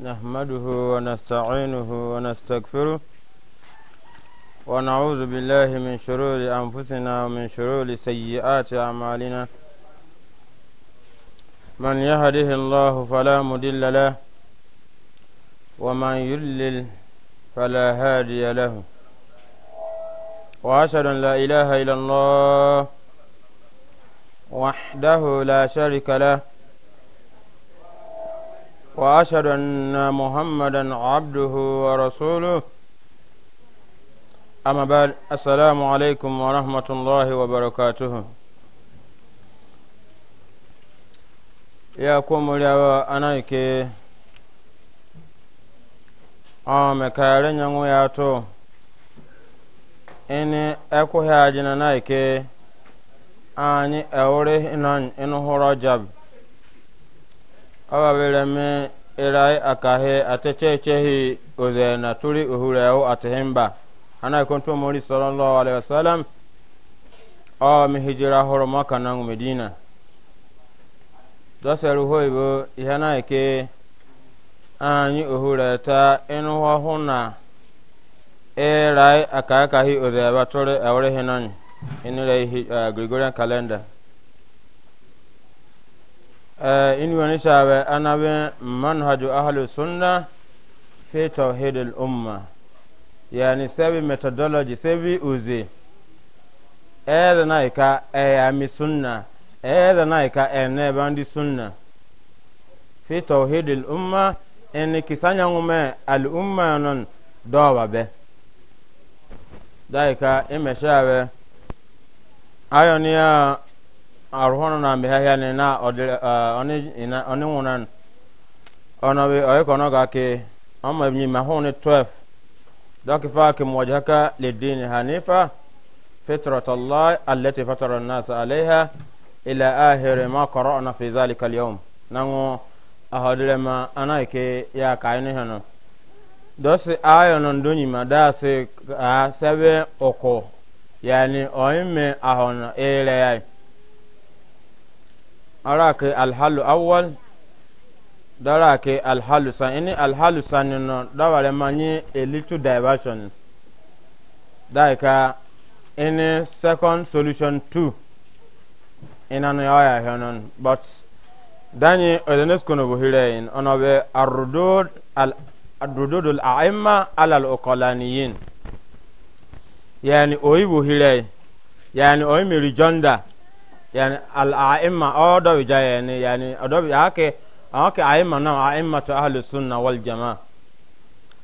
نحمده ونستعينه ونستغفره ونعوذ بالله من شرور أنفسنا ومن شرور سيئات أعمالنا من يهده الله فلا مدل له ومن يلل فلا هادي له وأشهد أن لا إله إلا الله وحده لا شريك له وأشهد أن محمدا عبده ورسوله أما بعد السلام عليكم ورحمة الله وبركاته يا قوم يا أنايك أم كارن يا تو إن أكو هاجنا نايك أني أوري إن هو رجب awa bere me irai akahe atecechehi oze na turi uhureo atehimba ana kuntu muri sallallahu alaihi wasallam o mi hijira horo maka na medina doseru hoibo ihe na ike anyị ohureta ịnụwa hụ na irai akahe akahi oze ba turi ewere hinanyi inire uh, gregorian calendar Eh, in wani shawe ana bi manhaju ahlu sunna fi tawhid al umma yani sebi methodology sebi uzi ɛɛdɛ na ika ɛyami eh, sunna ɛɛdɛ na ika ɛnɛ eh, bandi sunna fi tawhid al umma ɛni kisanya ŋumɛ al umma non dɔba bɛ da ika imɛ arụhọnụ na ha ahịa ni na ọni nwụnan ọnọbi ọyịkọnọ ga ke ọmọ ibi ma hụ ni 12 dọkịfa ke mọjaka ledin hanifa fitrat allah allati fatara nas alaiha ila ahiri ma kọrọ fi zalika al-yawm nango ahodire ma anaike ya ka ni hanu dosi a sebe oko arake alhalu awwal darake alhalu san ini alhalu san no dawale manyi a little diversion daika ini second solution two. ina no ya hanon but dani odenes kono bo hirein ono be arudud al arudud alal aimma yani oyi bo hirei yani oyi mi rijonda yani al'a'imma o do bi ni yani o do bi ake ake a'imma na a'imma to ahli sunna wal jamaa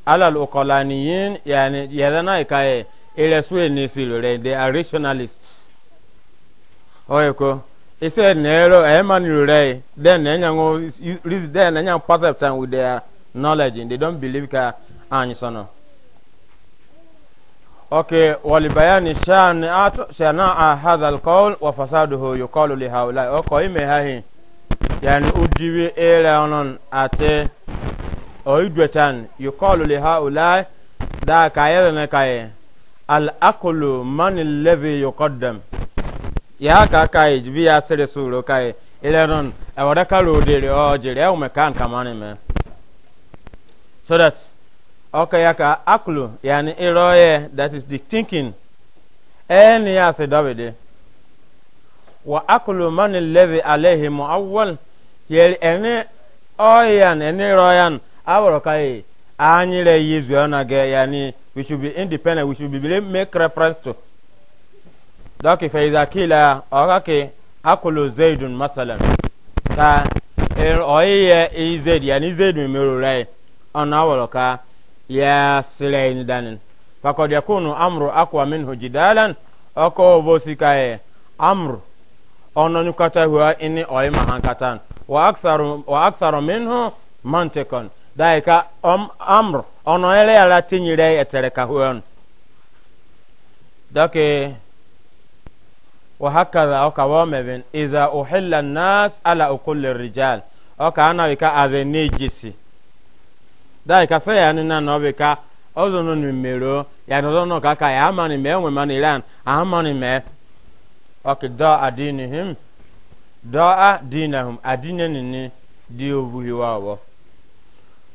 ala al uqalaniyin yani yadana ikaye ile suwe ni silure they are rationalists oyeko ise nero ema ni rure then enya ngo then enya perception with their knowledge they don't believe ka anyi sono okay walibayani shanaa hadha alqawl wa fasaduhu yuqalu li haulai oko ime hahi yani udiwi ele onon ate oidwetan yuqalu li haulai da kayele ne kaye al aqlu man alladhi yuqaddam ya ka kai bi ya sere suro kai ele non awada kalu dere o jere o mekan kamane me so that ka ya akụlụ okayaka akulu yani ya that is the thinking eni ya se dawide wa na man alladhi alayhi muawwal yel ene oyan ene royan awro kai e, anyire yizu ona ge yani we should be independent we should be make reference to doki fa iza kila ka akulu zaidun masalan ta er oye ized yani zaidun merurai ona awro kai ya silayin danin fakod yakunu amru akwa minhu jidalan oko bosikaye amru ono nyukata huwa ini oima hankatan wa aksaru minhu mantikon daika om amru ono ele ala tinyire etereka huon dake wa hakaza oka iza uhilla nas ala ukulli rijal oka anawika avenijisi dai ka fe ya ni na no be ka ozo no ni mero ya no no ka ka ya ma ni me enwe ma ni ran a ma ni me ok do adinihim do adinahum adine ni ni di obuhi wa wo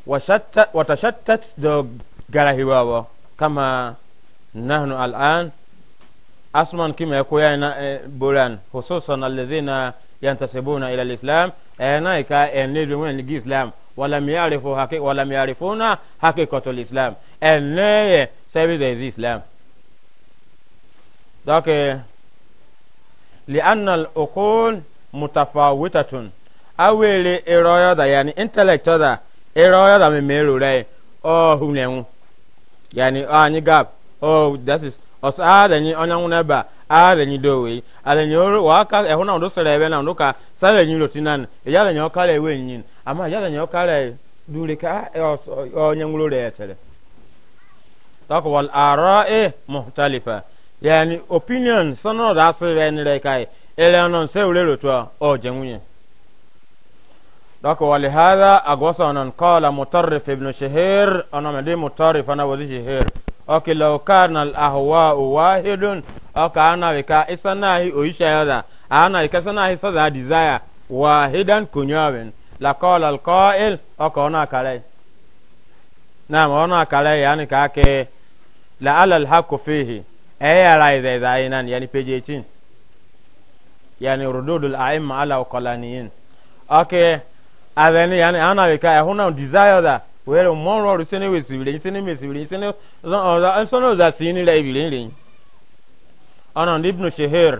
washatta watashattat do garahi wa wo kama nahnu al'an asman kima ko ya na e, boran hususan alladhina yantasibuna ila al-islam ayna ka en le do islam ولم يعرفوا Islam ولم يعرفون حقيقة الإسلام أن سبب الإسلام ذاك لأن العقول متفاوتة awele eroyo da yani intellect da eroyo da me meru re o hunenwu yani anyi gap oh that is osa da ni onyanwu ba alenyi dowe alenyi oro waka ehuna ondo sere ebe na ndoka sare nyi rotinan eyale nyi okale ewe nyin ama yale nyi okale dure ka e, onye ngulu re etere tak wal ara'i muhtalifa yani opinion sono da sere ni re kai ele ono se ure roto o jenwunye dako wali hadha agwasa onan qala mutarrif ibn shahir ana madi mutarrif ana wadi shahir oke law kana al ahwa'u wahidun oka ana wika isanahi oisha yada ana wika sanahi sada desire wahidan kunyawen la qala al qa'il oka ona kale na ma ona kale yani ka ke la ala al haqu fihi ayya raida zainan yani page 18 yani rududul a'imma ala qalaniyin oke aveni yani ana wika ehuna desire da were mmọnwụ ọrụ sene wesibiri sene mesibiri sene nsọnụ ụza si nile ibiri nri ndị ibnu shehir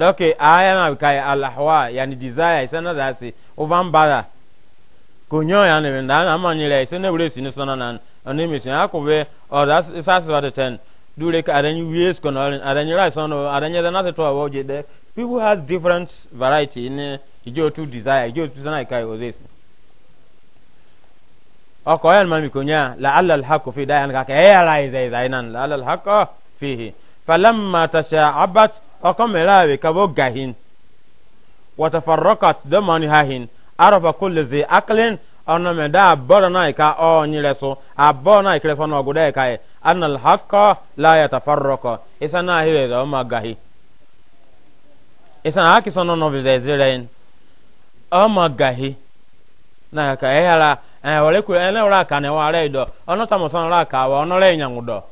dọke aya na ka alahwa ya ni desire ise na dasi ụba ya na na manyere ise na wure si nsọnụ na ọnụ emesi akwụbe ọda sasi ọdịten dure ka adanyi wie sko na ọrin adanyi rice ọnụ ọkọ ya mami konya la alal hako fi dayan ka kɛ ya rai zai zai nan la alal hako fihi falamma tasha abat ọkọ merawe ka bo gahin watafarrakat da mani hahin arafa kulli zi aklin ọ̀nà mẹ da bọ́dọ̀ náà ka ọ̀ nyilẹ̀ so àbọ̀ náà kẹrẹ fọ́nà ọ̀gùdá ẹ̀ka ẹ̀ anal hako la ya tafarrakọ isa náà hìrẹ̀ zọ ma gahi isa náà hakisọ nọ nọ bi zai zirẹ̀ ọma gahi náà ka ẹ̀ yàrá ee eh, were kwe ele eh, were aka na ewara ido ọnụ tamusan ra aka wa ọnụ re nyangudo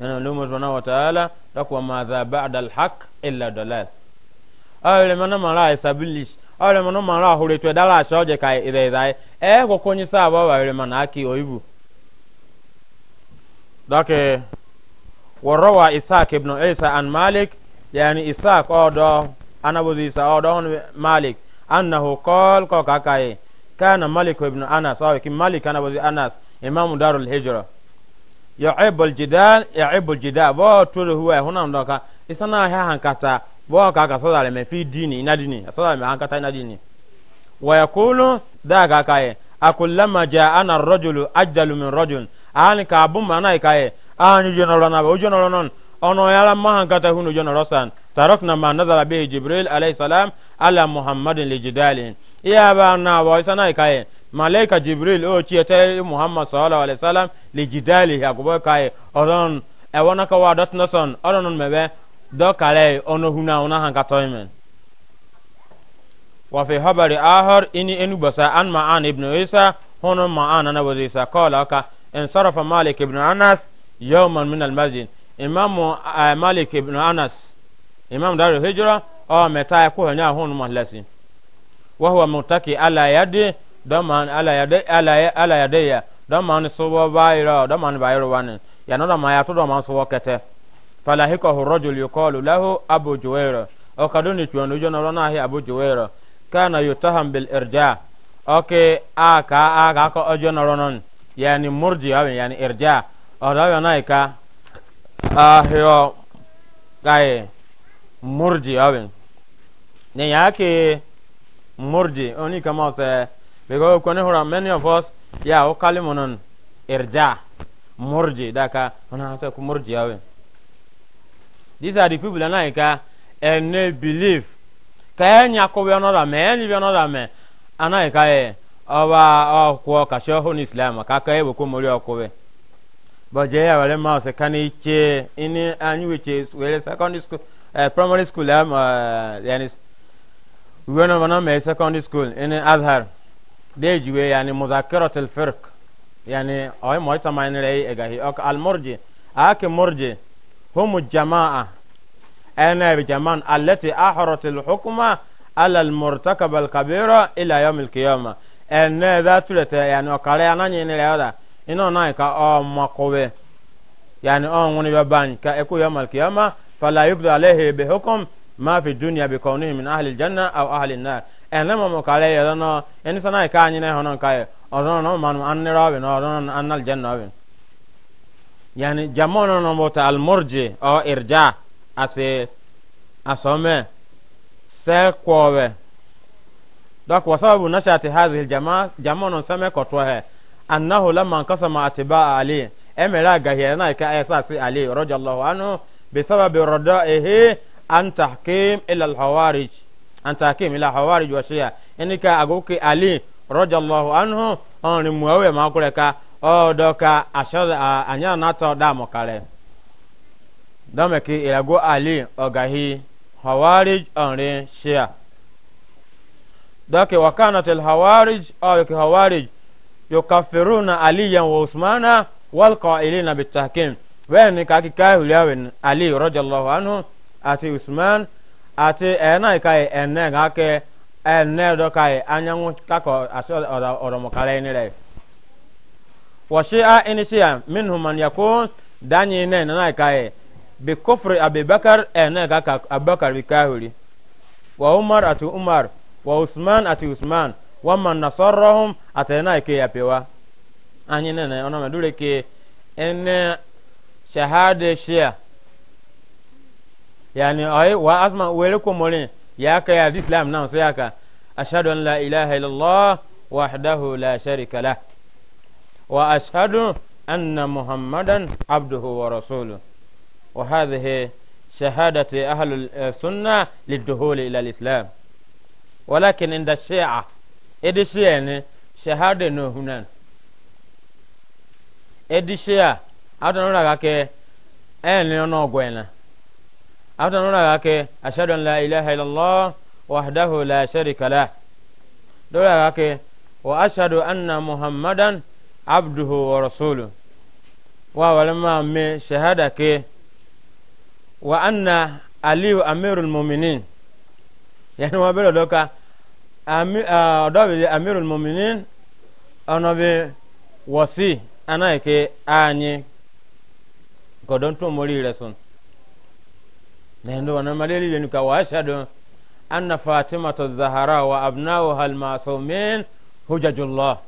yana lu mutuna wa ta'ala takwa ma za ba'da al-haq illa dalal awle mana mara isabilish awle mana mara hure to e dara shoje kai ide idai e. e ko konyi sa ba wa mana aki oibu dake warawa isaq ibn isa an malik yani isaq odo anabu isa odo malik annahu qol ko kakai kana malik ibn anas wa ki malik ana wazi anas imam darul hijra yu'ibul jidal yu'ibul jidal bo tulu huwa huna ndoka isana ha hankata bo kaka so dale me fi dini ina dini so me hankata ina dini wa yaqulu da kakai akullama ja'ana ar-rajulu ajdalu min rajul an ka bu manai kai an jonoro na bo jonoro non ono yala ma hunu jonoro san tarakna ma nazara bi jibril alayhi salam ala muhammadin lijidalin iya ba na wa isa na ikaye malaika jibril o ci ta muhammad sallallahu alaihi wasallam lijidali ya gobe kai oron e wona ka wa dot nason oron mebe do kale ono huna ona hanka toymen wa fi habari ahar ini enu basa an ma'an ibnu isa hono ma'an na wazi isa qala ka in sarafa malik ibnu anas yawman min al-masjid imam eh, malik ibnu anas imam darul hijra o meta ko nya hon ma lesi wa huwa mutaki ala yadi daman ala yadi ala ala yadiya daman subo bayro daman bayro wani ya no ma ya to daman subo kete falahikahu rajul yuqalu lahu abu juwaira o kadoni tuwanu jona rona hi abu juwaira kana yutaham bil irja oke aka aka ko ojona ronon yani murji awe yani irja o dawe naika ahyo gaye murji awen ne yake murji oni kama se because kwani hura many of us ya o kalimunan irja murji daka ona se ku murji awen these are the people na ka ene believe ka enya ko we onoda me eni we onoda me ana ka e oba okwo ka sho hun islam ka ka e ko mori okwe but je ya wale ma se kan iche ini anyu which is wele secondary school primary school am yani wena wana me secondary school in azhar deji we yani muzakarat al firq yani ay moy tamani rei egahi ok al murji ake murji hum jamaa ana bi jaman allati ahrat al hukma ala al murtakab al kabira ila yawm al qiyama ana da tulata yani okare ananye ni rewda ino na ka o makobe yani on woni baban ka eku yawm al qiyama fala yubda alayhi bi hukm ma fi dunya bi kawnihi min ahli aljanna aw ahli an-nar en lama mo kale yelo no en sana ka anyi ne honon kai odono no manu anni rawi no odono annal janna rawi yani jamono no mota al murji o irja ase asome se kwowe dok wa sababu nashati hadhihi aljamaa jamono same kotwa he annahu lamma kasama atibaa ali emera gahiya na ka esa si ali radiyallahu anhu بسبب ردائه عن تحكيم إلى الحوارج عن تحكيم إلى الحوارج وشيا إنك أقولك علي رضي الله عنه أن موهوه ما أقولك أو دوكا أشهد أن ناتو دامو كالي دامك إلى قو علي أغاهي حوارج أن شيا دوك وكانت الحوارج أو الحوارج يكفرون عليا وعثمان والقائلين بالتحكيم wẹ́ẹ̀ni kàkí káyọ̀lì ali rọ́jàlọ́hu anu àti usman àti ẹ̀ẹ́nà ìkàyè ẹ̀ẹ́nà ìkàkẹ́ ẹ̀ẹ́nà ìdọ́kàyè anyanwó kakọ̀ àti ọ̀rọ̀mọ̀kálẹ̀ ẹni wọ́ṣẹ́ a ẹnìṣẹ́yà minnu mọ̀nyẹ́kó dányé iná ẹ̀ẹ́nà ìkàyè bí kófìrì abibakar ẹ̀ẹ́nà ìkàkà abubakar bí káyọ̀lì umar àti umar wa usman àti usman wọ́n mọ̀ nasọ́rọ́hún àti ẹ̀ẹ́nà ìkẹyà pẹ̀wá. anyi shahada shia yani ay wa asma wele ko mole ya ka ya islam nan so ya ka ashhadu an la ilaha illallah wahdahu la sharika lah wa ashhadu anna muhammadan abduhu wa rasuluhu wa hadhihi shahadati ahli sunnah lidduhul ila alislam walakin inda shi'a idi shi'a ne shahada no hunan idi atanura gake ẹni eh, ọ̀nà ọ̀gbẹ̀nà atanura gake ashadun la ilaha illallah wahdahu la sharika la dora gake wa ashadu anna muhammadan abduhu wa rasulu wa walma me shahada ke wa anna aliyu amirul muminin yani wa bẹ̀rẹ̀ dọ́ka ọ̀dọ́bi amirul muminin ọ̀nà bi wọ̀sí anáyẹ̀kẹ́ godon to mori reson nendo wana maleli yenu ka wa ashadu anna fatimatu zahara wa abnauha almasumin hujajullah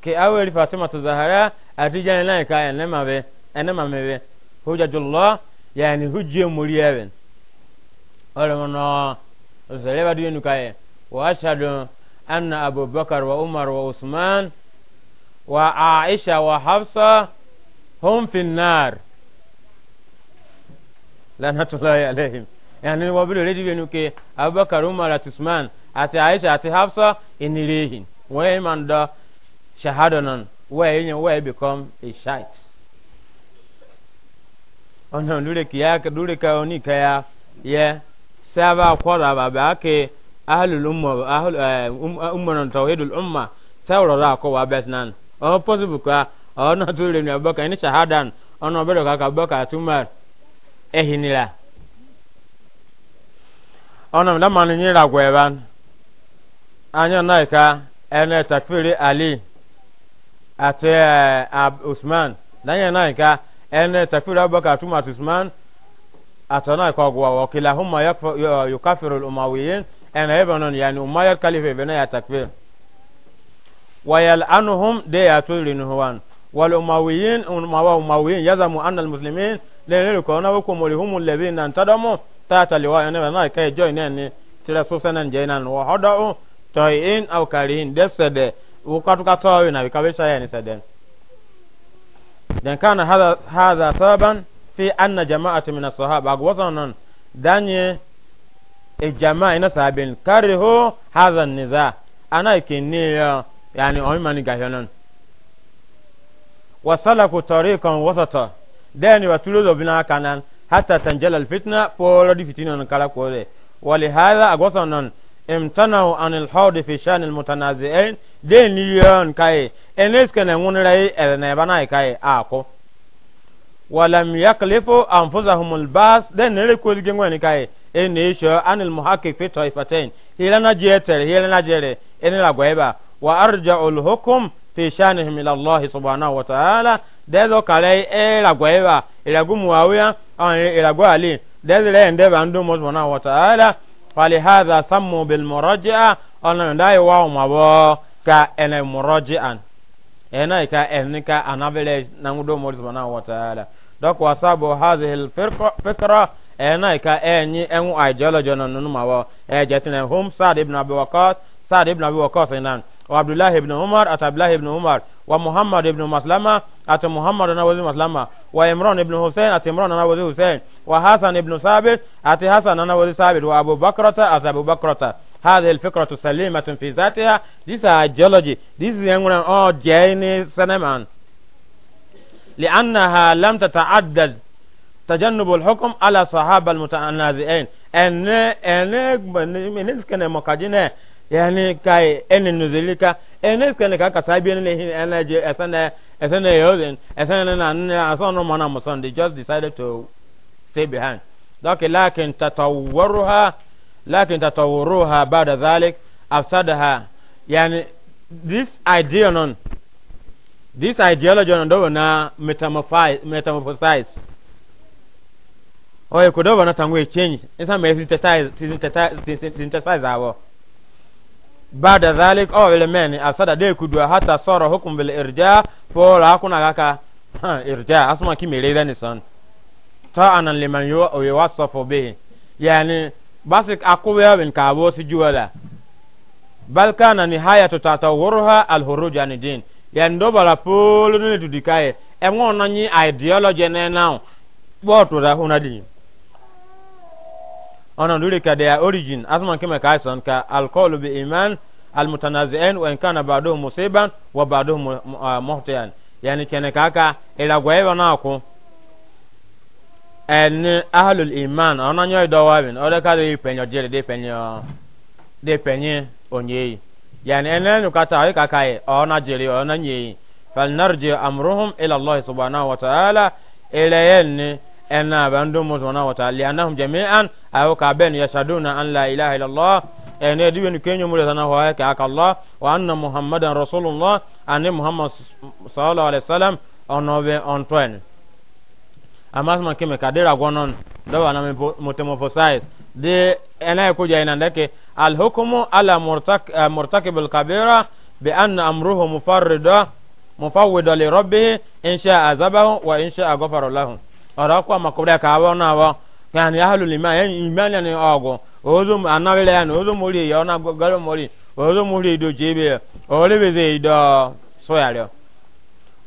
ke aweli fatimatu zahara atijani lai ka enema be enema mebe hujajullah yani hujje mori even ole mono zeleba du yenu kae wa ashadu anna abubakar wa umar wa usman wa aisha wa hafsa هم في النار لعنة الله عليهم يعني ريدي أبو بكر عمر عثمان أتي عائشة أتي حفصة ريهن وين من دا شهادنا وين وين ọ̀nà tó lè ní abọ́kà ẹni ṣàhádàn ọ̀nà ọ̀bẹ̀rẹ̀ kàkà abọ́kà àtúmọ̀ ẹ̀hìn nira ọ̀nà mìíràn ní ìràgọ̀ ẹ̀bá anyọ̀ náà ìka ẹni takfiri ali àti e, usman lẹ́yìn náà ìka ẹni takfiri abọ́kà àtúmọ̀ àti usman àtọ̀nà ìka ọ̀gùwà wọ̀kìlà hùmà yọkàfìrì ọ̀màwìyìn ẹni ẹ̀bọ̀n náà yẹn ni umayyad kalifa ẹ̀bẹ̀ náà yà والأمويين أمويين يزعم أن المسلمين لأن يكون وكم لهم الذين انتدموا تاتا لواء نبنا كي جوينين تلسوسنا جينا وهدأوا طيئين أو كارهين دسد وقد قطعوا بكبشة يعني سدن dan kana hada hada saban fi anna jama'atu min as-sahaba agwasanan danye e jama'a ina sahabin karihu hadha an-niza ana kinni yani o mani gahanan wasalaku tariqan wasata deni watulo do bina kanan hatta tanjala alfitna polo di fitina non kala ko de wali hadha agosa non imtanau an alhawd fi shan almutanazi'in deni yon kai enes kana ngunrai elne bana kai ako walam yaklifu anfusahum albas deni re ko lige ngwani kai ene sho an almuhaqqiq fi taifatain hilana jeter hilana jere ene la goeba wa arja'u alhukm fi shanihim ila allah subhanahu wa ta'ala dezo kale e lagwa ewa ilagu muawiya an ilagu ali dezo le ende ba ndu subhanahu wa ta'ala fali hadha sammu bil muraji'a ona ndai wa mabo ka ene muraji'an ena ka ene ka anabele na ndu subhanahu wa ta'ala dok wasabu hadhihi al fikra ena ka enyi enu ideology no nunu mawo e jetin hum sad ibn abi waqas sad ibn abi waqas inan وعبد الله بن عمر أتى عبد الله بن عمر ومحمد بن مسلمة أتى محمد بن وزير مسلمة وإمران بن حسين أتى إمران وزير حسين وحسن بن ثابت أتى حسن بن وزير ثابت وأبو بكرة أتى أبو بكرة هذه الفكرة سليمة في ذاتها This is ideology This is all جيني سنمان لأنها لم تتعدد تجنب الحكم على صحابة المتنازعين أن أن من كان مكاجنة yani kai ene nuzulika ene skene ka ka sabi ene hin ene je esene esene yozen esene na na asono mona muson they just decided to stay behind donc lakin tatawwaruha lakin tatawwaruha ba'da dhalik afsadaha yani this idea non this ideology non do na metamorphize metamorphosize oye kudoba na tangwe change isa me synthesize synthesize synthesize awo بعد ذلك او المن اسد ده كدو حتى صار حكم بالارجاء فولا كنا كاكا ارجاء اسمع كي ميريدا نسان طعنا لمن يوصف به يعني باسك اقوى من كابو سجولا بل كان نهاية تطورها الخروج عن الدين يعني دوبلا فول نتدكاي امون ني ايديولوجي ناو بوتو ده هنا دين ona duri ka their origin asman kima ka son ka alqawlu bi iman almutanazi'in wa in kana ba'duhu musiban wa ba'duhu ah, muhtiyan yani kene kaka ila gwaewa na ko en ahlul iman ona nyoy do wabin oda ka de penyo jere de penyo de penye onyeyi yani enenu kata ay kaka e ona jere ona nyeyi fal narji amruhum ila allah subhanahu wa ɛna bɛn dum musumana wata lianahum jami'an ayo ka bɛn yashaduna an la ilaha illallah ɛne dibe ni kenyo mure sana hoye ka akalla wa anna muhammadan rasulullah ani muhammad sallallahu alaihi wasallam ono be on twen amas man kime kadira gonon dawa na mutemo fosais de ena ko jaina ndake al hukmu ala murtak eh, murtakib bi anna amruhu mufarrida mufawwida li in sha'a azabahu wa in sha'a ghafara ọ̀rọ̀ kọ́ ka abụọ náà wọ́ yanni ahalu lima yanni ni ọgụ ọ̀gọ̀ ozo anawele yanni ozo mori ya na gọlọ mori ozo mori ido jebe ya ọ̀rẹ́ idọ sọyàrẹ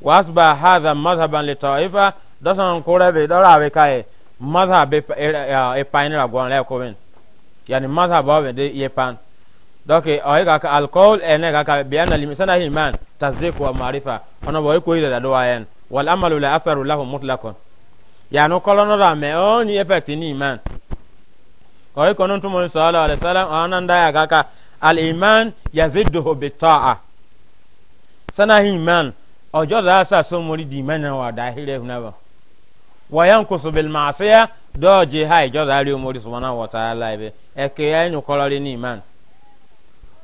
wàásùbà haza mazhaban lè tọ ifá dọ́sán kúrẹ́ bè dọ́rọ̀ àwẹ̀ káyẹ̀ e, mazhab ìpànìyàn e, e, gbọ́n lẹ́kọ̀ọ́ bẹ́ẹ̀ yanni mazhab ọ̀bẹ̀ dé kaka alkohol kaka limi marifa wal amalu la asaru lahu yanu kɔlɔnɔ la mɛ o ni ɛfɛti ni iman o yi kɔnɔ tumɔ sɔɔlɔ alayisalam ɔna da ya kaka aliman yazi doho bi tɔɔa sanahi iman ɔjɔ da sa somori di iman na wa da hire na ba wayan kusubil maasiya dɔɔ je ha ijɔ da ri omori sumana wa taala ibe ɛkɛ ya nyu kɔlɔri ni iman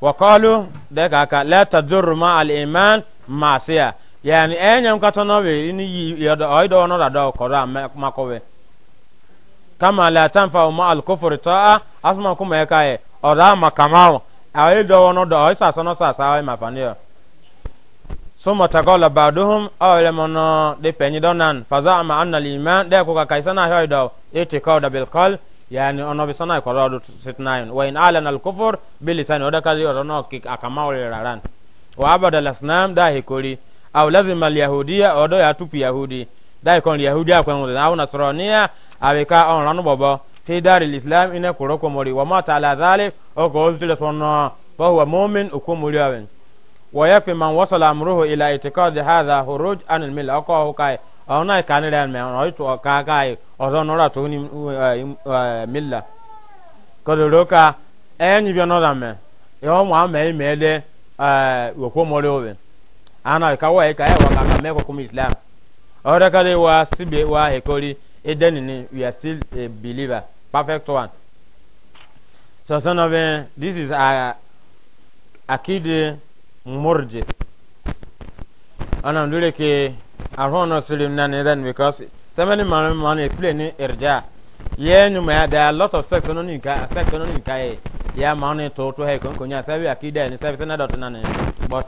wakɔlu de kaka la tadurru ma aliman maasiya yani enye eh, mkato nobe ini yodo ono da do kora makowe kama la tanfa ma al kufr taa asma kuma yakaye oda makamao ayi do ono do ayi sasa no sasa ayi mafanio summa taqala ba'duhum aw lamono de penyi donan faza ma anna al de ko kai sana hay do bil qal yani ono bi sana ko do wa in alana al kufr bil lisan oda kik akamao raran wa abada da hikori aw lazima alyahudiya odo ya tupu yahudi dai kon yahudi akwan wala aw nasraniya abika on ranu bobo fi daril islam ina kuro mori wa mata ala zalik o ko sonno fa huwa mu'min uko mori awen wa yafi man wasala amruhu ila itiqad hadha huruj an al mil ona me ka kai nora to ni uh, uh, milla kodoroka enyi bi onoda me yo ame eh wo ko mori ana ka wa ka wa ka me ko kum islam ora ka wa sibe wa he kori eden ni we are still a believer perfect one so son of a, this is a akide murji ana ndure ke arhono silim na ne then because so many man man explain irja yeah no ma there a lot of sex no ni ka sex no ni ka e ya ma ni to to he kon konya sabi akide ni sabi na dot na ne but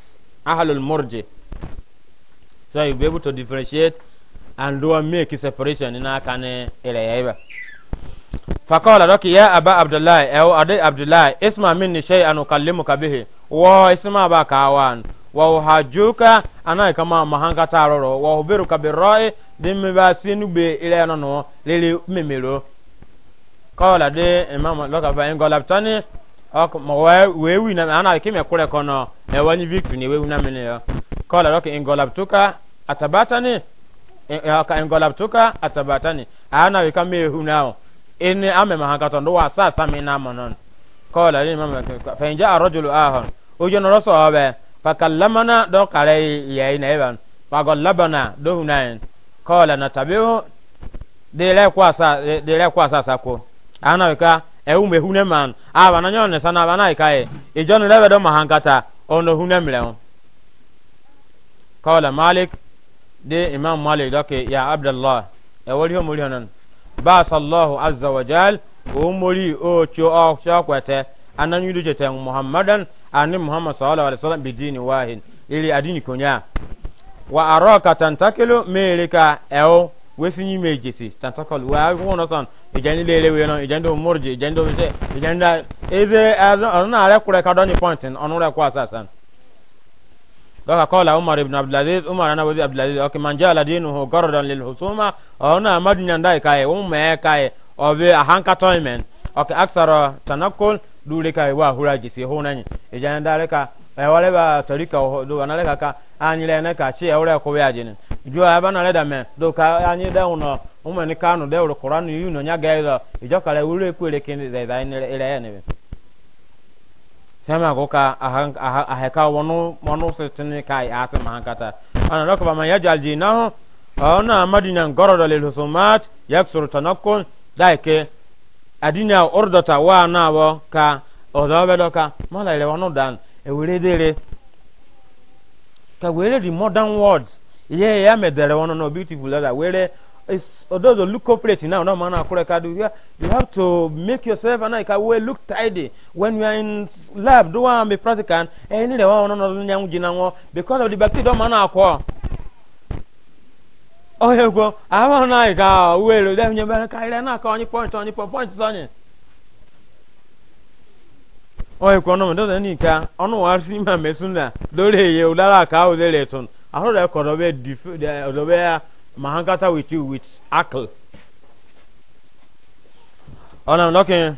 ahlul murji so you be able to differentiate and do make separation in akane ile yaiba فقال لك يا أبا عبد الله أو أدي عبد الله اسمع مني شيئا أكلمك به واسمع بك أوان وأحاجوك أنا كما مهانك تارورو وأخبرك بالرأي دم باسين بي إلى نو للي مميلو قال دي إمام لك فإن غلبتني ok wee wi na ana ke me kure kono e wani victory ne we na me ne yo kola roke ingolaptuka atabatani ka ingolaptuka atabatani ana we ka me hu nao in ame ma hakato ndo wa sa sa me na mo non kola ni mama fa inja arjulu ahon ojo no roso abe fakallamana do kare ye na eban fagallabana do hu nain kola na tabihu dele kwa sa dele kwa sa sa ko ana we ka ewu me hune man aba na nyone sana aba na ikaye ijonu lebe do mahankata ono hune mlewo kawla malik de imam malik doke ya abdullah e wori ho muri honon ba sallahu azza wa jal o muri o cho o cho kwete anan yudu jete muhammadan ani muhammad sallallahu alaihi wasallam bi dini wahin ili adini konya wa araka tantakilu melika ewo wesu nyi me jesi tantakol wa ko no san ijani lele we no ijani do morje ijani do se ijani da ebe ona ara kure ka do point onu re kwa sasan doka kola umar ibn abdulaziz umar ana wazi abdulaziz ok man jala dinuhu gardan lil husuma ona madnya ndai kai umme kai obe ahanka toymen ok aksara tanakul dure kai wa hura jesi honanyi ijani da re ka e wale ba tarika do na re ka ka anyi le na ka chi e wore ko ya jinin ijo aba na leda me do ka anyi de uno umme ni kanu de uru qur'an yu no nya gaido ijo kala uru ekwere kin de da ni ere ne be sama go ka ahan aheka wonu monu sitini kai ati mahankata ana lokko ba man yajal jinahu ona madina gorodo lil husumat yaksuru tanakkun daike adina ordota wa na bo ka odobe doka mala ile wonu dan ewere dere ka were di modern words ihe ya medere ọnụ na beautiful leather were odozo look corporate now no man akure do you have to make yourself and like we look tidy when you are in lab do one be practical any le one no nyanwu na nwo because of the bacteria do man akọ oh you go i want na ga we lo dem nyebe ka ile na ka onyi point onyi point onyi oh you go no do any ka onu wa si ma mesuna do le ye ulara ka o le tun ahoro da kɔdɔ bɛ dif dɔ bɛ mahankata with you with akl ɔnam nɔkin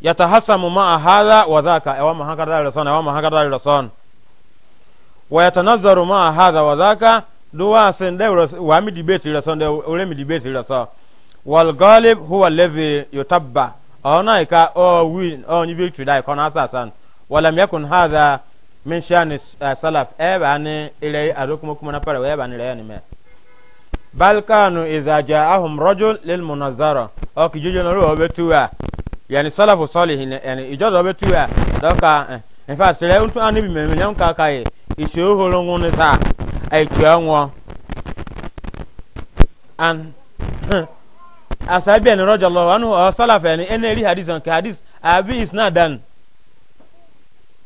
yatahasamu ma hada wa dhaka ɛwɔ mahankata rɛ sɔn ɛwɔ mahankata rɛ sɔn wa yatanazaru ma hada wa dhaka do wa sen dɛ wa mi debate rɛ sɔn dɛ ɔrɛ mi debate rɛ sɔn wal galib huwa levi yotabba ɔnayika ɔwin oh, oh, ɔnyi victory da ikɔn asasan walam yakun hada min shani eh, salaf eba ni ilai a kuma kuma na fara eba ni ilai ni mai bal kanu idza ja'ahum rajul lil munazzara o ki jojo no ro betuwa yani salafu salihin yani ijo do betuwa doka eh, in fact sire untu ani bi meme nyam ka kai ise ohoro ngun sa ai tia nwo an asabi en rajallahu anhu eh, salaf yani en ri hadith on ka hadith abi is not done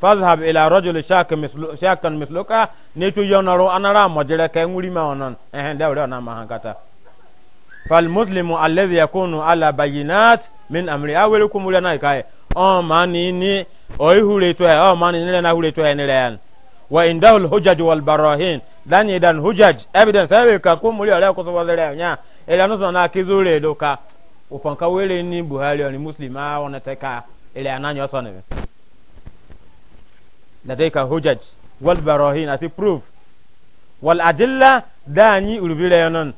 fadhhab ila rajul shaka mislu shakan misluka ne tu yonaro anara mojere ka nguri ma onon eh da wure na mahankata fal muslimu alladhi yakunu ala bayinat min amri awlikum lana kai o mani ni o ihure to o mani ni na hure to ni ran wa indahu al hujaj wal barahin dan idan hujaj evidence awe ka ko muri ala ko so wale nya ila no so na kizure doka upanka wele ni buhari ni muslim a wonateka ile ananyo لديك هجج والبراهين أتي proof والأدلة داني أولبيلينون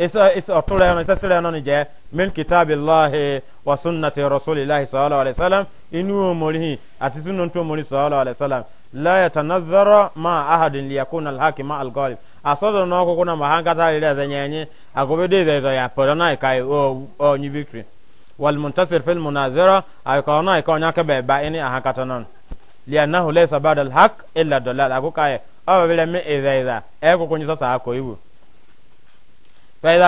إسا إسا إس أطول سلينون جاء من كتاب الله وسنة رسول الله صلى الله عليه وسلم إنه موليه أتي سنة مولي صلى الله عليه وسلم لا يتنظر ما أحد ليكون الحق مع الغالب أصدر نوكو كنا محانكا تالي زنياني أقوبي دي زي زي أبدنا إكاي أو أو ني victory والمنتصر في المناظرة أيقونا إكونا كبه بأني أحاكتنون lianahu laysa ba'da al illa dalal akokaye awa vile mi eko kunyi sasa ako ibu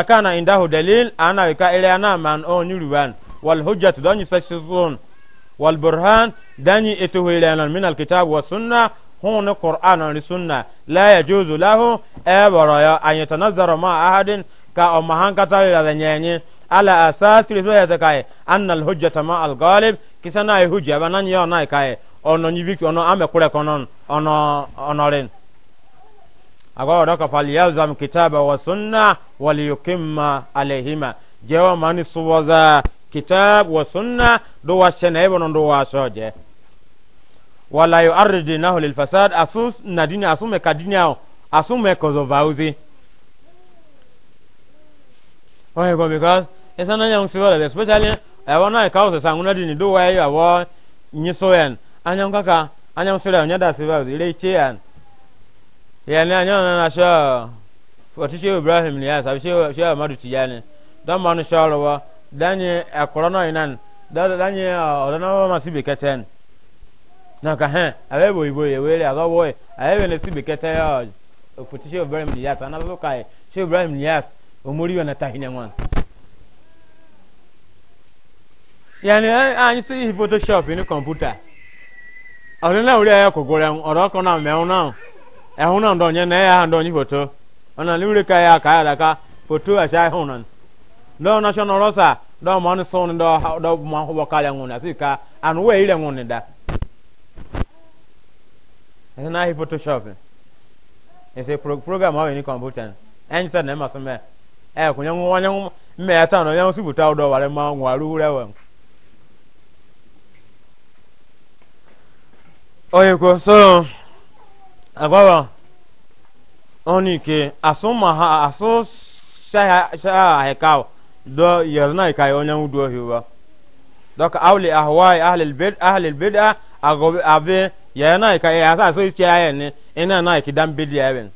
kana indahu dalil ana wika man o nyuruwan wal hujjatu danyi sasizun wal min al-kitab wa sunna hun sunna la yajuzu lahu eboro ya ma ahadin ka o ala asasi lizo ya zakaye anna ma al-ghalib hujja banan kaye ono nyiviki ono ame kule konon ono onorin agora doka falyalzam kitaba wa sunna waliyukimma alehima jewa mani suwaza kitab wa sunna do wa shena ebono do wa soje wala yuarridi nahu lilfasad asus na dini asume kadinyao asume vauzi oye go because esana nyam siwala especially i eh, wanna cause sanguna dini do wa ya wa nyisoen anyam kaka anyam sura nya da siba ile che an ya ne anyam na na sha foti che ibrahim ne ya sabi che che amadu ti yani dan ma no sha lawa dan ye eh, akoro no inan dan dan ye odana ma sibi nị na ka he abe boy boy we le aga boy ebe ne sibi keten ya eh, foti che ibrahim ne ya sana so kai che ibrahim ne ya omori yo na tahine ngwan yani eh, anyi ah, si photoshop ni computer ọdún náà orí na kòkòrò ọ̀rọ̀ kan náà mẹ́hún náà na náà dọ̀nyẹ náà ẹ̀yà foto fòtó ọ̀nà lórí ka ẹ̀yà káyà dàka fòtó ẹ̀ṣẹ̀ ẹ̀hún náà dọ́ọ̀ national rosa dọ́ọ̀ mọ́ ní sọ́ọ̀nù dọ́ọ̀ mọ́ na kálẹ̀ ńwọ̀n àti ìka ànuwẹ̀ ni oyeko e e e so agbawa oni ke asuma ha aso sha sha onye wudu ohiwa Dọka awuli ahwai ahli albid ahli albid'a agobe abe ya asa so ichi ahịa ina na ikidan bid'a ben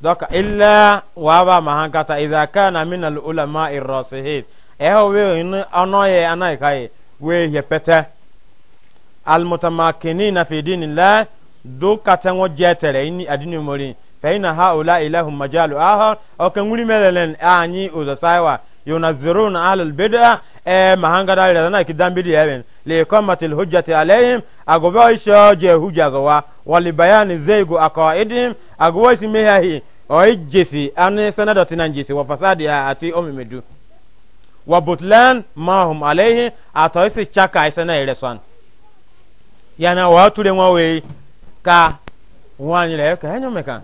doka illa wa ba mahankata idza kana na al ulama ar-rasihin eho wee ihe pete. المتمكنين في دين الله دو كاتنو جيتر إني أدين مولين فإن هؤلاء لهم مجال آخر أو كنولي مللن آني أوزسايوا ينظرون أهل البدع إيه مهانغا دالي لنا كدام بدي أبن لإقامة الحجة عليهم أقوبوا إشو جي حجة غوا ولبيان زيغو أقوائدهم أقوبوا إشي ميهي أويجيسي أني سندو تنانجيسي وفسادها أتي أمي مدو وبطلان ما هم عليه أتويسي شاكا إسنا إلسوان yana wa ture nwa we ka nwanyị le ka enyo meka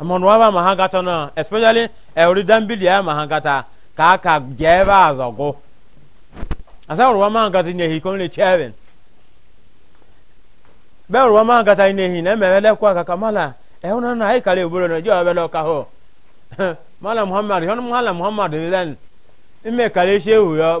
amon wa ba mahagata na especially every eh, dambili ya ka aka jeba azogo asa ruwa mahagata nye hi kon le cheven be ruwa mahagata nye hi eh, na mebele kwa ka kamala e na ai na jo ka ho mala muhammad hon mala muhammad len ime kale shehu yo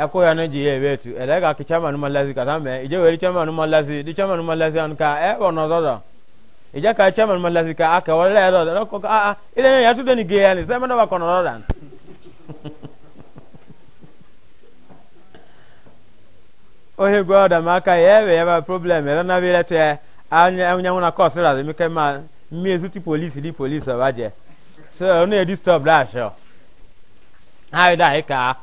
ɛkɔ ya no gye yɛ ɛbɛ tu ɛdɛ ka ke chairman ma lasi kata mɛ ɛgye wɛri chairman ma lasi di chairman ma lasi an ka ɛ wɔ nɔ zɔzɔ ɛgye ka chairman ma lasi ka aka wɔlɛ yɛ zɔzɔ ɛdɛ kɔ ka aa ɛdɛ yɛ yatu dɛ ni gee yɛ ni sɛ mɛnɛ ba ba problem ɛdɛ na bi yɛ tɛ anya ɛnya ŋuna kɔ sira de mi kɛ e so ɔno disturb da ahyɛ ayi da yi e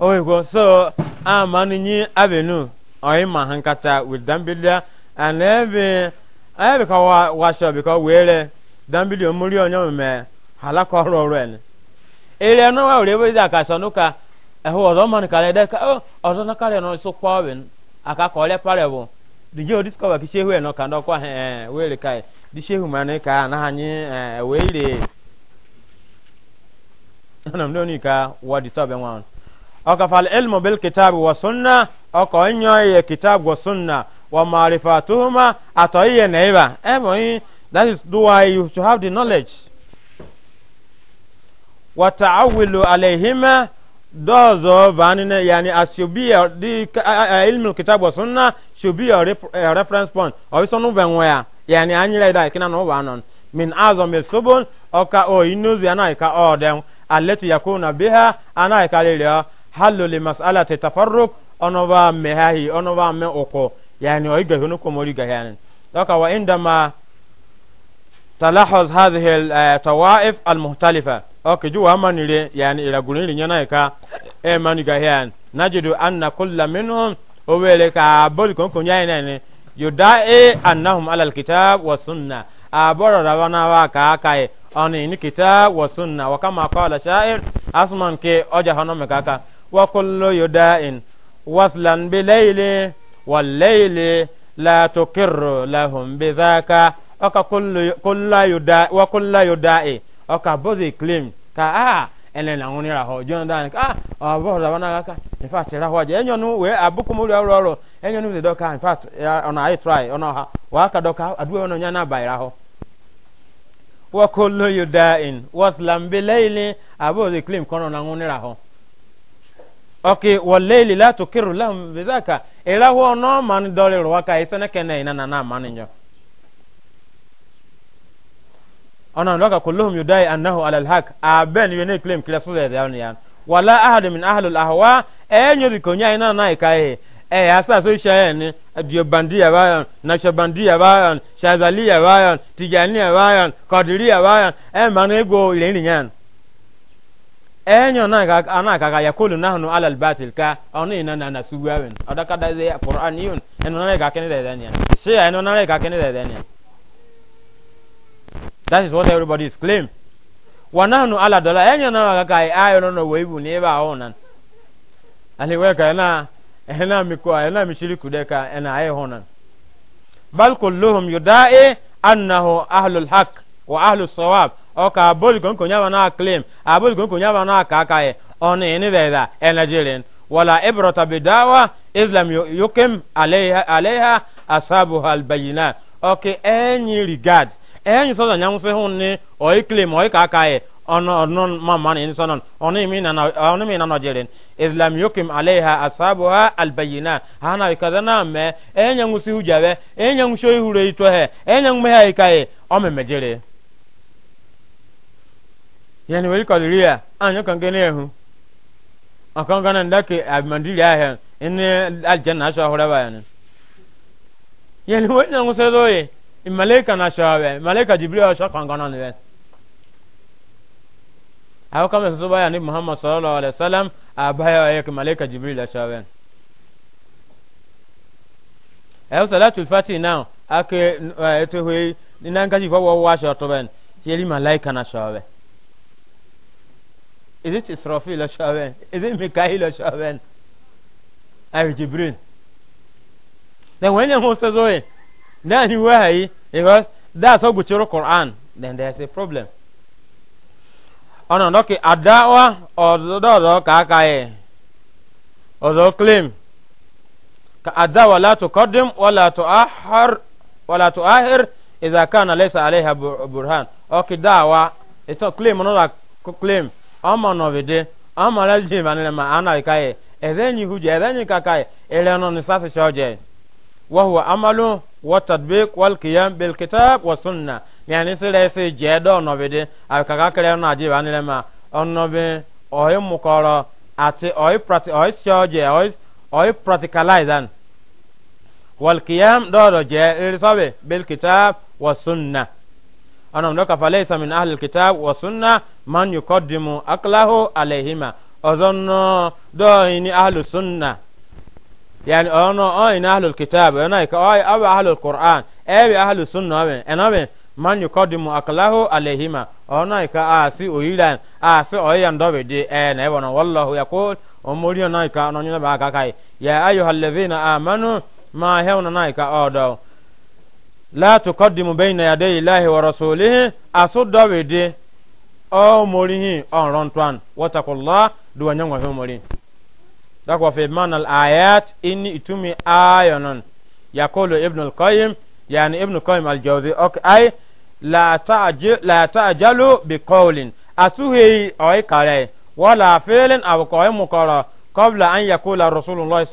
oigwo so amaninyi avenu oima hankata with dambilia and ebe ebe ka wa washo biko were dambili omuri onyo ere no wa ore beza ka so nuka ehu ozo ka le deka oh ozo na kare no so kwa wen aka ko le di discover ki shehu eno ka ndokwa he eh, eh, kai ka aka fal ilmu bil kitab wa sunna aka nyoye kitab wa sunna wa ma'rifatuhuma atoye neiba ebo eh, that is do why you to have the knowledge wa ta'awwilu alayhima dozo banine yani as you be uh, the uh, uh, ilmu kitab wa sunna should be your reference point or so no benwa yani anyira da kina no ba non min azami subul oka o oh, inuzu anaika odem oh, alati yakuna biha anaika lilio hallo li mas'alati tafarruq ono ba me hahi ono ba me oko yani o igbe hono ko mori ga yani doka wa indama talahuz hadhihi al-tawaif eh, al-muhtalifa okay ju wa manire yani ila guniri nyana ka e eh, mani ga yani najidu anna kullu minhum o wele ka bol kon kon yani ne yudae annahum ala al-kitab wa sunna aboro rawana wa ka kai oni ni kitab wa sunna wa kama qala sha'ir asman ke oja hono me kaka وكل يداء وصلا بليل والليل لا تقر لهم بذاك أكا يداء وكل يداء كليم كا آه ene na ngoni jon dan ka ah bo la bana ka in fact raho je enyo nu we abuku mu ro ro enyo nu de doka in fact ona i try ọ ha wa ka doka adu nya na bai raho wa kullu yudain waslam bilaili abo claim kono na ngoni oke walleli la tukiru lahum bidhaka ila huwa no man dole ruwaka isana kene ina na na man nyo ona ndoka kulluhum yudai annahu ala alhaq aben yene claim kila sura ya yan wala ahad min ahli alahwa enyo dikonya ina na ikae eh asa so shayen dio bandia bayan nasha bandia bayan shazalia bayan tijania bayan kadiria bayan e man ile ni yan enyo na ga ana ka ga yakulu nahnu ala albatil ka onu ina na na suwawen adaka da ze qur'an yun eno na ga kene da dania she eno na ga kene da dania that is what everybody is claim wa nahnu ala Dola enyo na ga ga e ayo no no weibu ni ba onan ali we ka na ena miko ena mishiriku de ka ena ayo honan bal kulluhum yuda'i annahu ahlul haqq wa ahlu sawab o ka bol gon ko nyaba na claim a bol gon ko nyaba na ka ka e on ini veda enajirin wala ibrata bidawa islam yukim alaiha alaiha asabuha albayinat okay any regard any so da nyang se hun ni o claim o ka ka e ono non mamman in sonon ono mina na ono mina na no islam yukim alaiha asabuha bayina hana ikadana me enyangu si hujabe enyangu shoyi hure itohe enyangu me haikai o e, me mejere yani weli kɔdiriya anyo kan gane ehu akan gana ndake abimandiri ahe ene aljanna aso ahura ba yani yani weli na ngusa doye malaika na aso awe malaika jibril aso kan gana ne be awo kama so ba yani muhammad sallallahu alaihi wasallam abaya ayak malaika jibril aso awe ayo salatul fati now ake eto hoyi ninankaji fo wo wa aso to ben yeli malaika na aso awe is it israfil la shawen is it mikail la shawen ayi jibril then when you must say oh, then you why because that's how guchiro quran then there's a problem ọ̀nà lọ́kì àdáwà ọ̀dọ́dọ̀ kàákà ẹ̀ ọ̀dọ́ claim àdáwà látò kọ́dím wàlátò áhìr ìzàkánà lẹ́sà àlẹ́hà burhan ọ̀kì dáwà ìtàn claim ọ̀nà claim ama nọbide ama lajim anene ma ana kai ezenyi huje ezenyi kakai ele no ni sasa shoje wa huwa amalu wa tatbiq wal qiyam bil kitab wa sunna yani sire se jedo nọbide akaka kere no ajiba anene ma onobe oyi mụkọrọ ati oyi prati oyi shoje oyi oyi practicalize an wal qiyam do do je irisabe bil kitab wa sunna ana mdoka falaisa min ahli alkitab wa sunna man yuqaddimu aqlahu alayhima ozonno do ini ahli sunna yani ono o ini ahli alkitab ona ka ay aw ahli alquran ay ahli sunna aben enaben man yuqaddimu aqlahu alayhima ona ka asi oyilan asi oyan dobe di e na ebono wallahu yaqul umuriyo naika ononyo ba kakai ya ayyuhallazina amanu ma hewna naika odo la tukɔdimu bɛyina yade ilahi wa rasulihi aso dɔbi di ɔ morihi ɔrɔn tɔn wɔtakɔlɔ duwa nyɛ ŋɔhi mori dakɔ fi man al ayat inni itumi ayɔnɔn yakolo ibnu al-qayyim yani ibnu qayyim al-jawzi ok ay la ta'ajil la ta'jalu bi qawlin asuhi ay kare wala fi'lin sallallahu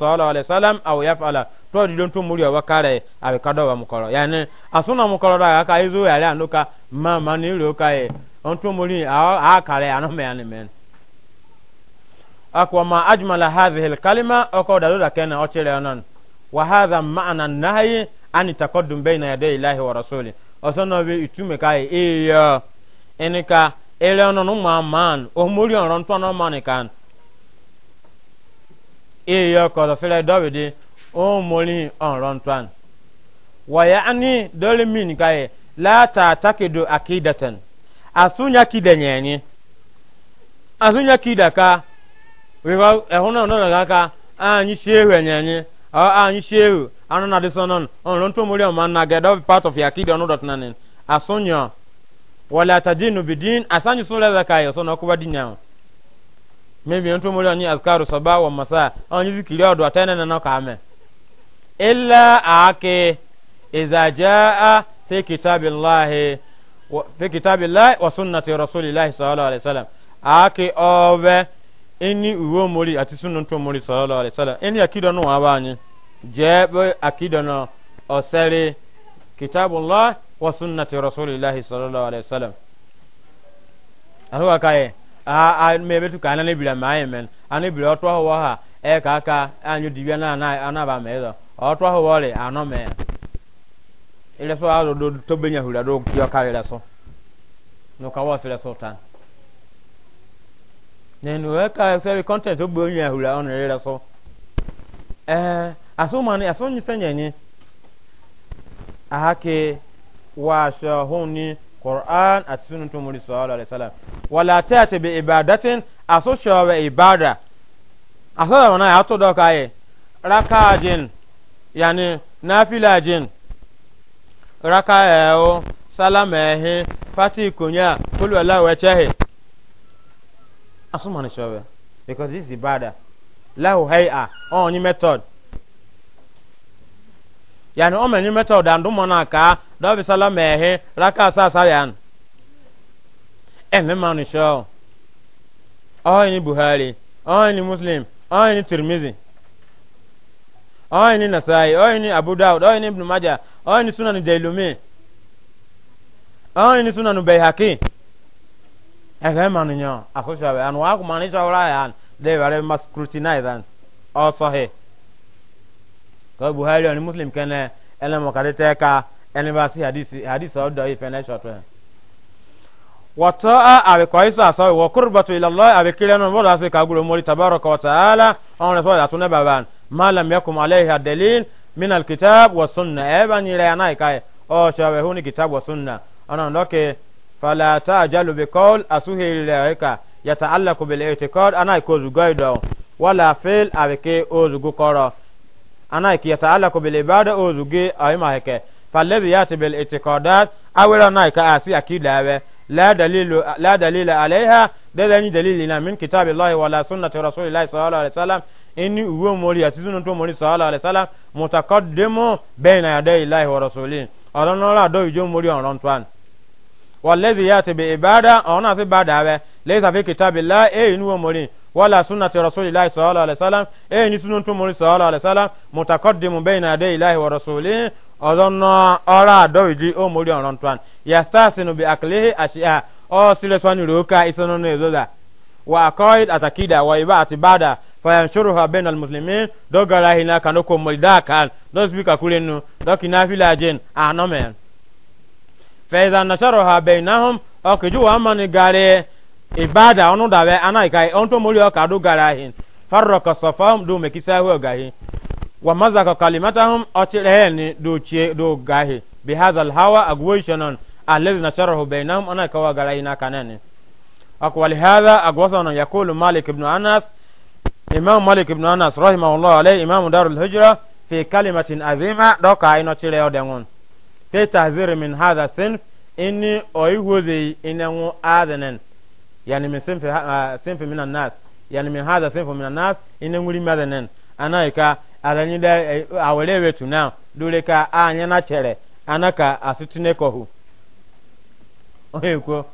alaihi wasallam aw yaf'ala to di don to muri wa kare abe kado wa mukoro yani asuna mukoro da ka izu yale anuka ma ma ni ro ka e on to muri a a kare anu me ani men akwa ma ajmala hadhihi alkalima oko da da kana o chere onon wa hadha ma'na an-nahyi an taqaddum bayna yaday ilahi wa rasuli osono bi itume ka e ya enika ele onon ma man o oh muri on ron to no man kan e ya ko da fere dawidi o moli on ron twan wa ya'ni dole min kai la ta takidu akidatan asunya kidanyenye asunya kidaka wewa ehuna no na ka anyi shehu enyenye o anyi shehu anu na disonon on ron moli o man na gedo part of yakidi onu dot nanin asunya wala tadinu bidin asanyi sura zakayo so na kuba dinyawo mebi ntụmụrụ onye askaru saba wa masa onye zikiri ọdụ atene na nọ ame illa ake iza jaa fi kitabillahi fi kitabillahi wa sunnati sallallahu alaihi wasallam ake obe ini uwe mori ati sunna to sallallahu alaihi wasallam ini akidonu no anyị anyi jebe akido osere kitabullah wa sunnati rasulillahi sallallahu alaihi ha e ka ọtọ hụ wọlị anọ mẹ ịlẹsọ azụ do tobe nya hụrụ adọ kịọ karị lẹsọ n'ụka wọs lẹsọ taa nenu wee eh, ka eh, sẹbi kọntent ogbe onye hụrụ ọ nọ lẹsọ ee eh, asụmanị asụnyi senyenyi ahake waasọ hụnni qur'an àti sunu tó múri sọlọ alẹ sọlọ wàlá tẹ́ àti bi ibadatin asosọ wẹ ibada asọlọ wọn náà yà á tó dọ́ka yẹ rakajin. yani na jin raka yawo salama ehe fati kunya kulu ala wechehe asuma ni shobe because this is ibada lahu hay'a on ni method yani o ni method and mo na ka do bi salama ehe raka sa sa yan ene ma ni sho o ni buhari o ni muslim o ni tirmizi oyi ni nasai oyi ni abu daud oyi ni ibn maja oyi ni sunan dailumi oyi ni sunan bayhaki ebe manu nyo akushabe anu aku mani shawra ya de bare mas scrutinize an o sahi ko buhari oni muslim kene ele mo kadete hadisi hadisi odo ife na shotwe wata'a abe koisa sawi wa qurbatu ila allah abe kirenu bodo ase ka gulo mori tabaraka wa taala on rasul atuna baban ma lam yakum alayha dalil min alkitab wa sunna e ba ni re anai kai o shabe huni kitab wa sunna ana ndoke fala tajalu bi qawl asuhi ilaika yata'allaqu bil i'tiqad anai ko zugaido wala fil abike o zugukoro anai ki yata'allaqu bil ibada o zugi ayma heke فالذي ياتي بالاعتقادات او رنايك اسي اكيد لا دليل لا دليل عليها ده دليل من كتاب الله ولا سنه رسول الله صلى الله عليه وسلم ini uwe mori ati sunu to mori sallallahu alaihi wasallam mutakaddimu baina yaday ilahi wa rasulih ọlọ́run ọlọ́run àdó ìjọ mori ọ̀rọ̀ tó àn wàlẹ́bí yá ti bè ìbáda ọ̀hún àti bàdà rẹ lẹ́yìn tàbí kìtàbí lá èyí ni wọ́n mori wala sunnati rasulillahi sallallahu alaihi wasallam èyí e ni sunu tó mori sallallahu alaihi wasallam mutakaddimu baina yaday ilahi wa rasulih ọ̀rọ̀ ọ̀rọ̀ àdó ìjọ ó mori ọ̀rọ̀ tó àn yastasinu bi akilihi àṣìyà ọ̀ sílẹ̀ sọ́ni ròókà ìsọ̀nù ní ìzọ́dà wà àkọ́ àtàkìdà wà ìbá àti bàdà fayanshuruha bainal muslimin do gara hina kano ko mulda kan do speaker kulenu do kinafila jen anomen fa iza nasharuha bainahum okiju amani gare ibada onu dawe anaikai onto muli okadu gara hin farraka safam do mekisahu gahi wa mazaka kalimatahum ochireheni do chie do gahi bi hadhal hawa agwishanan alladhi nasharahu bainahum anakawa gara hina kanani akwali hadha agwasana yakulu malik ibn anas imam malik ibn anas rahimahullah alayhi imam darul hijra fi kalimatin azima doka ino chire odengun fi tahzir min hadha sin inni oihuzi inengu adenen yani min sinfi uh, sinfi min annas yani min hadha sinfi min annas inengu limadenen anaika adanyi da eh, awelewe tuna dole ka anya na chere anaka asitine kohu oyeko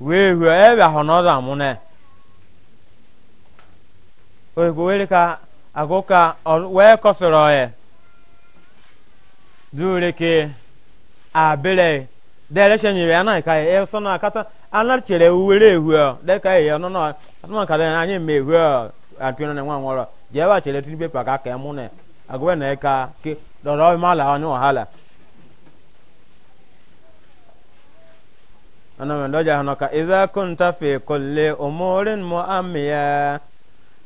wehu ebe ahonoda amune oegowere ka agụka wee kọsịrọ ya dure ke abere dere shenyere ya na ka e so na kata anar chere were ehu o de ka e no no atuma ka na anyi me ehu o atuno ne nwa nworo je wa chere tri paper ka ka mu ne agwe na ka ke doro ma la onu ohala ana me ndoja hanoka idha kunta fi kulli umurin mu'ammiya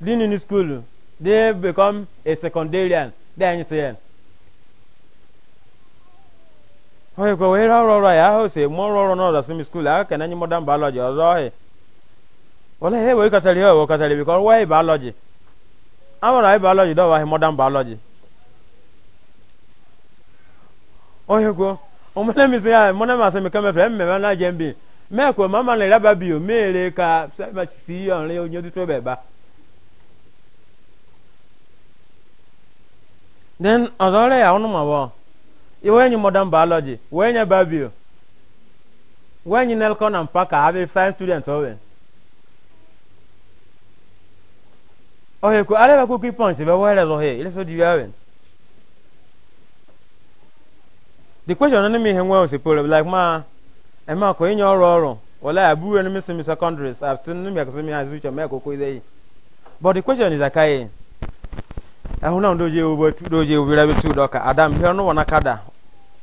din in school they become a secondarian then say oye kwa were ọrụ ọrụ ya ahụ si mụ ọrụ ọrụ n'ọdọ simi school. aka ah, kene anyị modern biology ọzọ ọhị wọle ihe wee kọtara ihe wee kọtara bikọ ọrụ wee biology amụrụ anyị eh, biology dọwa ahị modern biology oye kwa omene mi si ya mụne ma simi kemefere mmemme na jembi mee kwa mama na ịraba bio mere ka sị ma si ihe ọrụ onye otutu ebe ba then ọzọrọ ya ọnụ ma wọọ iwe nyi modern biology wee nye babio wee nyi nelcon and parker abị science student owe oheku arịba kuki punch bụ were lọhe ileso di ya the question ọnụ ihe nwe osipụrụ like ma eme akụ inye ọrụ ọrụ wala abu buwe n'ime semi secondaries after n'ime akụsịmi ha zuche mee koko ideyi but the question is akaghị ehuna ndoje ubo ndoje ubira bitu doka adam hio no wana kada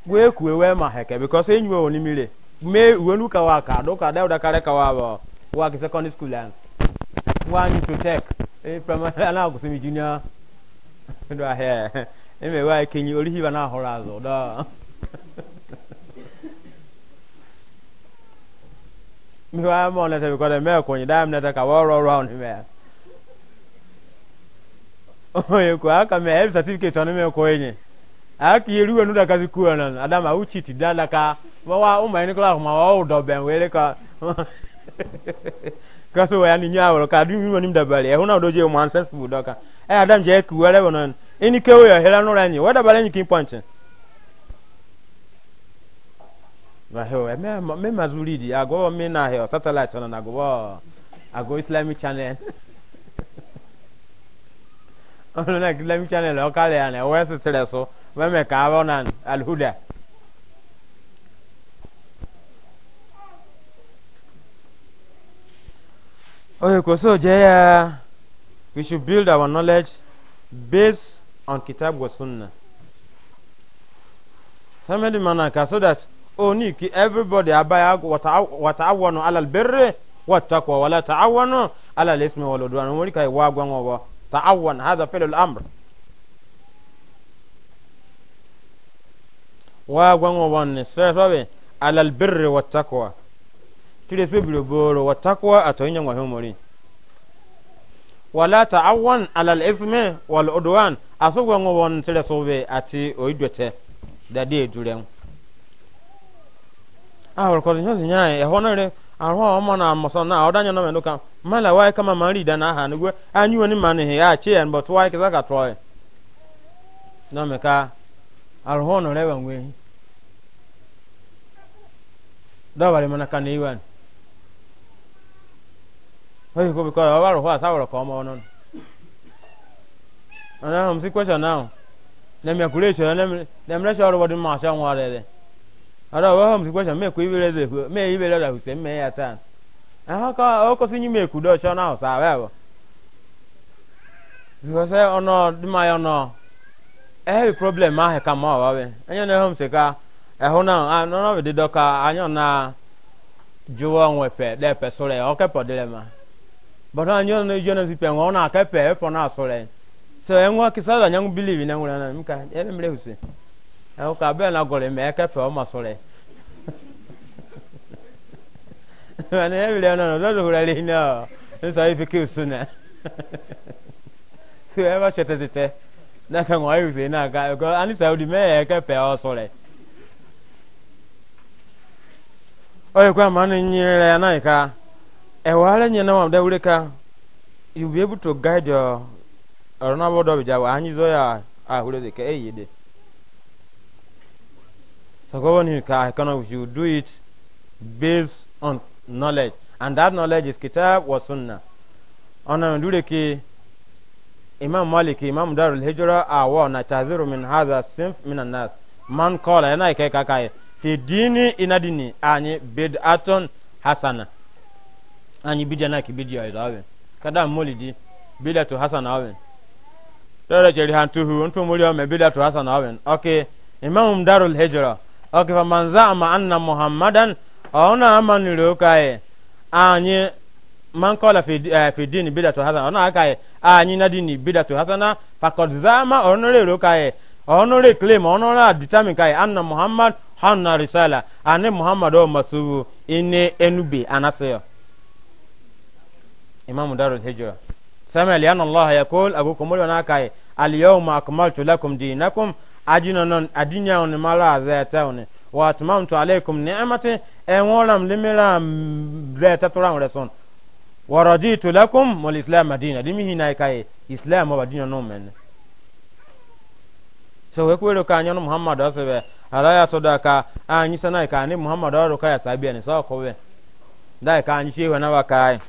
we kuwe we ma heke because enywe oni mire me wenu ka waka doka da da kare ka wabo wa ki secondary school an wa ni to take e primary ana ko semi junior ndo ahe e me wa kenyi ori hiba na hora azo da mi wa mo na te ko da me ko ni da me na ta ka wa ro ro on me oye ko aka me help certificate ono me ko yenye aka yeru wenu da kazi kuwa nan adam au chiti dala ka wa umma ni kula ma wa do ben wele ka kaso ya ni nyawo ka du mi ni mdabale ehuna do je mu ancestral doka e adam je ku wele wonon ini kewo ya hela no ranyi wada bale ni kimpanche na heo eh, me me mazulidi ago me na heo satellite ono na go ago islamic channel ọnụ na islamic chanel ọkara ya na ewe sitere so meme ka arọ na alhuda oye kò so jẹ ya we should build our knowledge based on kitab wa sunna samedi mana ka so that oni oh, ki everybody abaya wata awonu alal birri wata kwa wala ta awonu alal ismi walodwa na wani ka iwa wa ba تعاون هذا فعل الأمر وغنوان سيسوبي على البر والتقوى تلسبي بالبر والتقوى أتوين وهمورين ولا تعاون على الإثم والعدوان أسوغ غنوان سيسوبي أتي أيدوته دادي جولين أهو الكوزين سيسوبي أهو نري ahụ ọmọ na mọsọ na ọ danya nọmọ nuka mala wai kama mari da na hanu gwe anyi wani mani ya che yan but wai kaza ka troy no me ka arho no rewa ngwe da bari mana kan iwan hoy ko ko wa ro ha sawro ko mo non ana hom si now nem ya kulecho nem nem ọrụ shawro wadin asịa sha ara wa ham sikwa me ku ibere ze ku me ibere da huse me ya tan aha ka o ko sinyi me ku do cho na usa wa wa because se ono di ma ono eh problem ma he kama wa we anya e na ham sika eh na no no de doka anya na juwa nwepe de pesore o ke podile ma but anya no jo na sipe nwa na ka pe e na e na asore so enwa kisala nyang believe na ngula na mka e me huse ɛn ka bɛn na gɔle mɛ ɛkɛ fɛ ɔma sɔrɔ yɛ ɛn ɛ wuli ɛnɔ nɔ lɔri wuli ɛlɛhin nɔ n sɔ ifi kiw su nɛ so sɛ n'a ka ŋɔ ayi wuli n'a ka ɛkɔ ani sawudi mɛ ɛkɛ fɛ ɔsɔrɔ yɛ ɔyɛ ama ni nyi rɛ ana ka ɛwɔ alɛ dɛ wuli ka you be able to guide your bi ja e de. So go on, you can of you do it based on knowledge, and that knowledge is Kitab wa Sunnah. Ona ndure ki Imam Malik Imam Darul Hijra awa na taziru min hadha sinf min nas man kola yana kai kakai fi dini inadini ani bid'atun hasana ani bidana ki bidiya idawin kada molidi bidatu hasana awin dara jeri han tuhu onto moliyo me bidatu hasana awin okay Imam Darul Hijra ok fa man za'ama anna muhammadan ona man rokaye anyi man kola fi uh, fi dini bidatu hasana ona akaye anyi na dini bidatu hasana fakod za'ama onore rokaye onore claim onora determine kai anna muhammad hanna risala ani muhammad o masubu ini enubi anaseyo imamu darul hijra سمع لأن الله يقول أبوكم ولنا كاي اليوم أكملت لكم دينكم ajina non adinya on mala za taone wa atmamtu alaykum ni'mati e wolam limira za taturan reson wa raditu lakum wal islam madina dimi hina kai islam wa dinya non men so we kwero ka anyo muhammad asebe alaya to da ka anyi sana ka ni muhammad aro ka ya sabia ni so ko we dai ka anyi shewa na wakai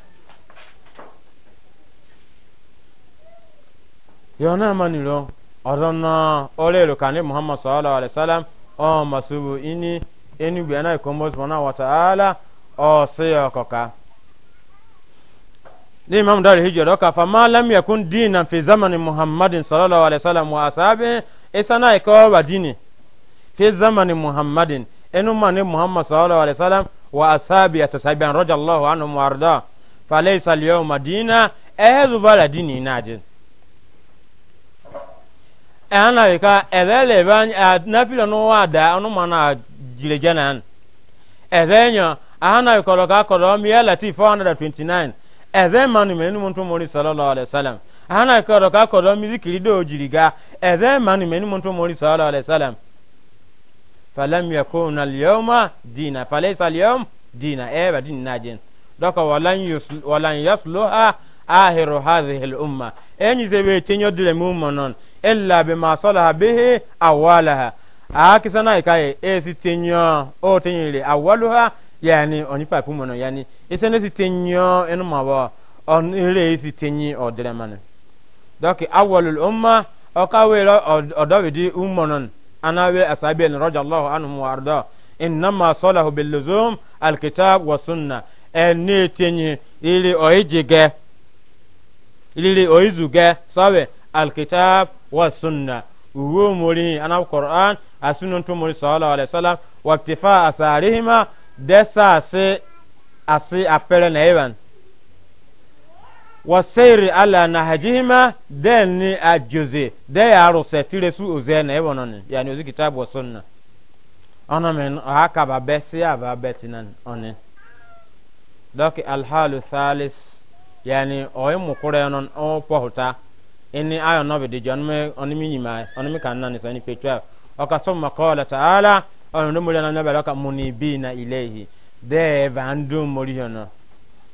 yona manilo ozonna olelo kane muhammad sallallahu alaihi wasallam o masubu ini eni bi ana ikomo subhana wa ta'ala o seyo koka ni imam dar hijjo do fama lam yakun dinan fi zamani muhammadin sallallahu alaihi wasallam wa asabi isana iko wa dini fi zamani muhammadin enu mane muhammad sallallahu alaihi wasallam wa asabi atasabian radiyallahu anhum warda falaysa al-yawma Madina ehzu bala dini najin ana ka elele ban na pilo no wada anu mana jilejanan ezenyo ana ko ka ko do mi elati 429 ezen manu menu muntu mori sallallahu alaihi wasallam ana ko do ka ko do mi zikiri do jiriga ezen manu menu muntu mori sallallahu alaihi wasallam falam yakuna al-yawma dina falaysa al-yawm dina eba din najin doka walan yus sulo ha. ahiru hadhihi al-umma enyi zebe tinyo dile mu monon illa bima ha bihi ha akisa na ikaye esi tinyo o tinyire awaluha yani oni papu monon yani isene si tinyo enu mawo on ile esi tinyi odire mane doki awalul umma okawelo odowidi ummonon anawe asabiyan radiyallahu anhum wa arda innama salahu bil luzum al kitab wa sunnah en ni tinyi ili oijige ilili oizuge sabe alkitab wa sunna uwo muri ana qur'an asunun to muri sallallahu alaihi wasallam wa iktifa asarihima desa se asi apere na evan wa sayri ala nahjihima den ajuzi de yaro se tire su oze na evonon yani ozi kitab wa sunna ana men haka ba besi aba betinan onin doki alhalu thalis yani oye mukure non o pohuta inni ayo nobe di jon me oni mi nyima oni mi kanna ni sani petua oka summa qala ta'ala o no mulana nabe loka munibina ilayhi de bandu muriyono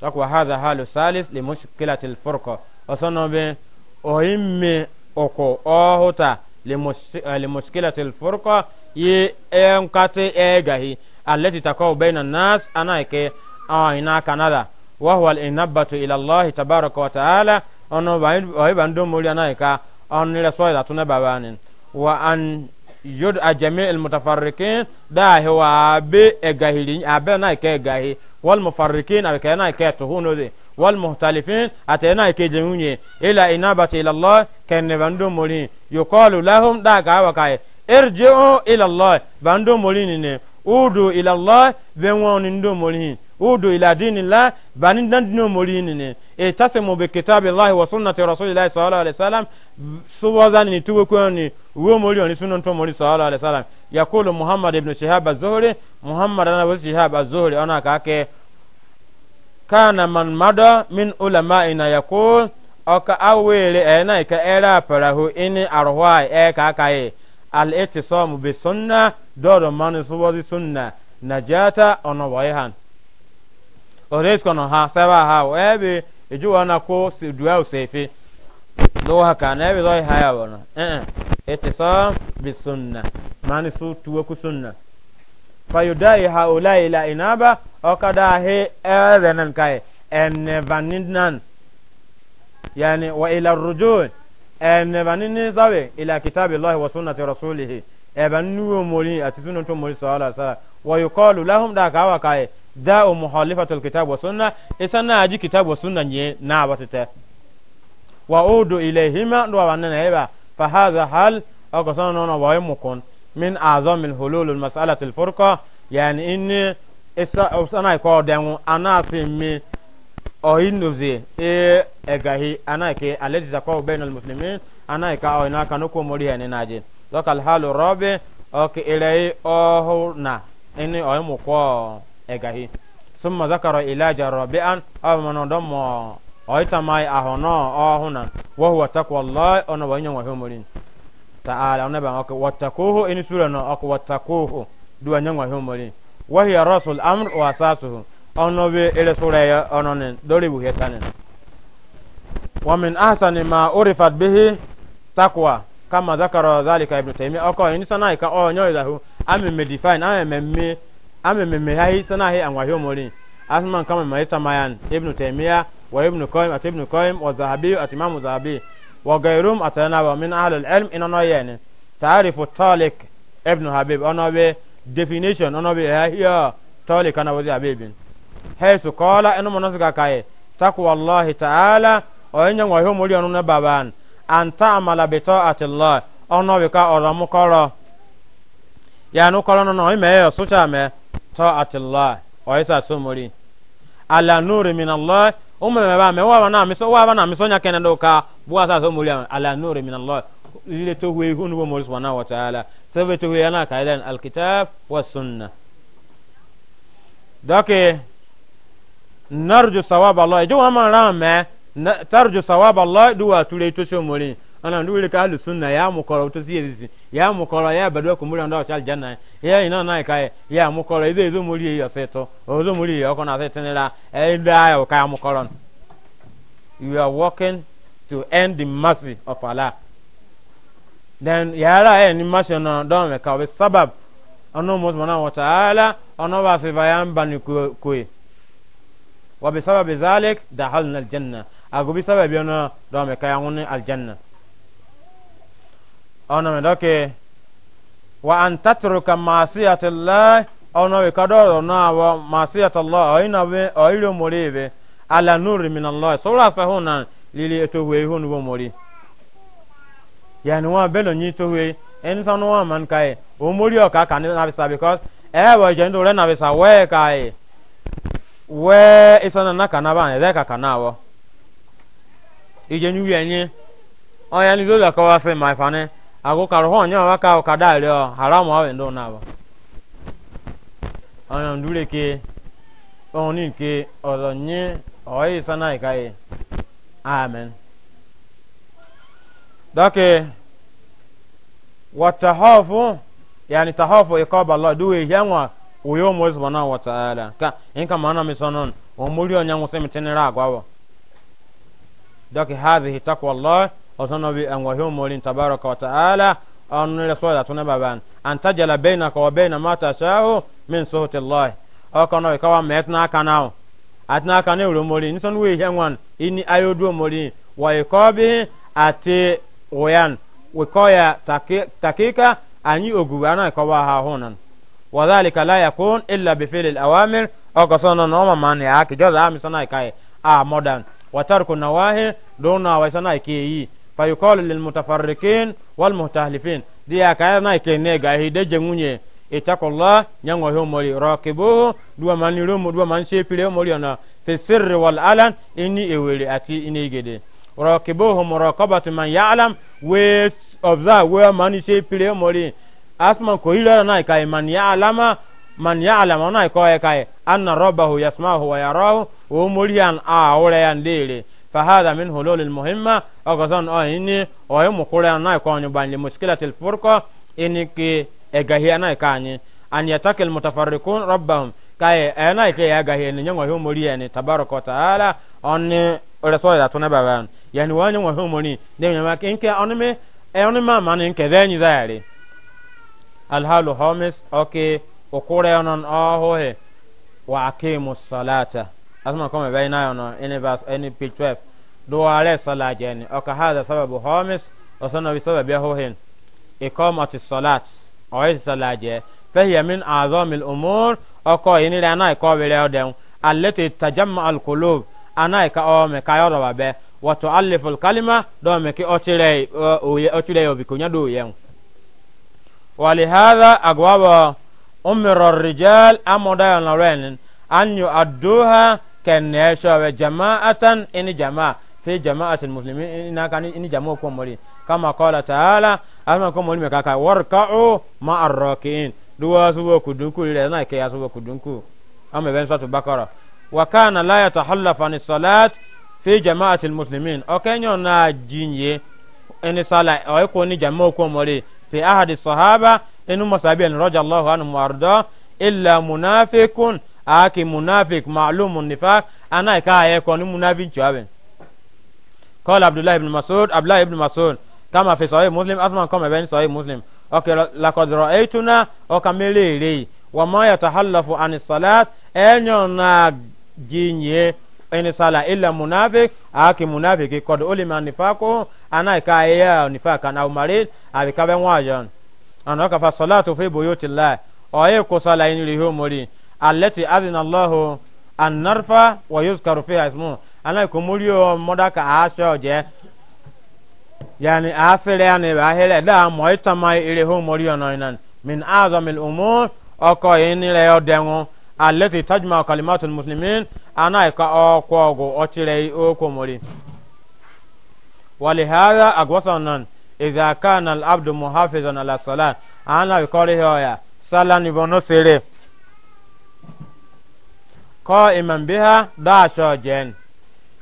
tak wa hadha halu salis li mushkilati al furqa osono be oyimme oko ohuta li eh, mushkilati al furqa ye enkate egahi allati takaw bayna nas anaike ayna kanada وهو الإنابة إلى الله تبارك وتعالى أنه ويبان دوم موليانايكا أن رسول الله تنبابان وأن يدعى جميع المتفرقين دا هو أبي إغاهيلين أبي نايكا إغاهي والمفرقين أبي نايكا تهونو دي والمختلفين أتينا كجمعية إلى إنابة إلى الله كان باندوم مولين يقال لهم دا كاوكاي ارجعوا إلى الله باندوم مولين أودوا إلى الله بنوان دوم مولين udu ila dinillah bani dan dinu murini ne e tasimu bi kitabillahi wa sunnati rasulillahi sallallahu alaihi wasallam suwazani ni tuwe kwani uwe muri oni sunan to muri sallallahu alaihi wasallam yaqulu muhammad ibn shihab az-zuhri muhammad ana shihab az-zuhri ana kake kana man mada min ulama'ina yaqul aka awere ena ika era parahu ini arwai e ka kai e. al-ittisam bi sunna dodo man suwazi sunna najata ono wayhan ores kono ha saba ha ebe ejuwa na ko duwa usefe do haka na ebe zoi haya wana eh ete so bi sunna mani su tuwa ku sunna fa yudai ha ulai la inaba okada he erenan kai enne vaninnan yani wa ila rujuu enne vanini zawe ila kitabi llahi wa sunnati rasulihi ebe nuwo mori ati sunnatu mori sallallahu alaihi wasallam wa yuqalu lahum da kawa kai da o muhalifatul kitab wa sunna isana aji kitab wa sunna nye na batata wa udu ilayhima do wa nana eba fa hadha hal o ko sono no wa mukon min azam al hulul al mas'alat al furqa yani in isa usana ko dengu ana fimi o inuzi e egahi ana ke alaji zakwa bainal muslimin ana ka o ina kanu ko mori ne naje lokal halu rabi o ke ilay o na ini o mukon egahi summa zakara ilaja rabi'an aw man damma oita mai ahono ohuna wa huwa taqwallahi ona wa nyawa humurin ta'ala ona ba ko wattaquhu in sura no ko wattaquhu duwa nyawa humurin wa hiya rasul amr wa asasuhu ono be ele sura ya ononen dori bu hetanen wa min ahsani ma urifat bihi taqwa kama zakara zalika ibn taymiyyah oko insana ka onyo oh, idahu ami medifine ami memme ame meme hai sana He angwa hiyo mori asman kama maisa mayan ibn taymiya wa ibn qayyim at ibn qayyim wa zahabi at imam zahabi wa ghayrum atana wa min ahli al-ilm inna no yani ta'rifu talik ibn habib Ona be definition Ona be hiya eh, talik ana wazi habibin haythu qala inna munasika kai taqwa allah ta'ala o enya wa hiyo mori onu baban Anta amala bi ta'ati allah Ona be ka oro mukoro ya nu koro no no yo sucha me ta'ati Allah o isa sumuri ala nuri min Allah o me ba me wa na mi so wa na mi so nya kenendo ka bua sa sumuri ala nuri min Allah ile to we hunu bo mori subhanahu wa ta'ala sabe to we ana ka ilan alkitab wa sunna dake narju sawab Allah jo ma ra me tarju sawab Allah duwa tule to sumuri ana ndu ile kalu sunna ya mukoro to siye zizi ya mukoro ya badwa kumuri ndo cha aljanna ya ina na kai ya mukoro izo izo muri ya seto ozo muri ya kona setenela e da ya ka mukoro you are working to end the mercy of Allah then yara e ni mercy no don me ka we sabab ono mo mona wa taala ono ba fe bayan bani ko wa bi sabab zalik dahalna aljanna ago bi sabab yana don me ka yanuni aljanna ọ̀nà mi dọ́kẹ́ wa an tatruka maasiyata allah ọ̀nà mi kadọ́rọ̀ náà wọ náà bẹ ló ala na min allah sọ́wọ́n àfẹ́hùn náà lili ètò hu ihun ni wọ́n mọ̀rí. yàní wọn bẹ́ẹ̀ lóyún tó wé ẹni sanu wọn mọ̀ nǹka yẹ o mọ̀rí ọ̀ka kà ní nàbẹ̀sà because ẹ wọ ìjẹ́ nítorí nàbẹ̀sà wẹ́ẹ̀ ká yẹ wẹ́ẹ́ ìsọ̀nà náà kà ọ̀yàn ni lóòlù ọ̀kọ́ wá ako karoho onye wa ka okada leo haramu awe ndo nabo ona ndule ke oni ke odonye oyi sana ikaye amen dake watahofu yani tahofu ikaba allah duwe yanwa uyo mwezi subhanahu wa ta'ala ka inka maana misonon omuli onyangu semitene ragwawo dake hadhihi taqwa allah osono bi angohyo molin tabaraka wa ta'ala on le so tuna baban an tajala bainaka wa baina ma tashahu min suhti allah o kono ka wa metna kanao atna kanao ro molin son we yanwan ini ayodu molin wa ikobi ati oyan we koya takika anyi ogubana ko wa ha honan وذلك لا يكون إلا بفعل الأوامر أو كسونا نوما من يأكل جزء من سنة كاي آه مودان وترك النواهي دون وسنة كي fayukol lil mutafarrikin wal muhtahlifin dia kaya na ikene ga hide jengunye itakullah nyango ho mori rakibu duwa maniru mu duwa manse pile mori ona fi sirri wal alan inni eweli ati inigede rakibuhu muraqabatu man ya'lam we observe where man se pile asma ko ila na kai man ya'lama man ya'lama na ko kai anna rabbahu yasmahu wa yarahu o an a ore an dele فهذا من هلول المهمة أغزان آه وهي مقولة أنا كوني بان لمشكلة الفرقة إني كي إغاهي أنا أن يتاك المتفرقون ربهم كاي أنا كي إغاهي إني يوم وهم مريني تبارك وتعالى أن رسولة الله تنبأ يعني وين وهم مري دم يماك إنك أنمي أنمي ما إنك ذيني ذاري الهالو هومس أوكي وقولة نان آهوه هو وأقيموا الصلاة asma kome bai na yono ini bas ini pitwef duwale sala jeni oka hada sababu homis osana bi sababu ya hohin ikomati salat oisi sala je fahiya min azamil umur oko ini la na ko bele odem allati tajamma al qulub ana ka o me ka yoro babe wa tuallifu al kalima do ki otire otire obikunya do yen ولهذا أقوى أمر الرجال أمر دايان لرين أن يؤدوها kenne shobe jama'atan ini jama'a fi jama'atul muslimin ina kan ini jama'a ko mori kama qala ta'ala amma ko mori me kaka warka'u ma'ar raki'in duwa subo kudunku ile na ke ya subo kudunku amma ben satu bakara wa kana la yatahallafu an salat fi jama'atul muslimin o kenyo na jinye ini sala o ko ni jama'a ko mori fi ahadi sahaba inu masabi radiyallahu anhu warda illa munafiqun aki munafik ma'lumun nifaq ana ka ay ko ni munafik jaben qala abdullah ibn mas'ud abdullah ibn mas'ud kama fi sahih muslim asma kama bain sahih muslim Ok, laqad ra'aytuna o kamelele wa ma yatahallafu an salat enyo na jinye en sala illa munafik aki munafik qad ulima nifaqo ana ka ya nifaq ana umarid abi ka ben wajan ana ka fa salatu fi buyutillah o ye ko sala allati adina allahu an narfa wa yuzkaru fiha ismu ana ko muriyo modaka asho je yani asire yani ba hele da moita mai ire ho muriyo noinan min azamil umur oko inire odenwo allati tajma kalimatul muslimin ana ka okwo ogo ochire okwo muri ولهذا أقوصنا إذا كان العبد محافظا على الصلاة أنا بقوله يا صلاة نبنو سيري قائما بها داشا جن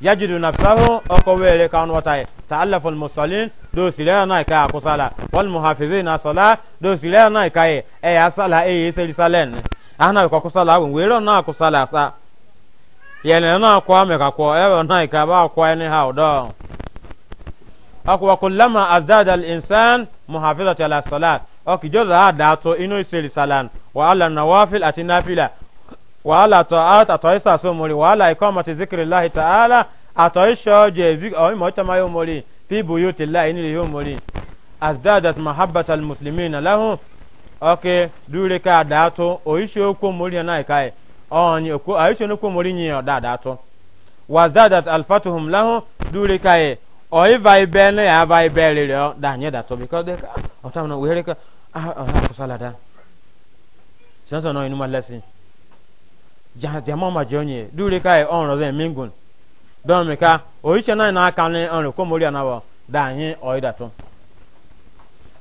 yajidu nafsahu oko wele kan wata ta'allafu al-musallin do silaya na ka ko sala wal muhafizin na sala do silaya na ka e ya sala e ye sel salen ana ko ko sala won wero na ko sala sa yene na ko ame ka ko e na ka ba ko ene ha do ako wa kullama azdada to ino sel salan wa ala nawafil wàhálà tọ out àtọ ìsà so mori wàhálà ikọ́ ọmọ ti zikiri láhi tààlà àtọ ìṣọ́ jẹ zik ọ̀hún ìmọ̀ ìtọ́mọ yóò mori fi bu yóò ti láì nílẹ̀ yóò mori asdadat mahabbat al muslimi na lahun ọkẹ dúró ká dàátó òyìṣẹ́ okó mori náà ìka ẹ̀ ọ̀hún okó àyíṣẹ́ okó mori yìí ọ̀dà dàátó wàzdadat alfatuhum lahun dúró ká ẹ̀ ọ̀yí va ibẹ̀ because ọ̀tá mi náà wẹ́rẹ́ ká ọ̀hún àkọsálà dá sẹ́nsọ̀ náà inú ma lẹ́sìn jahajama ma jonye dure kai e on rozen mingun don me ka o iche na na aka ni on ko mori na wo da yin o ida to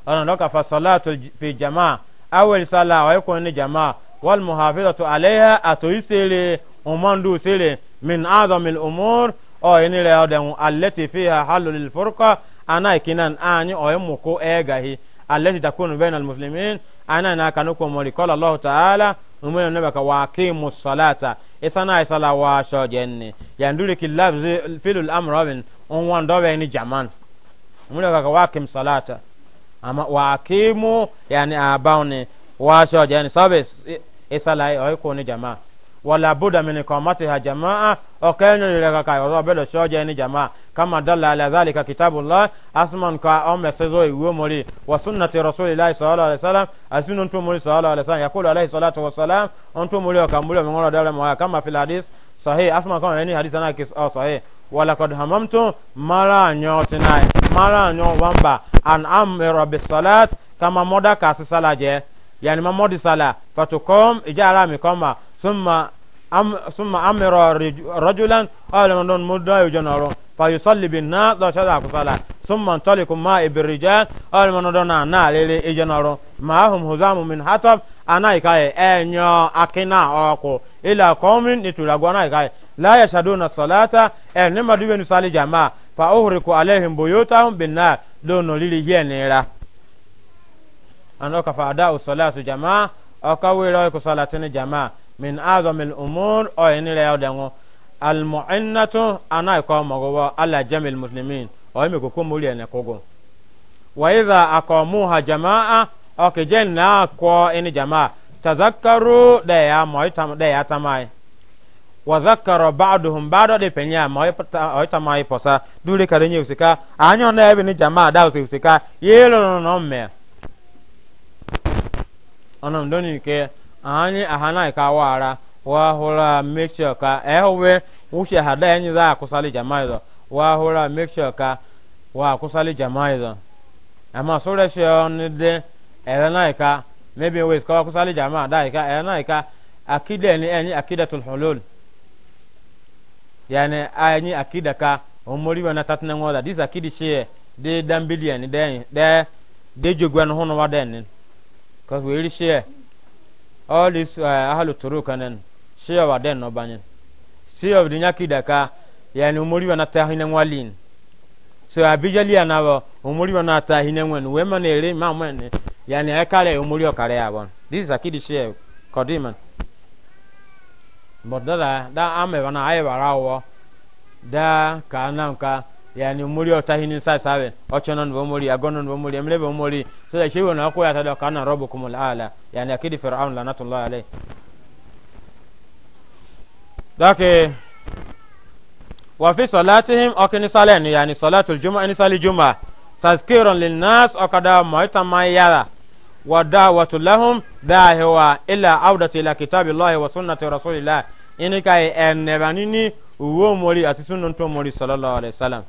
ona doka fa salatu fi jamaa awel sala o ko ni jamaa wal muhafizatu alaiha ato isere umandu sere min azamil umur o ini le o den allati fiha halu lil furqa ana kinan anyi o muko egahi allati takunu bainal muslimin ana na kanu ko mori qala allah ta'ala umma ne baka waqimu salata isana isala wa sho jenni yanduri ki lafzi filul amrawin on wando be ni jaman umma baka waqim salata ama waqimu yani abawni wa sho jenni sabes isala ay ko ni jamaa wala buda min iqamatiha jamaa o kayno le ka ka o be lo soje ni jamaa kama dalla ala zalika kitabullah asman ka o me sezo iwo mori wa sunnati rasulillahi sallallahu alaihi wasallam asunun to mori sallallahu alaihi wasallam yaqulu alaihi salatu wasalam on to mori o ka mori mo ngoro dala mo kama fil hadith sahih asman ka ni hadith ana kis o oh, sahih wala qad hamamtu mara nyotina mara nyo wamba an amra bis salat kama moda ka sala je yani mamodi sala fatukom ijara mi ثم أم ثم أمر رجلا قال من دون مدى يجنر فيصلي بالناس لا شدع صلاة ثم انطلق ما بالرجال قال من دون أنا للي يجنر معهم هزام من حطب أنا إكاي أنيو أكنا أكو إلى قوم نتلقونا إكاي لا يشهدون الصلاة أنما دوبي نصلي جماعة فأهرك عليهم بيوتهم بالنار دون للي ينيرا أنك فأداء الصلاة جماعة أكوي رأيك صلاة جماعة min azamil umur o yin re dango al ana ko mago ala jamil muslimin o mi ko ko muri ene kogo wa idha aqamuha jamaa o ke jenna ko in jamaa tazakkaru da ya moitam da ya tamai wa zakkara ba'duhum ba'da de penya moita oita mai posa dure kare nyi usika anyo na ebi ni jamaa da usika yelo no no me onon doni ke anyị ahana ka wara wa hụra make sure ka ehwe wuce hada yanyi za a kusali jama'izo wa hụra make ka wa kusali jama'izo ama so da shi on de elana ka maybe we ka kusali jama'a da ka elana ka akida ni enyi akidatul hulul yani anyi akida ka omori wa na tatna ngoda dis akidi she de dambilian de de de jogwan hono wa den cause we really all this uh, ahalu turuka nen shiya wa den no banyen shiya wa dinya kidaka yani umuri wa nata hine ngwalin so abijali anawo umuri wa nata hine ngwen we man ere ma mwen yani akale eh, umuri wa kare abon this is akidi shiya kodiman but dada da ame wana ayi barawo da ka ananka yani muri otahini sasa we ochonon bo muri agonon bo muri amle bo muri so da shewo na ko ya ta da kana rabbukum ala yani akidi fir'aun lanatullah alayhi dake wa fi salatihim akini salen yani salatul jumu'a ni sali jumu'a tazkirun lin nas akada maita mayara wa da'watu lahum da'wa ila awdati ila kitabillahi wa sunnati rasulillah inika ennebanini uwo mori ati sunnatu mori sallallahu alaihi wasallam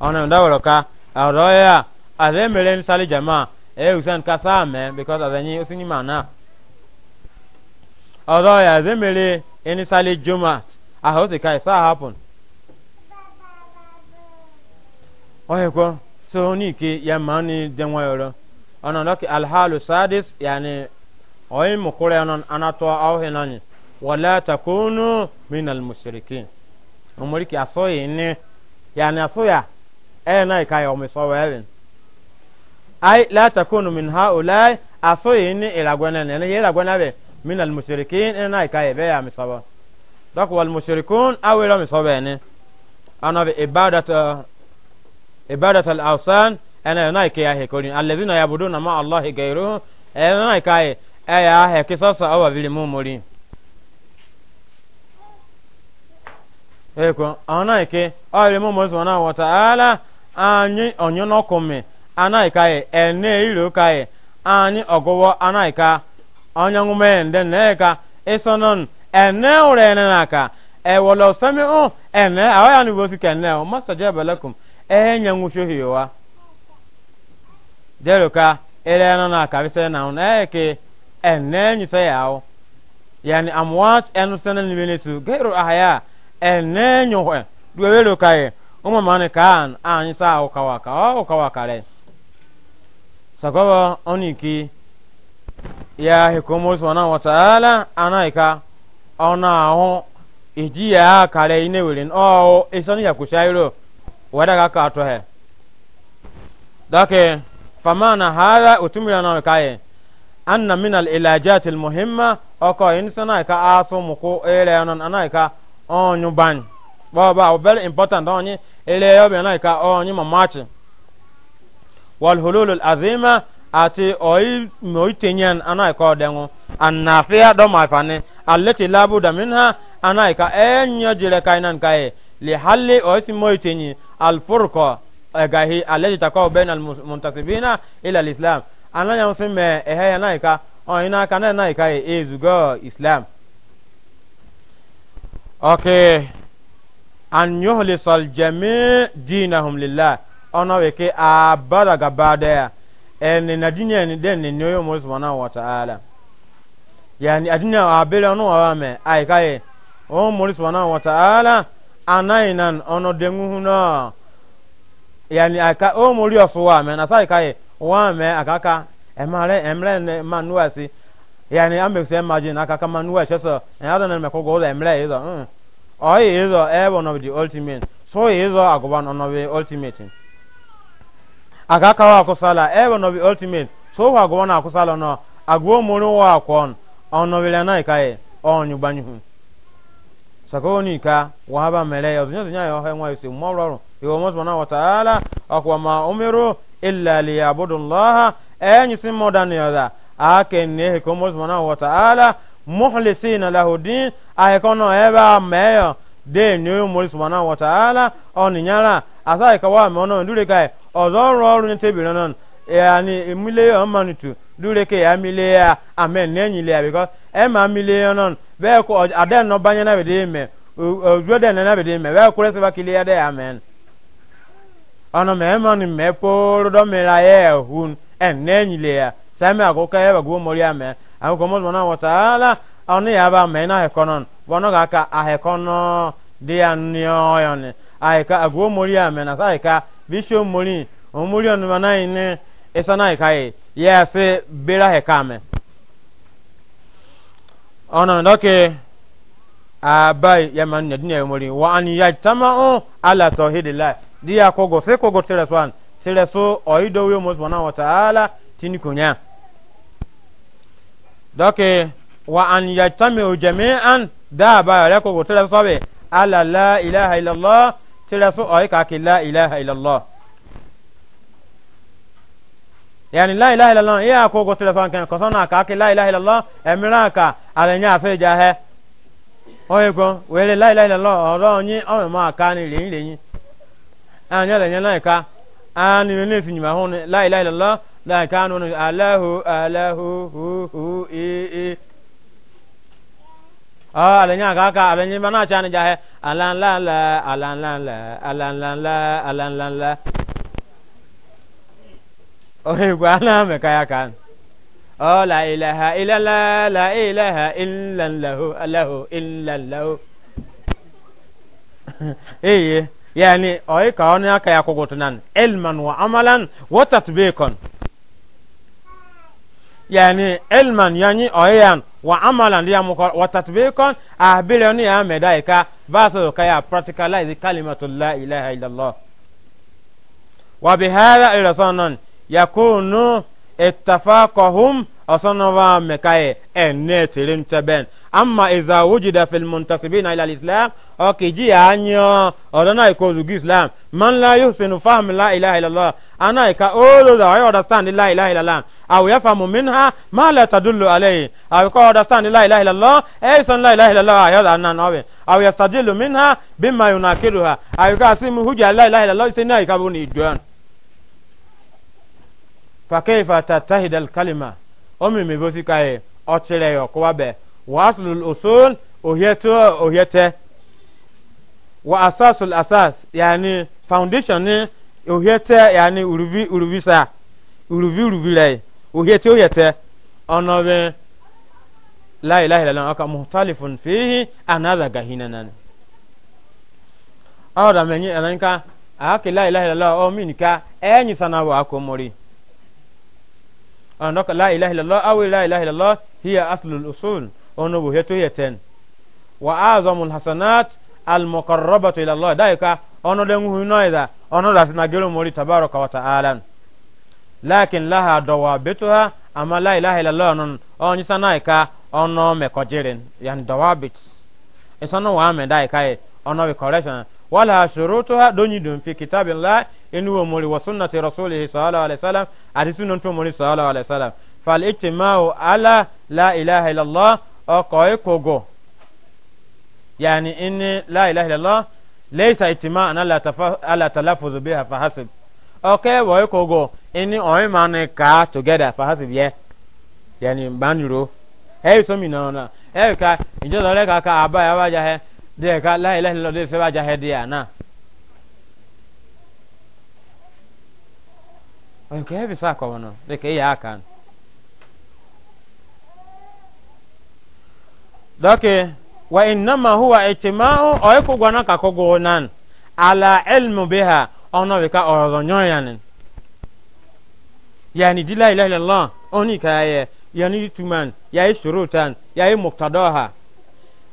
ona ndawro ka aroya ade mere nsali jama e usan kasame because adanyi usini mana aroya ade mere nsali juma ahosi kai sa happen oyeko so ni ke ọ mani denwa yoro ona loki alhalu sadis yani oyin mukure non anato awhinani wala takunu min almushrikin umuriki asoyi na yani ya? ɛna eh, ka yɛ ɔmo sɔwɔ ɛwin ai la min ha ulai aso yi ni iragwana ne ne iragwana be min al mushrikin ɛna eh, ka yɛ bɛ ya misaba dɔk wal mushrikun al awsan ɛna ɛna ka yɛ hekorin allazina yabuduna ma allah gairu ɛna eh, ka yɛ ɛya hɛ kisasa awa ana anyị onyenọkụmi anaghịka ya ene iro ya e. anyị ọgụwọ anaghịka onyanwụme ndị nneka ịsọnọn ene ụrụ ene n'aka ụ ene ahụ ya n'ugbo e ka ehe n'aka na ụnụ eke ene ya ahụ yani amwat enu sene ya ene duwe Uma mane kan anyi sa ukawaka o ukawaka le. Sakoba oniki ya hikomo subhanahu wa ta'ala anaika ona aho iji ya kale ine wirin o isoni ya kushairo wada ka ka to he. Dake famana hada utumira na kaye anna na al ilajat al muhimma o ko insana ka aso muko ele anan anaika onyu bani baba very important onye ele yobe na ka onye oh, mamachi wal hulul azima ati oyi moitenyan ana ka odenwu annafia do mafane allati labu da minha ana ka enyo jire kainan kai li halli oyi moitenyi al furqa agahi allati takaw bain al muntasibina ila al islam ananya nsime ehe yana ka onye na aka oh, na na ka ezugo islam okay an yuhlisal jami dinahum lillah ona we ke ya eni na dinya ni den ni nyoyo mo subhanahu wa ta'ala yani adinya abela no wa me ai kai o mo subhanahu wa ta'ala anainan ono dengu huna yani aka o mo ri ofu wa me na sai kai wa me akaka emare emre ne manuasi yani ambe se imagine akaka manuasi so en me ko go emre izo mm. Ọ yi ịzọ ebe ọ of ultimate so he is a one of the ultimate so wa agụba na akusala no agụba mụrụ wa akon ọ bile na ikaye onyu banyuhu sakoni wahaba mele yo zinyo zinyo yo henwa yose mworo nwa mo subhanahu wa ta'ala akwa ma enyi muhlisina lahu din ahekono eba meyo de enyo umuri subhanahu wa ta'ala oni nyara asa ka wa me ono dure kai ozo ro oru na tebiro non yani dure ya amen ya because e ma mile yo non be ko aden no banye na be de me ojo de na ya awo gomo wataala wa yaba mena hekonon konon wono ga ka a he kono de anyoyon ai ka agwo mori amena sai ka bisho mori o onu manai ne esa nai kai yese bera hekame kame ono ndoke abai yaman ne dunya mori wa an yajtama'u ala tauhidillah dia kogo se kogo tereswan tereso oido we mo zona wa tinikunya dɔke wa an yajtamiu jami'an daaba yɛrɛ ko tɛrɛ sɔbe ala la ilaha illallah tɛrɛ so ɔyi k'a ke la ilaha illallah yani la ilaha illallah i y'a ko ko tɛrɛ sɔn kɛnɛ kɔsɔn na k'a ke la ilaha illallah ɛmira ka ale nya fɛ ja hɛ ɔyi gɔn wele la ilaha illallah ɔrɔ nyi ɔmɛ ma ka ni lenyi lenyi a nyɛ lɛ nyɛ n'a ye ka a ni ne fi ɲuman hɔn la ilaha illallah da kanu ni alahu alahu hu hu i i ah ala nya ka ka ala nya mana cha ni jahe alan la la alan la la alan la la alan la la ohe gwa na me ka ya kan oh la ilaha illa la la ilaha illa lahu alahu illa lahu eh yani oy ka on ya ka amalan wa bacon yani ilman yani oyan wa amalan ya mukor wa tatbiqan ahbile ni ya medaika baso kaya practicalize kalimatu la ilaha illallah wa bihadha ila sanan yakunu ittafaqahum أصنوا مكاي الناس لنتبين أما إذا وجد في المنتسبين إلى الإسلام أو كيجي أنيو أدنا يكوزو إسلام من لا يحسن فهم لا إله إلا الله أنا إكا أولو ذا أي أدستان لا إله إلا الله أو يفهم منها ما لا تدل عليه أو يكو أدستان لا إله إلا الله أيسن لا إله إلا الله يوضع أنا نوبي أو يستدل منها بما يناكرها أو يكا أسيم هجا لا إله إلا الله سنة يكابون إدوان فكيف تتهد الكلمة omi mi bosi kaye ọtịrị ya ọkụwa be wa asụlụ usul ohiete ohiete wa asasul asas yani foundation ni ohiete yani uruvi uruvi sa uruvi uruvi lai ohiete ohiete ọnọbe la ilaha illallah aka muhtalifun fihi anadha gahinanan awada menyi ananka aka la ilaha illallah o minika enyi sanawa akomori anaka ah, la ilaha illallah aw la ilaha illallah hiya aslul usul ono bo heto yeten wa azamul hasanat al muqarrabatu ila allah daika ono de ngu noida ono da na gelo mori tabaraka wa ta'ala lakin laha dawabituha ama la ilaha illallah non onyi sanaika ono mekojirin yan dawabit isano wa me daika e, ono be correction wala shurutuha donyi dun fi kitabillah in wa muri wa sunnati rasulih sallallahu alaihi wasallam ati sunan to muri sallallahu alaihi wasallam fal ijtima'u ala la ilaha illallah o koy kogo yani in la ilaha illallah laysa ijtima'an ala tafa ala talaffuz biha fa hasib okay wa kogo in o man ka together fa hasib ye yani banuro hey so mi na na hey ka injo dole ka ka abaya waja he de ka la ilaha illallah de fe ba jahediya na o ke hebi sa ko wono de ke ya kan doke wa innama huwa ijtima'u o oh, ko gwana ka ko gonan ala ilmu biha ono be ka oro nyoyanin yani di la ilaha illallah oni ka ye yani tuman yayi shurutan yayi muqtadaha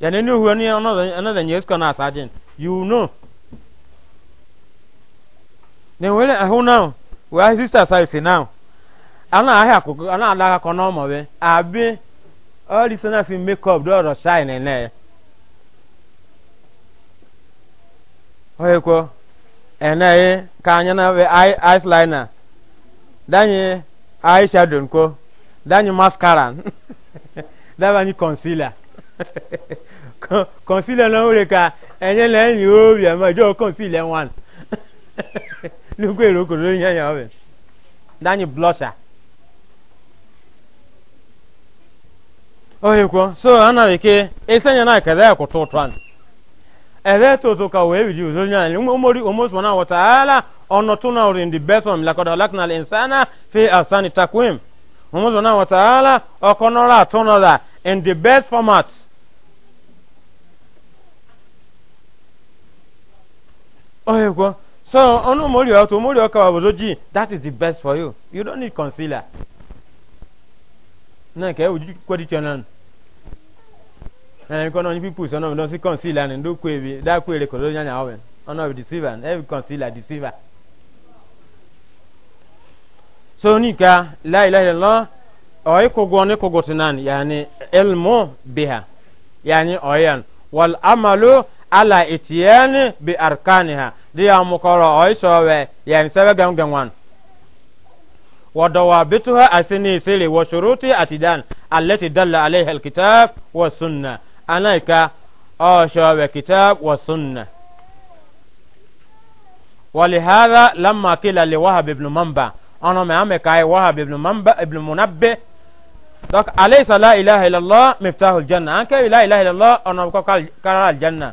yani any who any another yes can ask agent you know then when I uh, who now where sister size now ana ahia ko ana ala ko no mo abi all this na fi make up do ro shine na oye ko ene ye ka anya na we eye eyeliner danyi eh, eyeshadow ko danyi mascara danyi concealer concealer náà wúre ka ẹ̀yẹ́ lẹ́yìn ní orí ẹ̀mọ́ ìjọ concealer one lókè ìrókò lórí yẹn yẹn ọbẹ̀ dání blusher. oye kwo so ana wike esenya na kaza ya kutoto an ebe ka we bi uzo nya umori umos wana wa taala ono tuna uri ndi beso mlakoda lakna al fi asani takwim umos wana wa taala okonora tuna da in the best format Oh, well. So, ono mori auto mori oka waboji. That is the best for you. You don't need concealer. Na ke uji kwadi chanan. Eh, kono ni people so no don see concealer ni do kwebi. Da kwere ko do nyanya owen. Ono be deceiver. Every concealer deceiver. So nika la ilaha illallah oy ko gone ko gotinan yani ilmu biha. Yani oyan wal amalu ala itiyani bi arkaniha di ya mukoro oisowe ya nsewe gamgamwan ودوابتها أسني سيلي وشروط أتدان التي دل عليها الكتاب والسنة أنايكا أشوى كتاب والسنة ولهذا لما قيل لوهب بن منبع أنا ما أمك أي wahab ibn mamba ibn munabbe دك أليس لا إله إلا الله مفتاح الجنة أنك لا إله إلا الله أنا بقول الجنة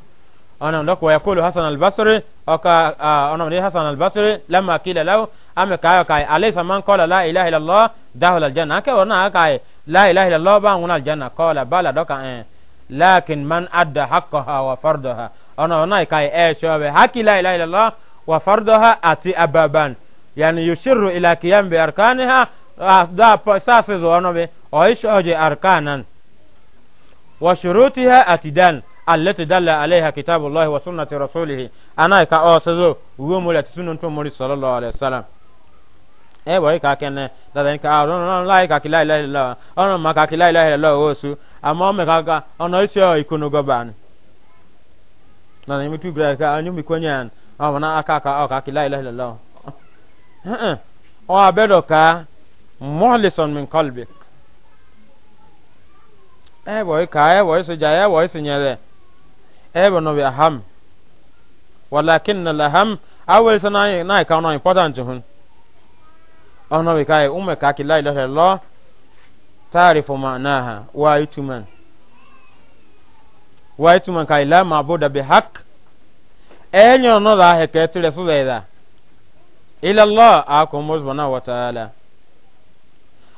ana ndoko yakulu hasan albasri oka ana ndi hasan albasri lamma kila law ame kayo kai alaysa man qala la ilaha illa allah dakhala aljanna ake wana kai la ilaha illa allah ba nguna aljanna qala bala doka eh lakin man adda haqqaha wa fardaha ana wana kai e shobe haki la ilaha illa allah wa fardaha ati ababan yani yushiru ila qiyam bi arkaniha da sasa arkanan wa shurutiha atidan التي دل عليها كتاب الله وسنة رسوله أنا كا أوسدو ومولة سنة مولى صلى الله عليه وسلم e wɔ ika kene dada nka ɔnɔ ɔnɔ la ika kila ilaha illallah ɔnɔ ma ka kila ilaha illallah osu ama ka kaka ɔnɔ isi ɔ ikono gɔban dada nyi tu gra ka anyu mi konya ɔmɔ na aka ka ɔ ka kila ilaha illallah O abedo ka mɔlison min kalbik e wɔ ika e wɔ isi ja e wɔ isi ebe oh, no bi aham walakin na laham awel sa na na ka no important hun ono bi kai umme ka ki la ilaha illallah ta'rifu ma'naha wa ituman wa ituman kai la ma'budu bi haqq enyo no da he ke tire fu beda ila allah akum subhanahu wa ta'ala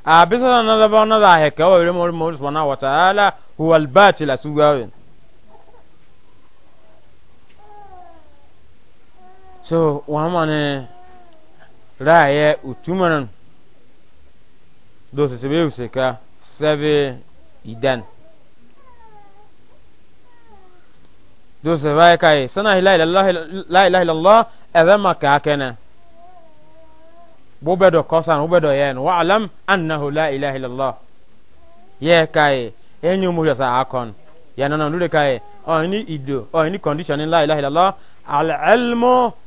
abisa na da ba no da he ke wa mo subhanahu wa ta'ala huwa al-batil asugawin so wamane raye utumanan do se sebe useka sebe idan do se vai kai sana la ilaha la ilaha illallah ebe maka akene bobe do kosan bobe do yen wa alam annahu la ilaha illallah ye kai enyu mu sa akon yanana nure kai oni ido oni condition la ilaha illallah العلم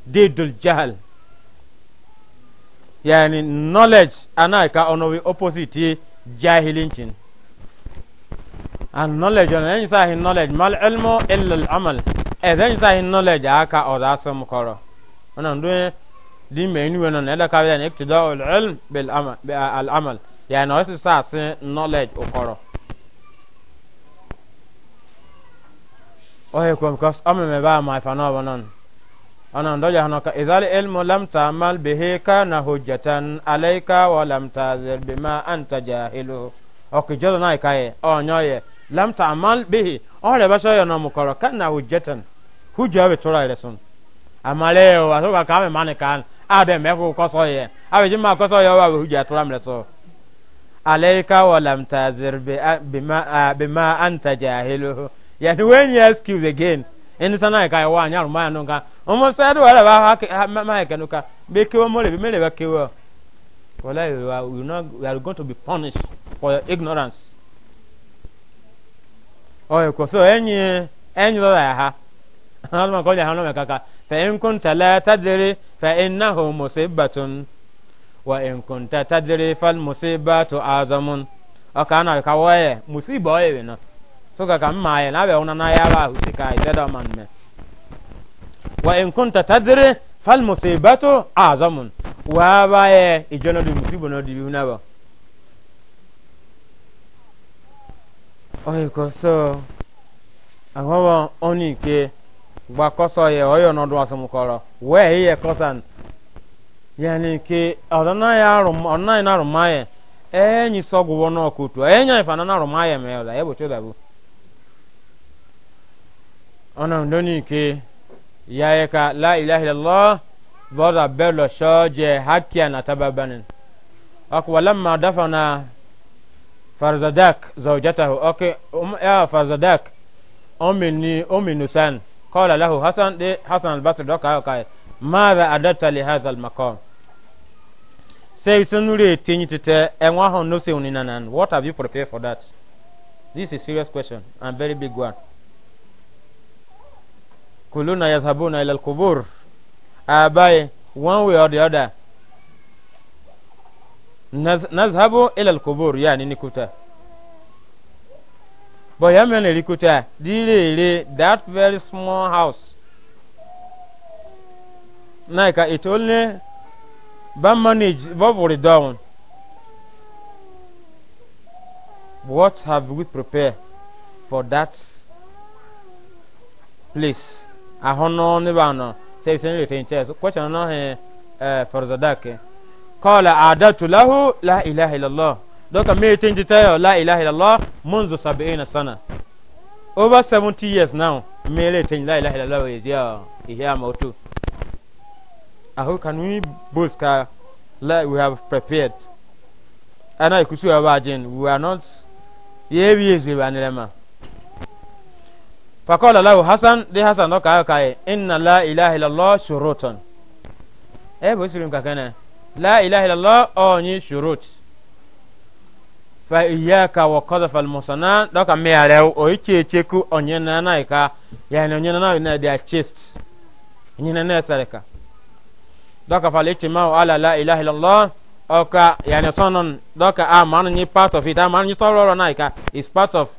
ضد الجهل يعني knowledge أنا كا أنوي opposite جاهلين and knowledge أنا إنسى knowledge ما العلم إلا العمل إذا إنسى knowledge أكا أو ذا سم كرا أنا ندوي دي مينو أنا نلا كابي أنا اقتداء العلم بالعمل يعني أساس knowledge أكرا ohe ko because ame me ba ma fa no bonon ana ndoja hano ka izal ilmu lam ta'mal bihi kana hujjatan alayka wa lam ta'zir bima anta jahilu o ki jodo na kai o nyoye lam ta'mal bihi o le ba so yo no mukoro kana hujjatan hujja be tora ile sun amale o aso ka kame mane kan ade me ko ko so ye bima bima anta yet when you excuse again ɛni sani ayika yɛ wa anyi aruma yɛ nuka ɔmo sɛ ɛdi wɛrɛ b'a ha ma ayika nuka bɛ kewa mo le bi mele bɛ kewa wala you are you not are going to be punished for your ignorance ɔyɛ kɔsɔ ɛnyi ɛnyi lɔra yɛ ha ɔlọmọ kɔjá hàn lọmọ kaka fɛ nkunta tadiri fɛ nnahu musibatun wa nkunta tadiri fal musibatu azamun ɔkà náà kawọ́ yɛ musiba ɔyɛ wẹ̀ náà. suka mma ya na abịa hụna na ya ba husi ka ise da man me wa in kunta tadri fal musibatu azamun wa ba ya ijono di musibu no di na ba ko so awawa oni ke gba koso ye oyo no do we ye kosan yani ke ya arum ọdọna ya na arumaye enyi enyi anyị ona ndoni ke yaye ka la ilaha illallah bora bello shoje hakia na farzadak zawjatahu ok um, farzadak umini uminusan qala lahu hasan de hasan al-basri doka ka madha adatta li hadha al-maqam say sunure tinyi tete enwa hon what have you prepared for that this is serious question and very big one kuluna yadhabuna ila alqubur abaye one way or the other nazhabu ila alqubur yani nikuta but ya mele rikuta direre that very small house naika it only ba manage ba worry down what have we prepared for that place ahono ne bano sai sun retain chess question no he eh farzadake qala adatu lahu la ilaha illallah doka me tin jitayo la ilaha illallah منذ 70 sana over 70 years now me retain la ilaha illallah We ya ihya mautu how can we boast ka we have prepared ana ikusu abajin we are not yebi ezebe anelema fakɔla lahu hasan de hasan dɔ kaa kaa inna la ilaha illallah shurutun e bo sirim ka kɛnɛ la ilaha illallah ɔnyi shurut fa iyaka wa qadhafa al-musana dɔ ka mɛ yɛrɛ o yi ce ce ku ɔnyɛ nana yi ka yani ɔnyɛ nana na de a chest nyina na sare ka dɔ ka fali ala la ilaha illallah ɔka yani sɔnɔn dɔ ka a man nyi part of it a man nyi sɔrɔ na yi ka is part of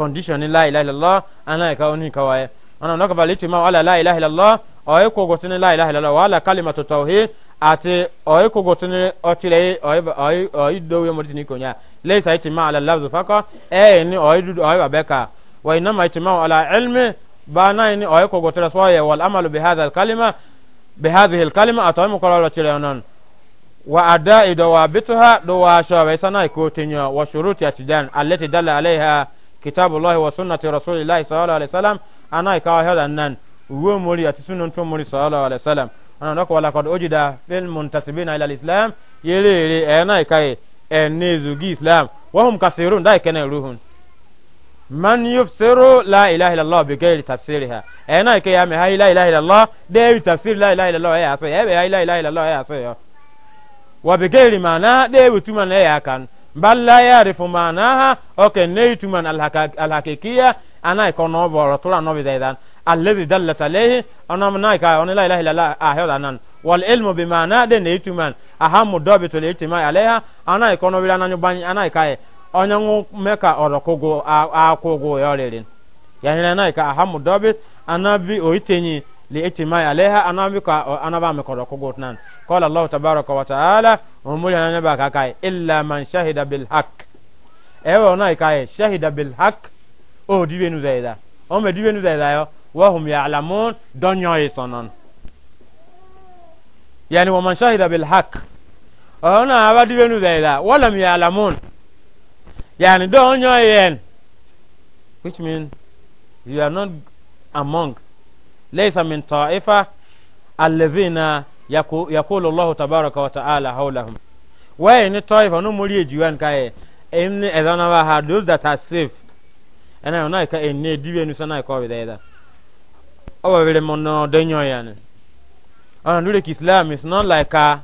condition ni la ilaha illallah ana ka oni ka waye ana naka bali tuma wala la ilaha illallah oy ko gotini la ilaha illallah wala kalimatu tauhid ati oy ko gotini otire oy oy oy do we modini ko nya laysa itima ala lafz faqa e ni oy du oy babeka wa inma itima ala ilmi bana ni oy ko gotra soye wal amalu bi hadha al kalima bi hadhihi al kalima atawmu qarara tilanan wa ada'i dawabituha dawasha wa sana ko tinyo wa shuruti atidan allati dalla alaiha كتاب الله وسنة رسول الله صلى الله عليه وسلم أنا إكاو هذا النان ومولي أتسنة مولي صلى الله عليه وسلم أنا نقول ولقد أجد في المنتسبين إلى الإسلام يلي يلي أنا إكاو النزوجي إسلام وهم كثيرون دا كان يروحون من يفسر لا إله إلا الله بغير تفسيرها أنا إكاو يا لا إله إلا الله ده تفسير لا إله إلا الله يا أصي لا إله إلا الله يا أصي وبغير معنى ده بتمنى يا كان bal la yarifu manaha oke neytuman alhakikiya ana ko no boro tura no bidaidan alladhi dallat alayhi onam na ka on la ilaha illa ahira nan wal ilmu bi mana de neytuman ahamu dobitul ijtima alayha ana ko no bidana nyu ban ana ka onyangu meka orokogo akogo yorerin yani na ika ahamu dobit anabi oitenyi li ijtima alayha anabi ka anaba me ko orokogo nan قال الله تبارك وتعالى ومولانا نبا كاي الا من شهد بالحق ايوا ناي كاي شهد بالحق او ديبنو زيدا او مديبنو زيدا وهم يعلمون دنيا يسنن يعني ومن شهد بالحق ona abadi benu zaida wala mi alamun yani don yoyen which mean you are not among laysa min ta'ifa alladhina yakulu allahu tabaraka wa ta'ala hawlahum why ni toifa no muri ejuan kae en ezana ba ha those that are safe ana ona ka en ne diwe nu sana ko bi da oba bele islam is not like a uh,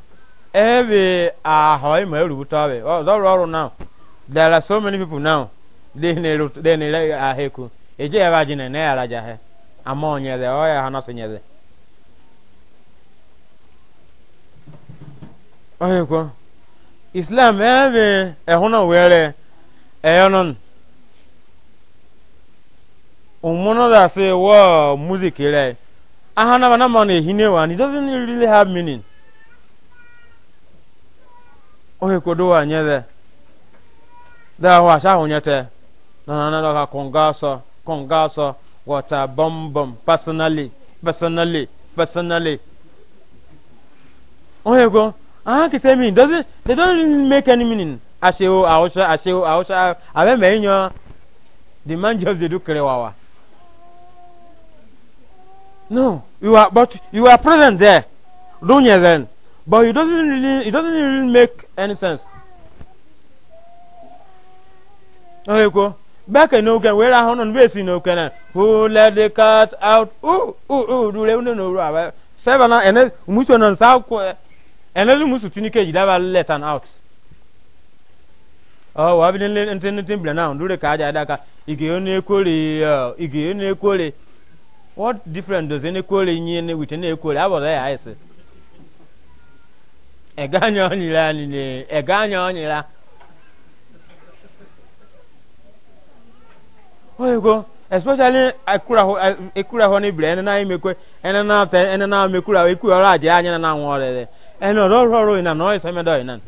every a hoy ma ru tawe oh that there are so many people now they uh, ne they ne o ya ọhịkwa islam ebe ehuna were eyonon umono da say wo music re ahana bana man ehine wa it doesn't really have meaning ọhịkwa do wa nyere da wa sha hunyete na na na ka kongaso kongaso wata bom bom personally personally personally ọhịkwa ah kìsẹ́ mi doesn't they don't make any meaning aṣewo àwòṣà aṣewo àwòṣà àbẹ̀mẹ̀yìn yan the man just dey do kerewawa no you are but you are present there dunya then but it doesn't really it doesn't really make any sense. ọ̀rẹ́ kò back in. ní oge wẹ́rẹ́ ahọ́n náà bẹ́ẹ̀ sì ní oge náà who let the cat out Ooh, ooh, ooh. dúró ẹ̀ ń dúró àbẹ́ sẹ́fẹ̀ náà ẹ̀ ní musu náà sáà ẹnlẹ́lú musu tún ní kejì let and out ọ wa á bí nílé ntí ntí bìlẹ̀ náà lórí káàjà dáka ìgè ó ní ọ what different does ní ekóre yín ní wìtí ní ekóre àbọ̀dọ̀ ya àìsí ẹ̀gá e e eh, eh, eh, anya ọ̀nyìnlá nìyẹn ẹ̀gá anya especially ekura hɔ ekura hɔ ní bìlẹ̀ ẹni náà yín mekwe ẹni náà tẹ mekura anya eno ro ro ro ina no iseme do ina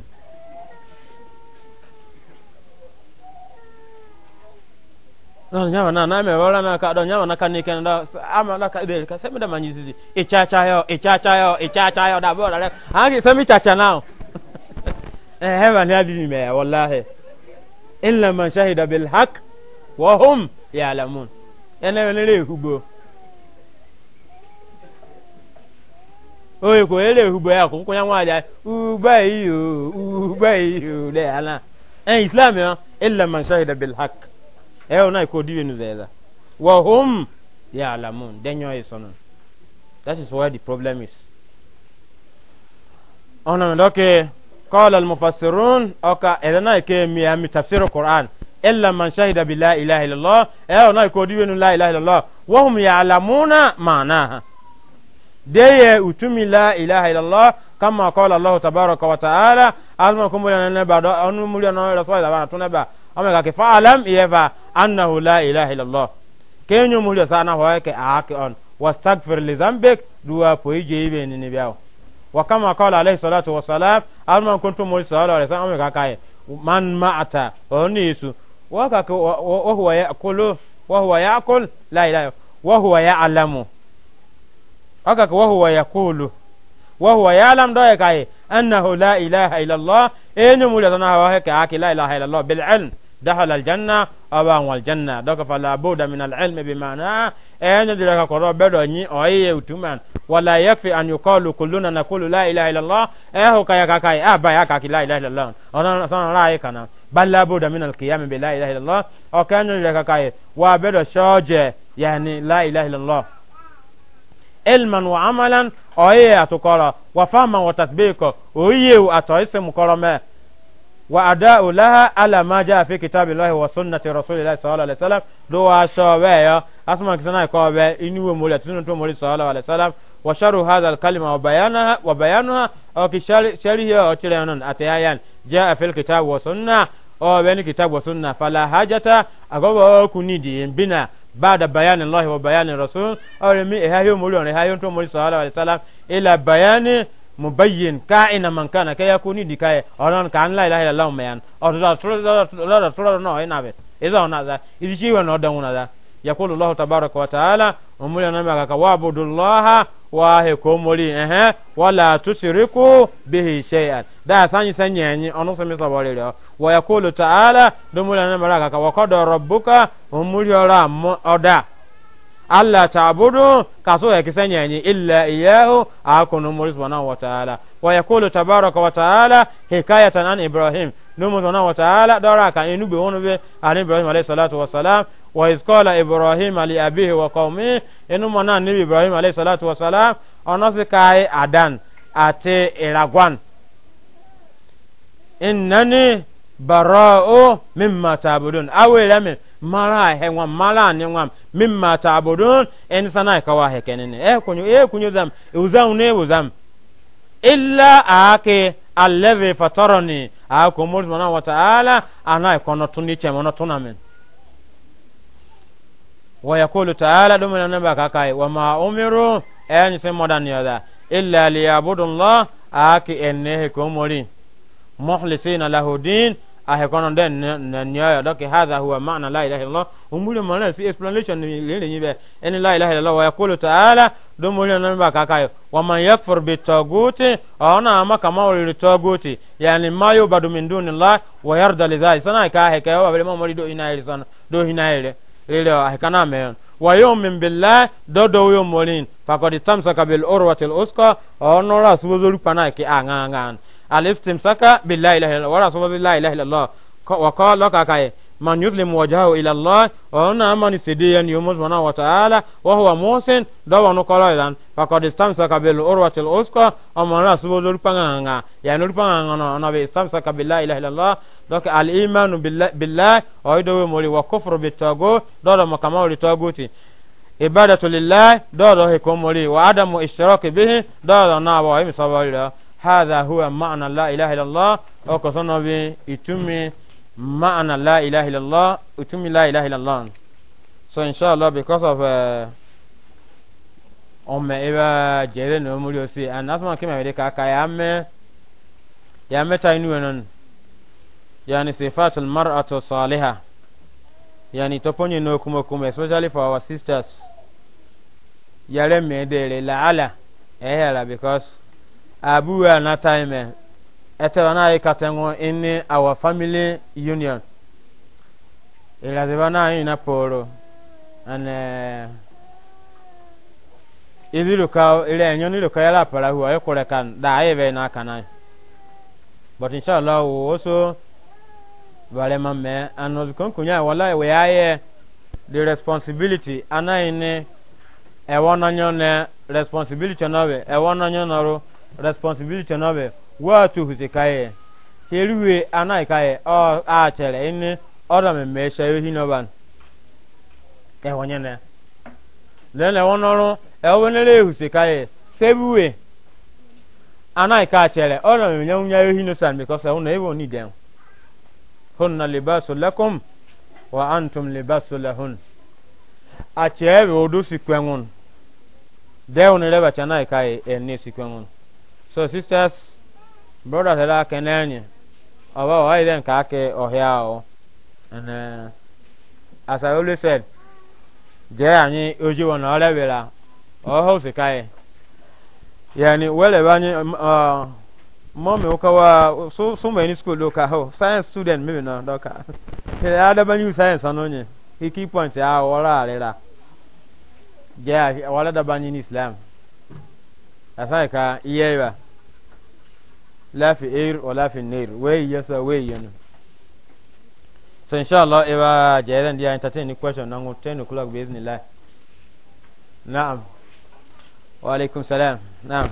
don nyawa na na me wala na ka don nyawa na ka ni ken da ama na ka be ka se me da manyizi ichacha yo ichacha yo ichacha yo da bo da le ha ki se mi chacha now eh he ba ni adi me wallahi illa man shahida bil haqq wa hum ya'lamun ene ne re hugo oye ko ele hubo ya ko kunya wa ja uba iyo uba iyo le ala en islam ya illa man shahida bil haqq e ona ko diwe nu zeza wa hum ya'lamun denyo isono that is where the problem is ona ndoke qala al mufassirun aka elana ke mi ami tafsir qur'an illa man shahida bi la ilaha illallah e ona ko diwe nu la ilaha illallah wa hum ya'lamuna ma'naha deye utumi la ilaha illallah kama qala allah tabaraka wa taala azma kumula na ba do onu mulia no rasul da bana tunaba ame ka kifa alam yeva annahu la ilaha illallah kenyo mulia sana ho ke aake on wastaghfir li dhanbik duwa po ije ibe ni ni biao wa kama qala alayhi salatu wa salam azma kuntum mulia sallallahu alaihi wasallam ame ka kai man ma'ata oni isu wa ka wa huwa yaqulu wa huwa yaqul la ilaha wa huwa ya'lamu ya haka ka wahuwa ya kulu wahuwa ya lam doye kai annahu la ilaha illallah enyu mu da na wa ka aki la ilaha illallah bil ilm dakhala al janna awa wal janna doka fala buda min al ilm bi ma'na enyu dira ka koro bedo nyi oye utuman wala yafi an yuqalu kulluna naqulu la ilaha illallah ehu kaya ka kai aba ah, ya ka aki la ilaha illallah ona sana rai kana bal la buda min al qiyam bi la ilaha illallah o kanyu dira ka kai wa bedo shoje yani la ilaha illallah ilman wa amalan oye atukoro wa fahman wa tatbiko oye atoise mukoro me wa ada'u laha ala ma jaa fi kitabillahi wa sunnati rasulillahi sallallahu alaihi wasallam do wa shaweyo asma kisana ko be iniwe mole tunu to mole sallallahu alaihi wasallam wa sharu hadha al-kalima wa bayanaha wa bayanuha aw ki sharihi aw tilanan atayan jaa fil kitab wa sunna aw bani kitab wa sunna fala hajata agogo kunidi bina بعد بيان الله وبيان الرسول أو لمي إهايو مليون إهايو انتو مولي صلى الله عليه وسلم إلى بيان مبين كائن من كان كي يكون ديكاي أولان كان لا إله إلا الله ميان أو تلا تلا تلا تلا نو إنابي إذا هنا ذا إذا شيء ونو دعونا ذا yakulu allahu tabaraka wataala omuli anambe akaka wabudu llaha wahe komoli ehe wala tusiriku bihi shay'an da sanyi sanyenyi onu sami sabolero wa yakulu taala domuli anambe akaka wakodo rabbuka omuli ora oda alla ta'budu kaso ya kisanyanyi illa iyahu akunu muri subhanahu wa ta'ala wa yakulu tabaraka wa ta'ala hikayatan an ibrahim numu subhanahu wa ta'ala inube wonu an ibrahim alayhi salatu wa wa iskola ibrahim ali abihi wa kaumi inu mana ni ibrahim alayhi salatu wa salam ona si kai adan ati iragwan innani bara'u mimma ta'budun awela mi mara he ngwa mara ni ngwa mimma ta'budun en sana ka wa he kenene e eh, kunyu e kunyu zam uzam ne uzam illa ake fatoro fatarani a kumur subhanahu wa ta'ala ana ikono tuni che mono tunamen ويقول تعالى دمنا نبكا كاي وما أمروا أن سمدان يدا إلا ليعبدوا الله أكي إنه كمولين مخلصين له دين أهكون دين نيا دك هذا هو معنى لا إله إلا الله أمولي ما في explanation لين يبه إن لا إله إلا الله ويقول تعالى دمنا نبكا كاي ومن يكفر بالتوغوت أنا أما كما للتوغوت يعني ما يعبد من دون الله ويرضى لذلك سنا كاهي كاي وبلما مريدو إنايل سنا دو إنايل rere ahikana me. wa yawmin billahi dodo yo molin faqad istamsaka bil urwatil usqa onora subozolu pana ki angangan alif timsaka billahi la ilaha illallah wa rasulullah la ilaha illallah wa qala kakaye man yudlim wajahu ila allah wa anna amani sidiyan yumuz wa wa ta'ala wa huwa musin dawa no koroidan faqad istamsaka bil urwati al usqa amman rasul lur panganga ya nur panganga no na be istamsaka bil la ilaha illa allah dok al iman billah o do mori wa kufru bit tago do do makama ri taguti ibadatu lillah do do he ko mori wa adamu ishtiraki bihi do na wa mi hadha huwa ma'na la ilaha illa allah o ko sono bi ma'ana la ilaha illallah utumi la ilaha illallah so inshallah because of uh, ọmọ ebe jere na omori osi and asma kima wede ka aka ya me ya meta inu wenon yani sifatul mar'atu salihah yani toponye no kuma kuma especially for our sisters yare me dere la ala eh because abu na time eh, etebe na ayi katengu inni our family union Iri na ayi na poro and uh, iziluka ile enyo niluka yala para huwa yokore kan da ayi be na kana but inshallah we also vale mamme and konkunya wala we aye the responsibility anaine ewonanyo ne responsibility nawe ewonanyo naro responsibility nawe watu huzikaye hilwe anaikaye o achere ini oda memesha yohinoban ewonyene lele wonoru ewenere huzikaye sebuwe anaika achere oda memenya yohinosan because una evo need them hunna libasu lakum wa antum libasu lahun achebe odu sikwengun deunere bachanaikai enni sikwengun so sisters broda tela kenenye oba wa ile nka ake ohia o and as i always said je anyi oji won ole bela oho se kai yani wele banyi uh, mome ukawa so so many school science student maybe no doka ele ada banyi science ya wala alela je wala da islam asai ka la fi air wala fi nair wey yasa wey yanu so inshallah iba jeren dia entertain question nangu 10 o'clock bi iznillah na'am wa alaikum salam na'am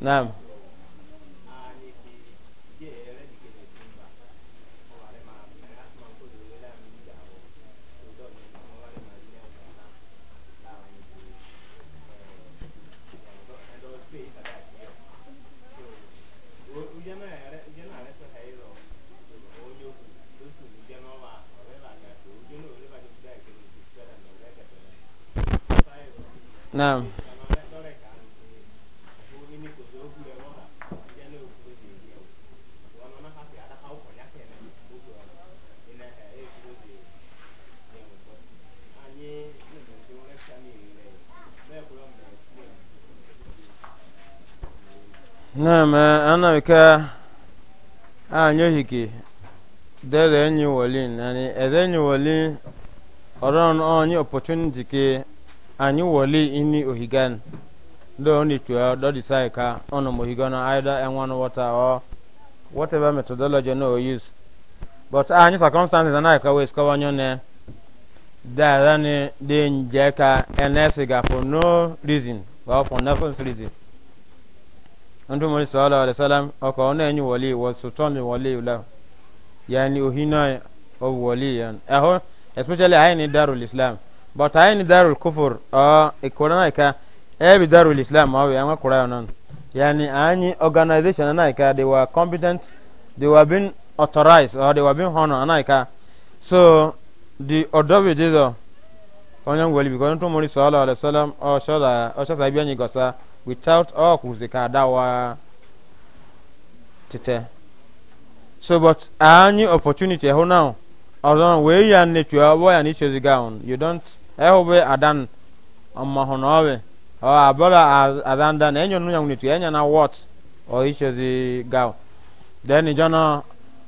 Naam. Naam. Naam, eh, ana wika anyohiki dere enyi wolin, yani edenyi wolin oron onyi opportunity ke anyị wọle ini ohigan do ni tuwa do decide ka ono mohigana either n1 water or whatever methodology no use but anyị circumstances anaghị ka wee skọwanye ne dara ni dị nje ka nsi ga for no reason or for nothing reason ndị mmiri sọlọ salam. ọka ọ na-enye wọle wọ sultan wọle ụla ya ni ohi na ọ wọle ya ahụ especially anyị ni darul islam but ayin darul kufur a uh, ikorana ka ebi darul islam awi anga kuraya non yani any organization anaika they were competent they were being authorized or they were being honored anaika so the odobi dizo onye ngweli biko ntu mori sallallahu alaihi wasallam o shoda o shoda bi anyi gosa without all kuzika dawa tete so but any opportunity ho now although we ya netu abo ya ni chozi gown you don't ehu be adan amma honowe o abola adan dan enyo nu yang nitu enya na what o isho zi gaw then jono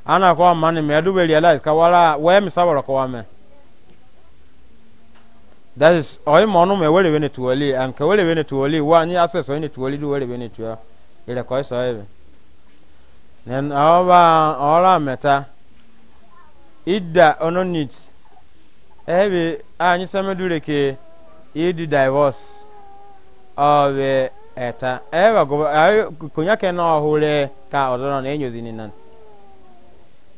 ana ko mani me adu be realize ka wala we mi sabara ko wame that is oy monu me wele wene tuoli an ka wele wene tuoli wa ni access wene tuoli du wele wene tuwa ile ko so ebe nen awa ora meta idda ononit ebe anyị samedure ke ịdị divọs ọbụ e, eta ebe konya ke na ọhụrụ ka ọzọ na enyozi nina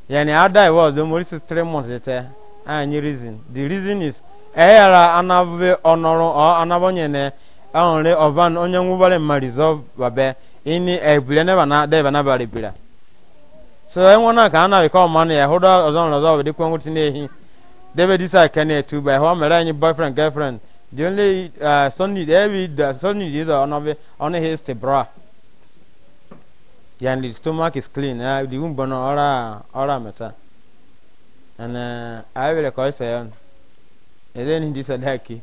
yani a divọs dị mori si three months ete anyị rizin the reason is eyara anabụbe ọnọrụ ọ anabonyene ọnụrị ọban onye nwụbara mma resolve babe ịnị ebile neba na deba na baribira so enwona ka anaghị ka ọmanụ ya hụrụ ọzọ na ọzọ bụ dịkwa nwụtị n'ehi David Isa Kenya too by home any boyfriend girlfriend. The only uh, Sunday every the Sunday is uh, on of on his bra. Yeah, and the stomach is clean. Uh, the womb bono ora ora meta. And uh, I will call say on. And then this a lucky.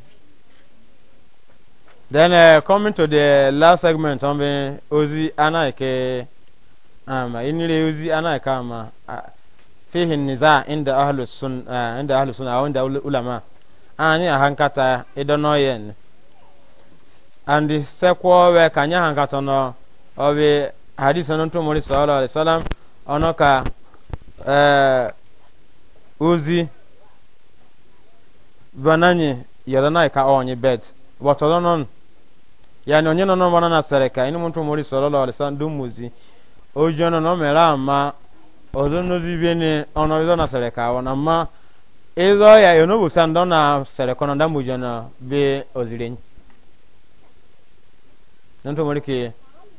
Then uh, coming to the last segment on um, the Ozi Anaike. Um, in the Ozi Anaike, um, uh, fihi niza inda ahlus sun eh, inda ahlus sunna aw inda ulama ani ahankata idono yen and sekwo we kanya hankata no obi hadith no ntumo ri sallallahu alaihi wasallam ono ka eh uzi bananye yadana ka onye bet watolonon yani onye no no bana na sereka inu ntumo ri sallallahu alaihi wasallam dumuzi ojo no no mera ama ozonozi bene ono izo na sereka wana ma izo ya yono busan don na sereka na damu jana be ozirin nan to mulki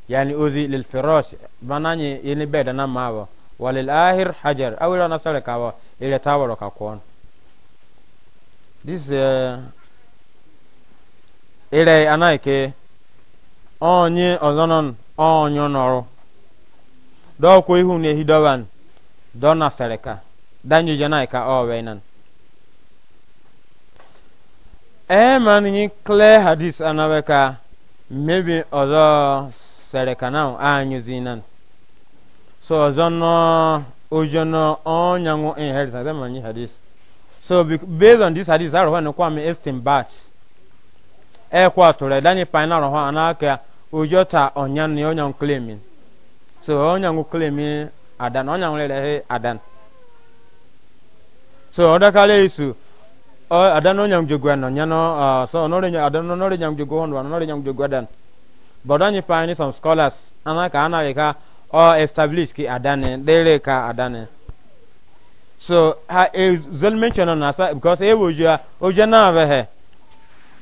yani ozi lil firash bananye yene beda na mawo walil ahir hajar awira na sereka wa ile tawaro ka kon this uh, ile anaike onye ozonon onyo noro dɔw ko ihu ne hidoban don na sereka danyu jana e ka o wenan e man ni clear hadith anaweka maybe ozo sereka now anyu zinan so zono ojono onyangu inheritance e man ni hadith so based on this hadith aro no kwa me istinbat e kwa to re dani pina ro ha anaka ojota onyan ni onyan claiming so onyangu claiming adan onya nwere he adan so odakala isu adan onya mjogu ano nyano so onore nya adan onore nya mjogu hono onore nya mjogu adan but only find some scholars anaka anaweka or establish ki adane dere ka adane so ha e, zel mention on asa because e woju oje na avehe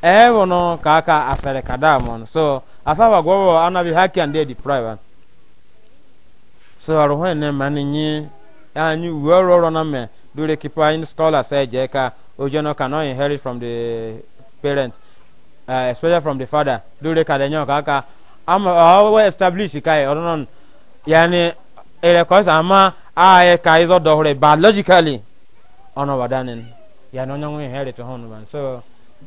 e wono ka aka asere kadamon so afa wa gwo anabi haki and dey deprive so aruhwe ne mani nyi anyi wero ro na me dure kipa in scholar say eh, je ka ojono oh, can not inherit from the parent uh, especially from the father dure ka denyo ka ka am awo establish kai onon yani ele ko ama aye ka izo dohre biologically ono wadanin yani onyo inherit hon man so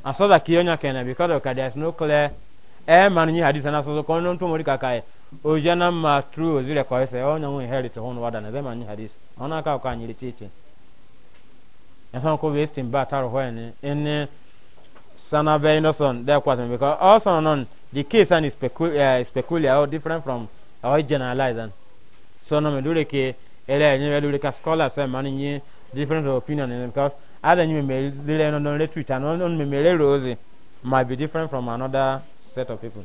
asoda kiyonya kena because there is no clear e man nyi hadisa na so ko non to mori ka ojana ma tru ozire ko ese onya mu inherit hon wada na zema ni hadis ona ka ka nyiri chiche yasan ko waste ba taro ho en en sana be inoson de kwa because also non the case and is peculiar is peculiar or different from our generalizing so no me dure ke ele ni me dure ka scholar se man ni different opinion in because ada ni me dure no no le twitter no no me me rose might be different from another set of people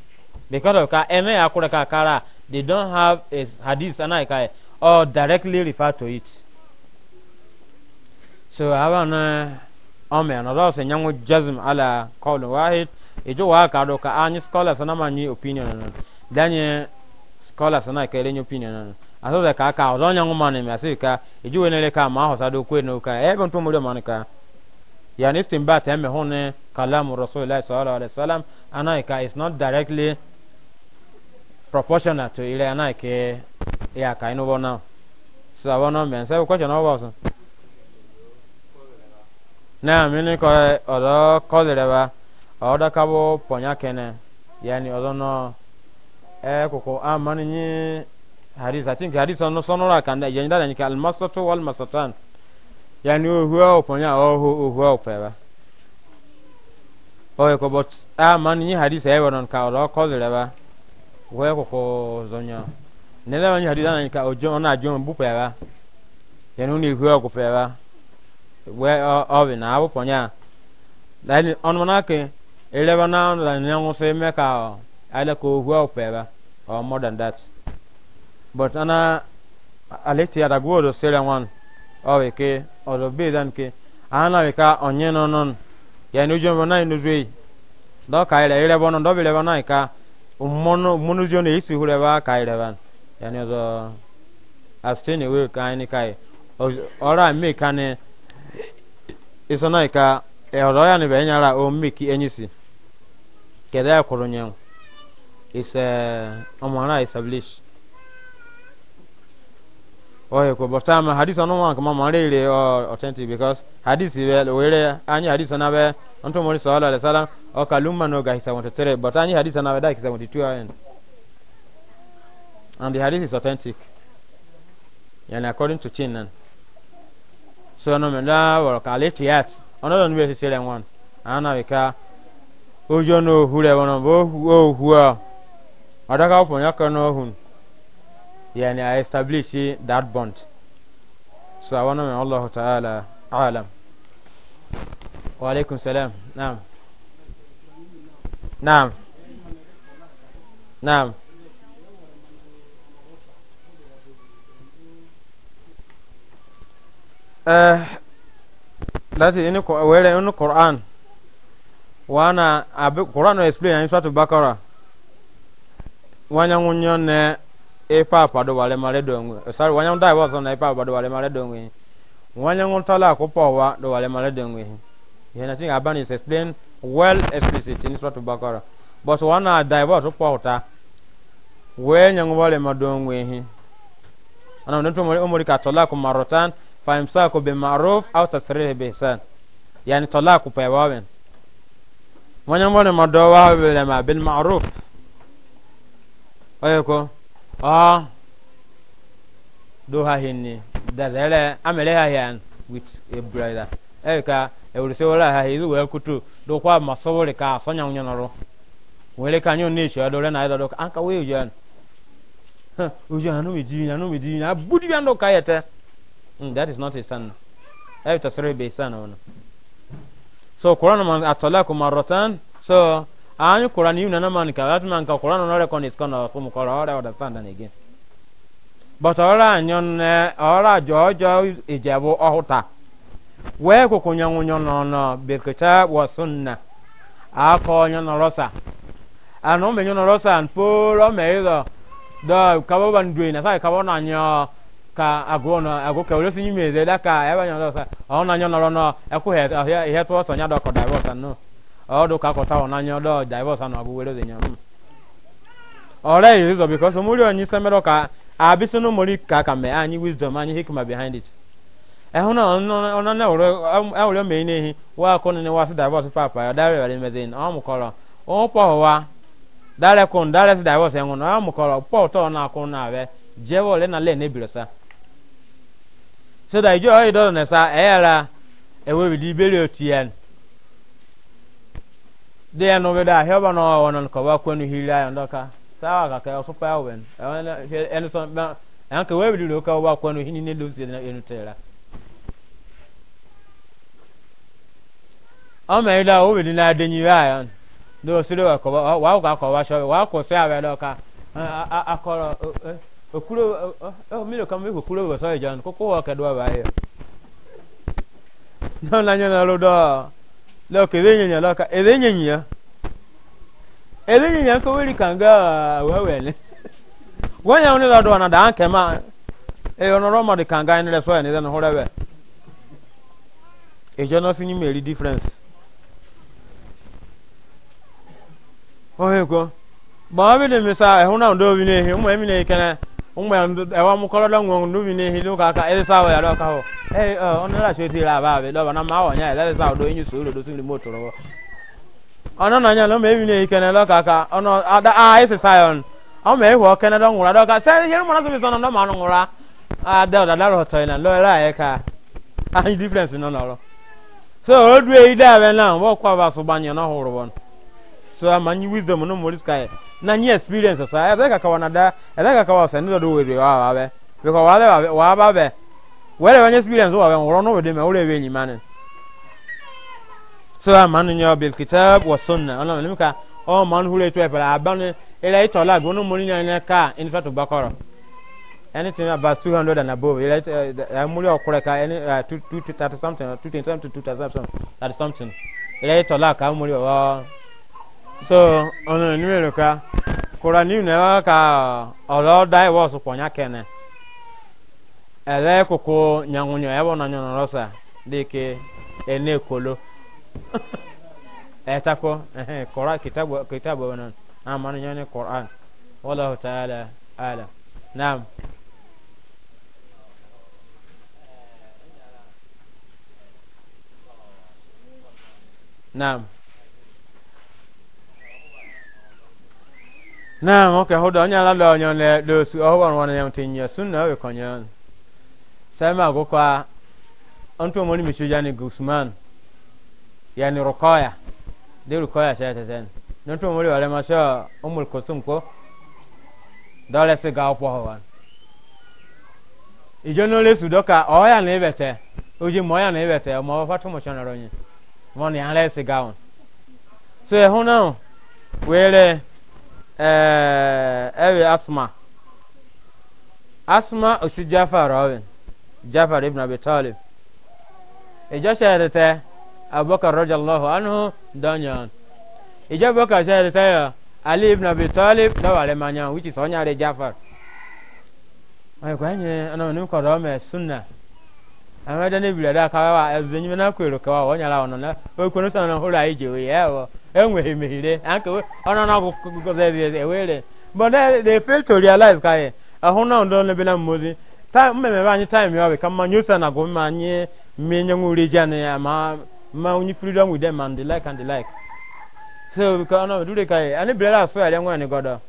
because of ka ene ya kure they don't have a hadith anaika e, or directly refer to it so awana ome na do nyango nyangu jazm ala qawl wahid ijo wa ka do ka any scholars na manyi e opinion no danye scholars na ka elenyo opinion no aso da ka ka do nyangu mane me asika ijo wenele ka ma ho sa do kwe no ka e ebe ntu mulio manika yani istinbat eme hone kalamu rasulullah sallallahu alaihi wasallam anaika is not directly proportional to ile ana ke ya ka inu bona so abono men se ko chana obo na mini ko odo ko le ba odo ka bo ponya kene yani odo no e eh, ko ko amani ah, ni hadis i think hadis no sonora kan da yen da ni ka al masatu wal masatan yani o huwa o ponya o hu o huwa o peba o ko bot amani ni hadis e wonon ka odo ko le ba wee koko zonya nele wanyi hadida na nika ojo ona ajo pera yenu ni ogu pera we obi na abu ponya dani onu na na onu la meka o ko hwe ogu pera or more than that but ana aleti ada go do sele wan obi ke odo be dan ke ana we ka onye non yenu na bono na ummono munu jone isi hure ba kai da ban yani zo abstain we kai ni kai ora mi kane isona ka e oro ya ni be nyara o mi ki enyisi kede akuru nyen is omara establish oye ko but ama hadis ono wan kama marele authentic because hadis we were anyi hadis na be onto mori sallallahu alaihi wasallam o kaluma no ga hisa wotere but anyi hadis na be da hisa wotu ayen and the hadith is authentic yani according to chinan so no menda wa kaleti yat ono don be sele wan ana we ka ojo no hure wono bo o huwa adaka opon yakano hun yani a establish that bond so i wanna Allah ta'ala alam wa alaikum salam naam naam naam eh lati ini ko were ini Quran wana abi Quran explain in surah Baqarah wanya ngunyo ne ipa apado wale mare dongwe eh, sorry wanyang dai wa sona ipa apado wale mare dongwe eh. wanyang tala ko wa do wale mare dongwe eh. yana tinga aban is explain well explicit in surah bakara but wana dai wa so pota we nyang wale madongwe hi ana ndo mo umuri ka tala ko marotan fa imsaku bi ma'ruf aw tasrih bi ihsan yani tala ko pewa wen wanyang wale madowa wele ma bil ma'ruf ayeko ọ do ha hinni dalere amere ha yan with a brother erika ewurisi wala ha izu wee kutu do ma masowori ka asọnya nwunye nọrọ nwere ka anyị na-echi ọdụ re na ịdọdọ ka aka wee ojian ujuan anụ mi diinya anụ mi diinya abudi ya ndụ ka yete hmm, that is not a son ebe tasiri ebe sign ọnụ so kwụrụ na atọla kumarọtan so ani Quran you nana man ka that ka no mu ora ora but ora ne ora ohuta we ko kunya no no be wa sunna ako nyon no rosa anu me nyon no rosa an me do ka bo ban na sai ka bo na nyo ka agono ago ka olosi nyi me da ka e ba nyon rosa na nyon he nya ọdụ ka akọta ọ n'anya ọdọ divọs anọ abụ were ozenya hmm. ọrịa iri ụzọ bikọs omori onye ise mere ka abisi na omori ka mee anyị wisdom anyị hikma behind it ẹhụ na ọnọ na ewuru ehi wa akọ na ne wasị divọs papa ya dara ewere ọ mụkọrọ ọ pọọ wa na ọ mụkọrọ tọọ na akụ na abịa jewe ole na na ebiri sa ijọ ọ yi na sa ewebidi otu de ya nobe da heba no wonon ko ba kwenu hila ya ndoka sawa ka ka so pa wen en so ba en ka webi lo ka ba kwenu hini ne lusi na enu tera o me ila o bi na de nyi ya ya do so lo ko ba wa ka ko wa so wa ko se awe lo ka akoro okuro o mi lo ka mi ko kuro ba so ya jan ko ko wa ka do ba ya no na nyo na lo do lọkọ ebe nyanya lọka ebe nyanya ebe nyanya nko weli kanga wewele wanya wani la do na da anke ma e ono roma de kanga ni leso ni den horewe e jono fini meri difference ohe ko ba bi de misa e huna ndo bi ne he mo emi ne kana umma ewa mukolola ngong nubi ne hilu ka ka esa wa yalo ka ho ọrụ uh, ona la shoti la ba be lo na ma wa nya la esa do nyu su lo do sin moto ro ona na nya lo me bi ne ikene ọrụ. ka ọ ona ada a esa ọ ka na so bi so no ma ada da la ro to ina lo ra e ka any difference no no so o du e ida na wo kwa so na nye experience sa ebe kaka wana da ebe kaka wa sendo do we wa wa be because wa le wa ba be where when experience wa be ngoro no we de me ure we nyimane so amanu nyo bil kitab wa sunna ona me ka o man hure to e fara abane ila itola gonu muri na ka in fatu bakoro anything about 200 and above ila uh, muri okure ka any uh, 2 2 something 2 something 2 something that something ila itola ka muri wa so ono nimero ka kurani na ka oro wọsụ was ponya kene ele koko nyangunyo na nyanwụ rosa dịka ene kolo etako eh na kitabu nye wana amana anyị qur'an wallahu ta'ala ala naam naam na nwoke hụ onye ala lọ onye ole dosu ọhụrụ nwanne ya ntinye ya sunna owe konye Sama agụkwa ontu omoni michu ya na gusman ya na rukoya de rukoya sha teten ontu omoni wale masho umul kusum ko dole se ga opo hawan ijo no le sudoka ya na ibete oji moya na ibete mo fa tumo chona ronye mo ni ala se gaun so ehuna were Eh, ewe asma asma osi jafar owen jafar ibn abi talib ijo shahadata abubakar radiyallahu anhu danyan ijo abubakar shahadata ya ali ibn abi talib dawa alemanya which is onye are jafar ayi kwa enye ana ni ko do me sunna amada ne bila da kawa azunyi na kwero kawa onyala ono na okwero sana na hola ije we yawo enwe mehire anka ono na go ze ze wele but they, they fail to realize kai ahun na ndo ne bila mozi ta mmeme ba anyi time yawe kama nyusa na go ma anyi menye nguri ma ma unyi freedom with them and the like and the like so ono ani so ya ngwa ni godo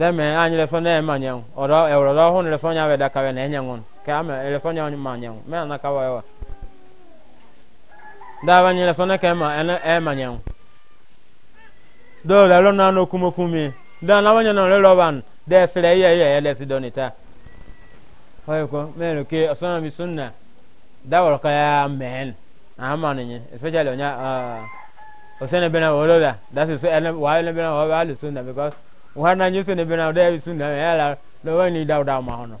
anyi le fo na e manyen oro e oro ho le fo nya we da kawe na enye kama elefanya ni manyang me na ka wawa da ni elefanya kama ene e manyang do la lo na no kumo kumi da na wanya na lo ban de sele ye ye ele si donita hoy ko me lo ke asana mi sunna da ka ya men ama ni ni especially onya uh, osene bena wolola that is ele wa ele bena wa sunna because wa na nyu sunna bena da sunna ya la lo ni da da ma hono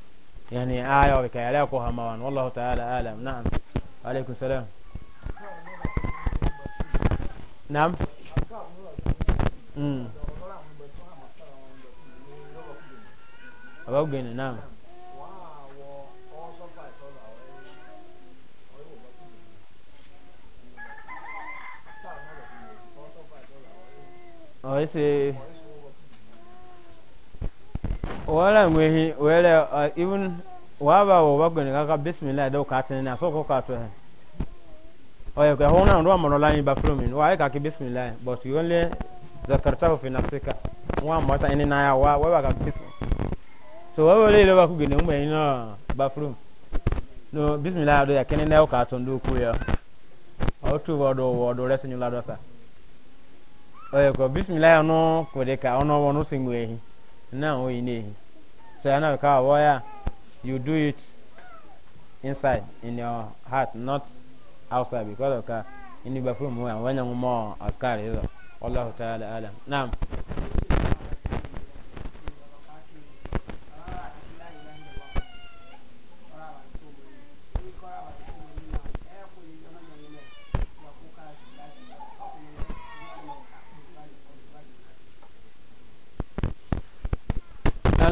yani aya wabikayalea kwa hamawan wallahu taala alam naam alaikum salam naam mm. abagene naam Oh, I see. wala ngwehi wele uh, even waba wo bagone kaka bismillah do katene na soko to he oye kwa hona ndo amano lani ba flumin wa ka ki bismillah but you only zakartahu fi nafsika wa mata ene na ya wa wa ka so wa wele ile ba kugene mu ina ba no bismillah do ya kene na ka to ndo ku ya otu do do la do sa oye ko bismillah no ko de ka ono singwehi now we need. So I know car wire, you do it inside in your heart, not outside because of car. In the bathroom, when I'm more as car is. Allah Ta'ala Alam. Now.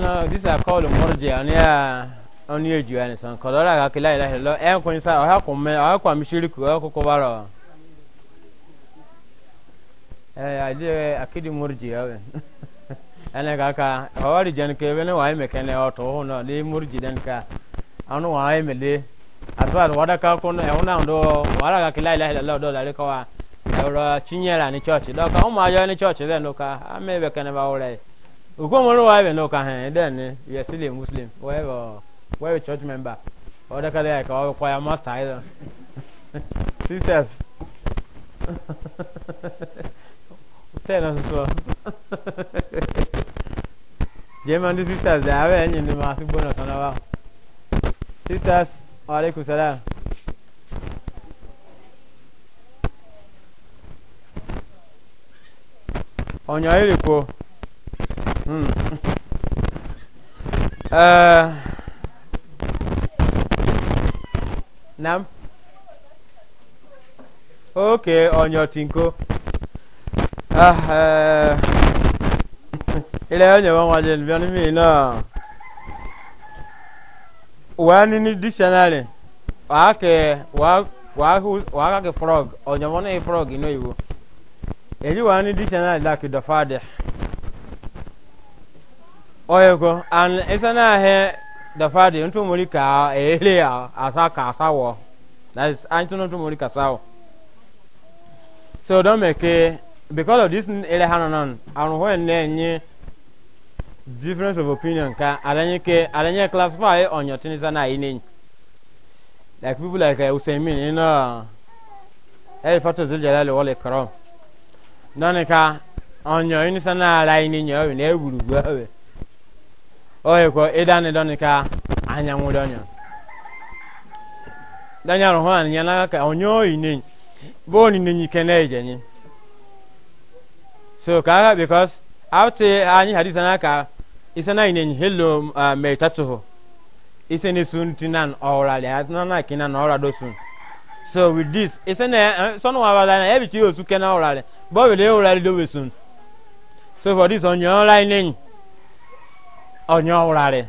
ana disa kọlu mọrọjì ọni a ọni eju ẹni sàn kọlọrọ àkàkìlá ìlà ìlọ ẹ kò ní sá ọhá kò mẹ ọhá kò àmì ṣíríkù ọhá kókó bá rọ ẹ àdé akéde mọrọjì ọwẹ ẹnì kàkà ọwọrì jẹni kẹ ẹbẹ ní wàá ẹmẹ kẹne ọtọ ọhún náà lé mọrọjì dẹni ká ọnu wàá ẹmẹ lé àtúwà wàdà kakó ẹwọn náà dọ wàhálà àkàkìlá ìlà ìlọ dọ làrí kọ wa ẹwọrọ chinyẹra ní chọọchì dọkà ọmọ ayọ ní chọọchì rẹ nù ká àmì ẹbẹ kẹne bá wọlẹ yìí. okomoro wa ebe n'ụka ha then you are still a muslim wherever where church member ọ dịkarị ya ka ọ kwa ya master either sisters jema ndị sisters enyi ndị sisters alaikum salam Hmm. Uh. nam Okay. On your oke ah, Eh. ilẹ̀ ọ̀nyẹ̀ wọn wájú ẹ̀ bíọ́n mi náà wàá ní ní dictionary wàá kẹ wàá wàá kàkẹ́ frog ọ̀nyẹ̀ wọn ní frog inú ìwò èyí wàá ní dictionary lákìdọ̀fàdẹ̀. Like oyego an isana he da fadi ntu muri ka e, ele asa ka sawo that is antu ntu muri ka so don't make because of this ele hanon and when enye difference of opinion ka alanye ke alanye classify e on your things na inin like people like uh, Usaimin you know el fato zil jalal wal ikram nanika on your insana ala inin yo ne burugwa oye ko idani doni ka anyanwụ donyo danya roho an yana ka onyo ine bo ni ni kene ejenyi so ka because out anyi hadisa na ka isana ine hello uh, me tatuho isene sun tinan orale atna na kina na ora do sun so with this isene uh, so no wa na ebi ti osu kena orale bo we le orale do we sun so for this onyo online onyoorare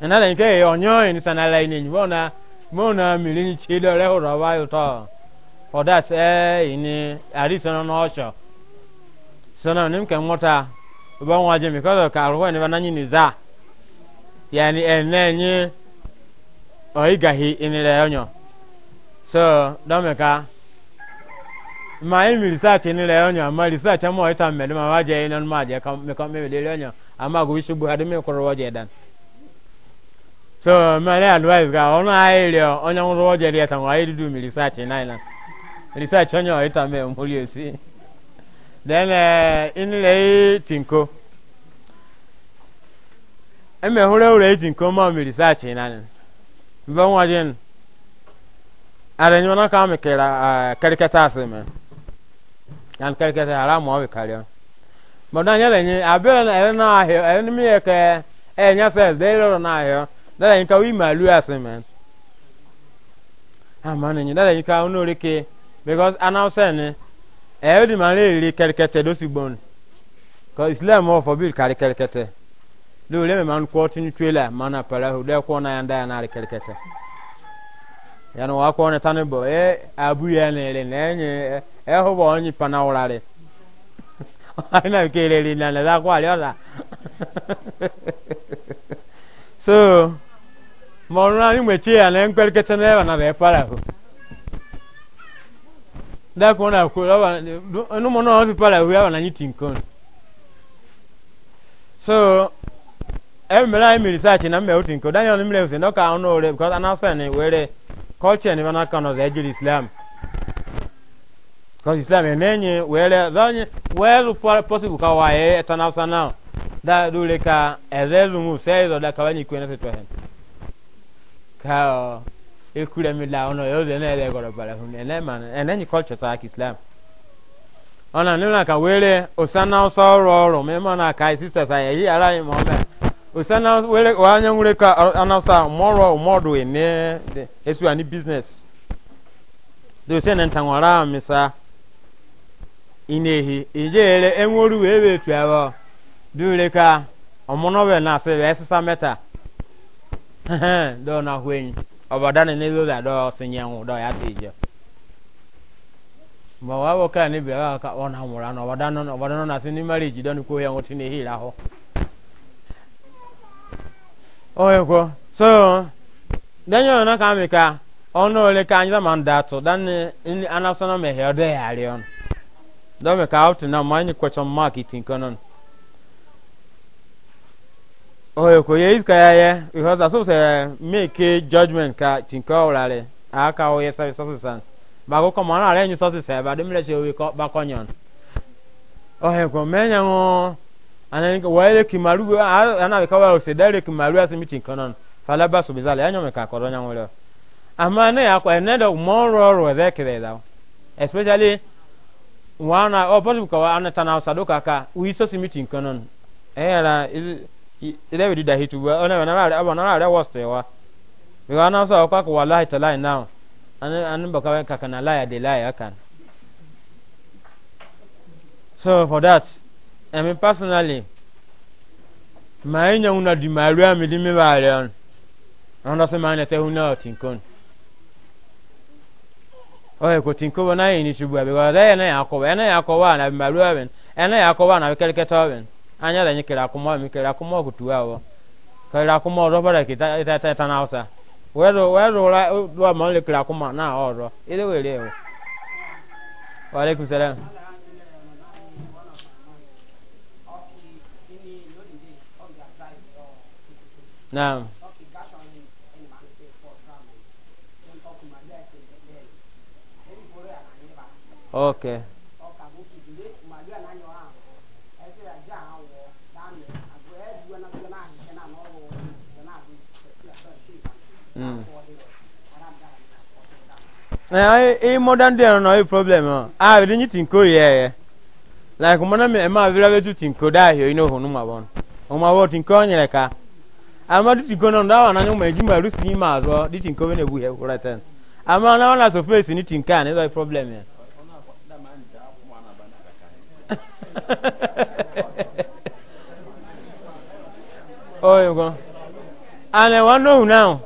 nana nke ye onyo ni sanala ni nyibona mona miri ni chido re horo ba yuto for that eh ini ari sono no ocho sono nim ke ngota ba nwa je mi ko ka ro ni bana ni za yani enenye oigahi inire onyo so domeka ma imi research ni le onyo ma research mo ita mmele ma waje ina ma je ka me ka me le onyo ama go wisu bu adime ko roje dan so mare advice ga ono ayiri onye nwụrụ oje ri etan wa iri du mi research in island research onye o ita me muri esi then eh inle tinko eme hore ure tinko ma mi research in island ba wajin ara nyona ka mi kera eh, karikata aseme yan karikata ara mo we kariyo But mọ̀dá nyẹ́ lẹ́yìn abẹ́rẹ́ náà ẹ̀rẹ́ náà ahẹ́ ẹ̀rẹ́ ní mìíràn kẹ́ ẹ̀ nyẹ́ sẹ́ẹ̀sì dẹ́yìn lọ́rọ̀ náà ahẹ́ dẹ́lẹ̀ yín ká wí màálù ẹ̀sìn mẹ́. àmọ́ nìyí dẹ́lẹ̀ yín ká ọ̀nà oríkè because I man anáwọ̀sẹ̀ ni ẹ̀rẹ́ dì máa ń rí rí kẹ́rìkẹ́tẹ́ ló sì gbọ́n kọ́ islam ọ̀ fọ́bí kẹ́rìkẹ́tẹ́ lórí ẹ̀mí máa ń kọ́ tí ní tuwélà máa ń apẹ̀rẹ̀ hù lẹ́kọ́ náà yẹn dáyà náà rí kẹ́rìkẹ́tẹ́ yẹn wàá kọ́ ọ́nà tánibọ̀ eh? abúlé ẹ̀ eh? Eh, ẹ̀ hùwà ọ̀nyin panáwó rárẹ̀ ana kele lina na za kwa liola so mọ̀nà ni mo tiẹ̀ àná ńpẹ́ kẹtẹ́ náà ẹ̀wọ̀n náà That's làkó dákun náà No more ẹnumọ̀ náà wọ́n fi pa làkó ẹ̀wọ̀n náà yín tì nǹkan so ẹ̀wọ̀n mìíràn ẹ̀mí rìsáàtì náà mẹ́wọ́ tì nǹkan dáyọ̀ ní mìíràn ẹ̀wọ̀n sẹ̀ ndọ́kà ọ̀nà rẹ̀ because anásẹ̀ ni wẹ́rẹ́ culture ni wọn kàn ọ̀sẹ̀ ẹ̀jẹ̀ islam because islam enenye wele zanye welu for possible ka wa e tana sana da dole ka ezezu mu sezo da kawanyi kwene se tohen ka ekure mi la ono yo de nele goro pala hun ene man enenye culture sa islam ona nuna ka wele osana so ro ro me ma na ka sister sa eh, yi ara yi mo me osana wele wa nyangure ka anasa moro modo ene esu ani business do se ntanwara misa inehi ijere enweru wee wee tu awo dure ka ọmụnọbel na asị wee sịsa meta dọọ na ahụ enyi ọbọdọ na n'ebe obi adọ sinye nwụ dọọ ya dị ije mgbe wa bụ kaa n'ebi awa ka ọ na-amụrụ anọ ọbọdọ nọ na asị n'imara iji dọọ n'ikwu ya nwụtụ n'ihi ire ahụ oyekwo so denye ọnụ ka amị ka ọnụ ole ka anyị zama ndatụ dan anasọnọ mehie ọdọ ya arịọ Don't make out now, mind question mark it in canon. oyo ko ye iska ya ye because aso se make judgment ka tinka olale aka o ye sa so san ba go komo na re nyu so se ba de mire se we ko ba konyon oyo ko menya ngo ana ni wa ile ki maru ana be ka wa se dare ki maru asi mi tinka non fala ba so be zale anyo me ka ko ro nyanwo ama ne akwa ne do mo ro ro ze kire da especially wana o possible ka wana tana sado kaka uiso simiti nkonon era ile we dida hitu ona wana wale abana wale waste wa biwa na so kwa wallahi line now an an baka wa kaka na laya de laya kan so for that i mean personally my nya una di maria mi di mi bare on ona se ma na te huna otinkon oye kotin ko na yin shi buwa bewa da yana ya ko yana ya ko wa na bi maru awen yana ya wa na kelke tawen anya da nyikira kuma mi kira kuma ku tuwa wa kira kuma ro bara ki ta ta ta na osa wero wero ra do ma le kira kuma na oro ile were o wa alaikum salam Naam. Okay. Mm. Eh, eh, modern day no eh, problem ah. Ah, we didn't think oh yeah. Like mo na me ma vira betu think oh da here no hunu ma bon. O ah. ah, ma wo think oh nyeleka. Ama du think no da wana nyuma ejima rusi ah, ma azo, di think oh we na bu he kuratan. Ama na wana so face ni think ah, no problem yeah. oh you go and i want know now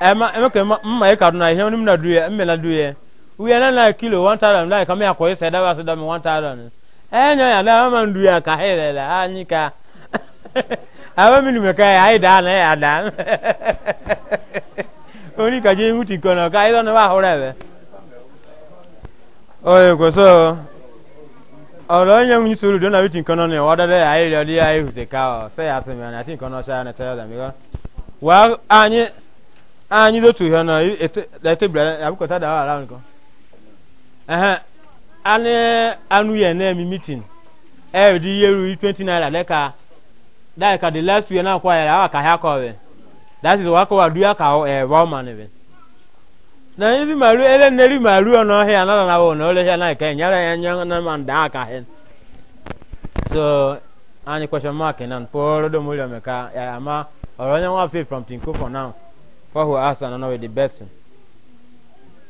em em mma e na ihe onim na duye em na duye we na na kilo 1000 like ka me akoy se da wasu da 1000 eh nyo ya na ma duye ka hele anyi ka awa mi nu ka ai da na ya da oni ka je muti kono ka ido na ba horebe oh you go so ọ̀rọ̀ yẹn ń sọ̀rọ̀ dọ́nà bí tí nǹkan náà ni ọ̀wọ́ dọ́dẹ́ ayé rẹ̀ ayé hùsẹ̀ ká ọ̀ sẹ́yà sí mi àti nǹkan náà ṣáà ní tẹ́lẹ̀ dàmí wà anyi ló tù yẹn ètò ìbílẹ̀ àbúkọ̀ tá dàá wà nǹkan. a ní anú náà mi mítìn ẹ̀ di yẹ́rù twenty naira lẹ́ka dáìka the last year náà kọ́ ẹ̀ àwọn àkàyà kọ́ that is wàá kọ́ wà dúyà kà ẹ̀ wọ́ọ̀mà na ebi maru ele neri maru ono he anala na wono ole he na ke nyara ya nyang na man da ka he so any question mark nan poro do mulyo meka ya ama oronya wa fit from tinko for now for who ask and know the best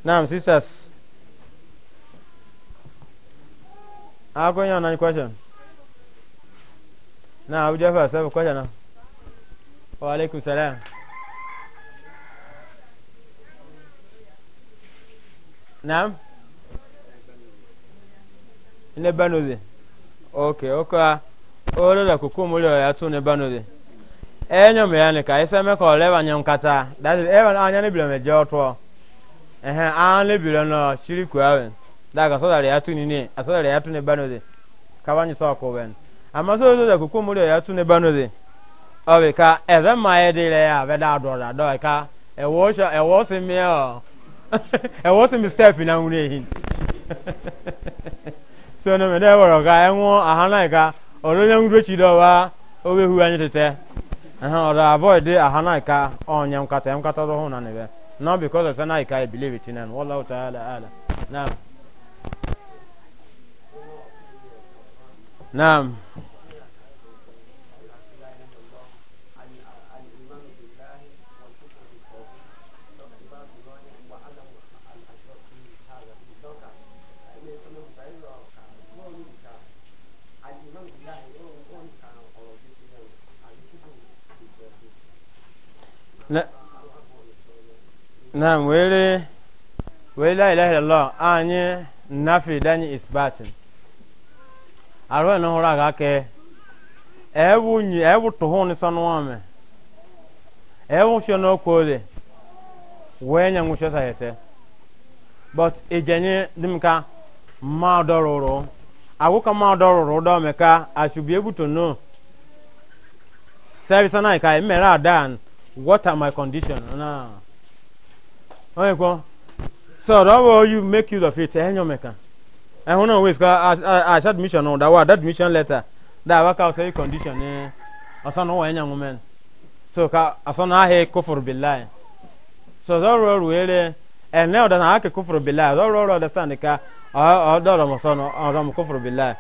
now sisters are going on any question now we just have a question now wa alaikum salam Naam. Ne banuzi. Okay, oka. Olo la kukumuli ya tu ne banuzi. Enyo meyane ka iseme ko leba nyamkata. That is even anya ne bilo mejo to. Eh eh anya bilo no shiri kwawe. Daga so dali atu ni ni, aso dali atu ne banuzi. Kabanyi so ko ben. Ama so so da kukumuli ya tu ne banuzi. Obe ka eze maye dile ya be da adora do ka. Ewo sha ewo se mi o. ɛwɔ sɛ mistɛp na nwunu ehin so no mɛdɛ wɔrɔ ka ɛŋo ahanan ka ɔno nyɛ nwunu ekyi dɔ wa obehu anyi tetɛ ɔdɔ aha ahanan ka ɔnyɛ nkata nkata dɔ ho na ne bɛ not because ɛsɛ na ika ebile na no wɔlɔ ala ala naam na were were la ilaha illallah anyị nafi danye isbatin arwa na hura ga ke ewu nyi ewu tuhu ni sanu ame ewu sho no kole we nya ngusho sa hete but ejenye dimka ma dororo awu ka ma dororo do meka ashubi ebuto no service na ka imera dan what are my conditions now onye kwọ so that way you make use of it enyo meka know na I ka as admission na that word admission letter that work out say condition eh asan no wanya women so ka asan ahe kufur billahi so that rule wele and now that ake kufur billahi that rule understand ka o do mo so no I do kufur billahi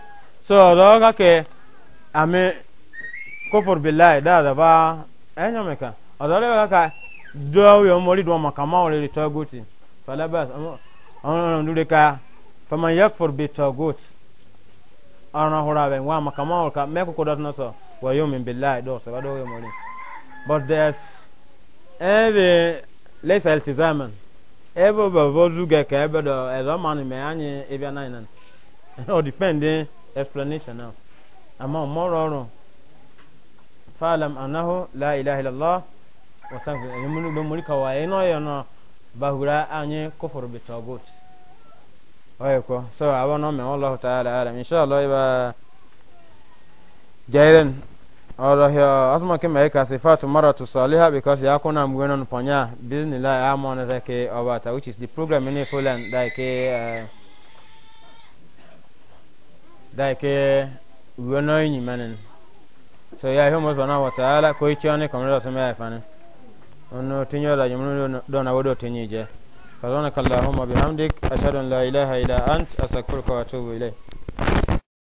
so do ka ke ame kufur billahi da da ba enyo meka ọ̀dọ́lẹ́ wà ká dọ́wọ́ yọ mọ́rí dùn ọmọ kàmá ọ̀rẹ́ rẹ̀ tọ́gọ́tì falabas ọ̀rọ̀ ọ̀rọ̀ lórí ká fama yẹ́fọ̀rọ̀ bẹ tọ́gọ́tì ọ̀rọ̀ ọ̀húnra bẹ̀ wọ́n àmọ́ kàmá ọ̀rọ̀ ká mẹ́kọ̀ kọ́ dọ́tún sọ wọ́n yóò mi bẹ̀ láì dọ́ sọ́wọ́ dọ́wọ́ yọ mọ́rí but there's every less eltizamen every bọ̀bọ̀ zugẹ̀ kẹ́ ẹbẹ̀ dọ̀ ẹ̀zọ́ mọ́ni mẹ́ anyi ebi anáyìn náà ọ̀ depending eh, explanation now àmọ́ mọ́rọ̀ ọ̀rọ̀ anahu la ilaha illallah wasanfi ɛnumuni lomori kawa ɛnɔ yɛnɔ bahura anyi koforo bitagot ɔyɛ so awɔ nɔ mɛ ɔlɔhu taala alam inshallah iba jairen ɔlɔhɛ ɔsuma kima yi kasi fatu mara tu sɔliha because ya kuna mu wɛnɔ nupɔnya bizinila ya mɔ zake ɔbata which is the program in poland da ke eh, da ke wɛnɔ yi so ya yi homo sɔnna wa taala ko yi tiɲɛ ne kɔmi ya yi ono tinyo da jumnu don na wodo tinyi je subhanakallahumma bihamdik ashhadu an la ilaha illa ant astaghfiruka wa atubu ilayk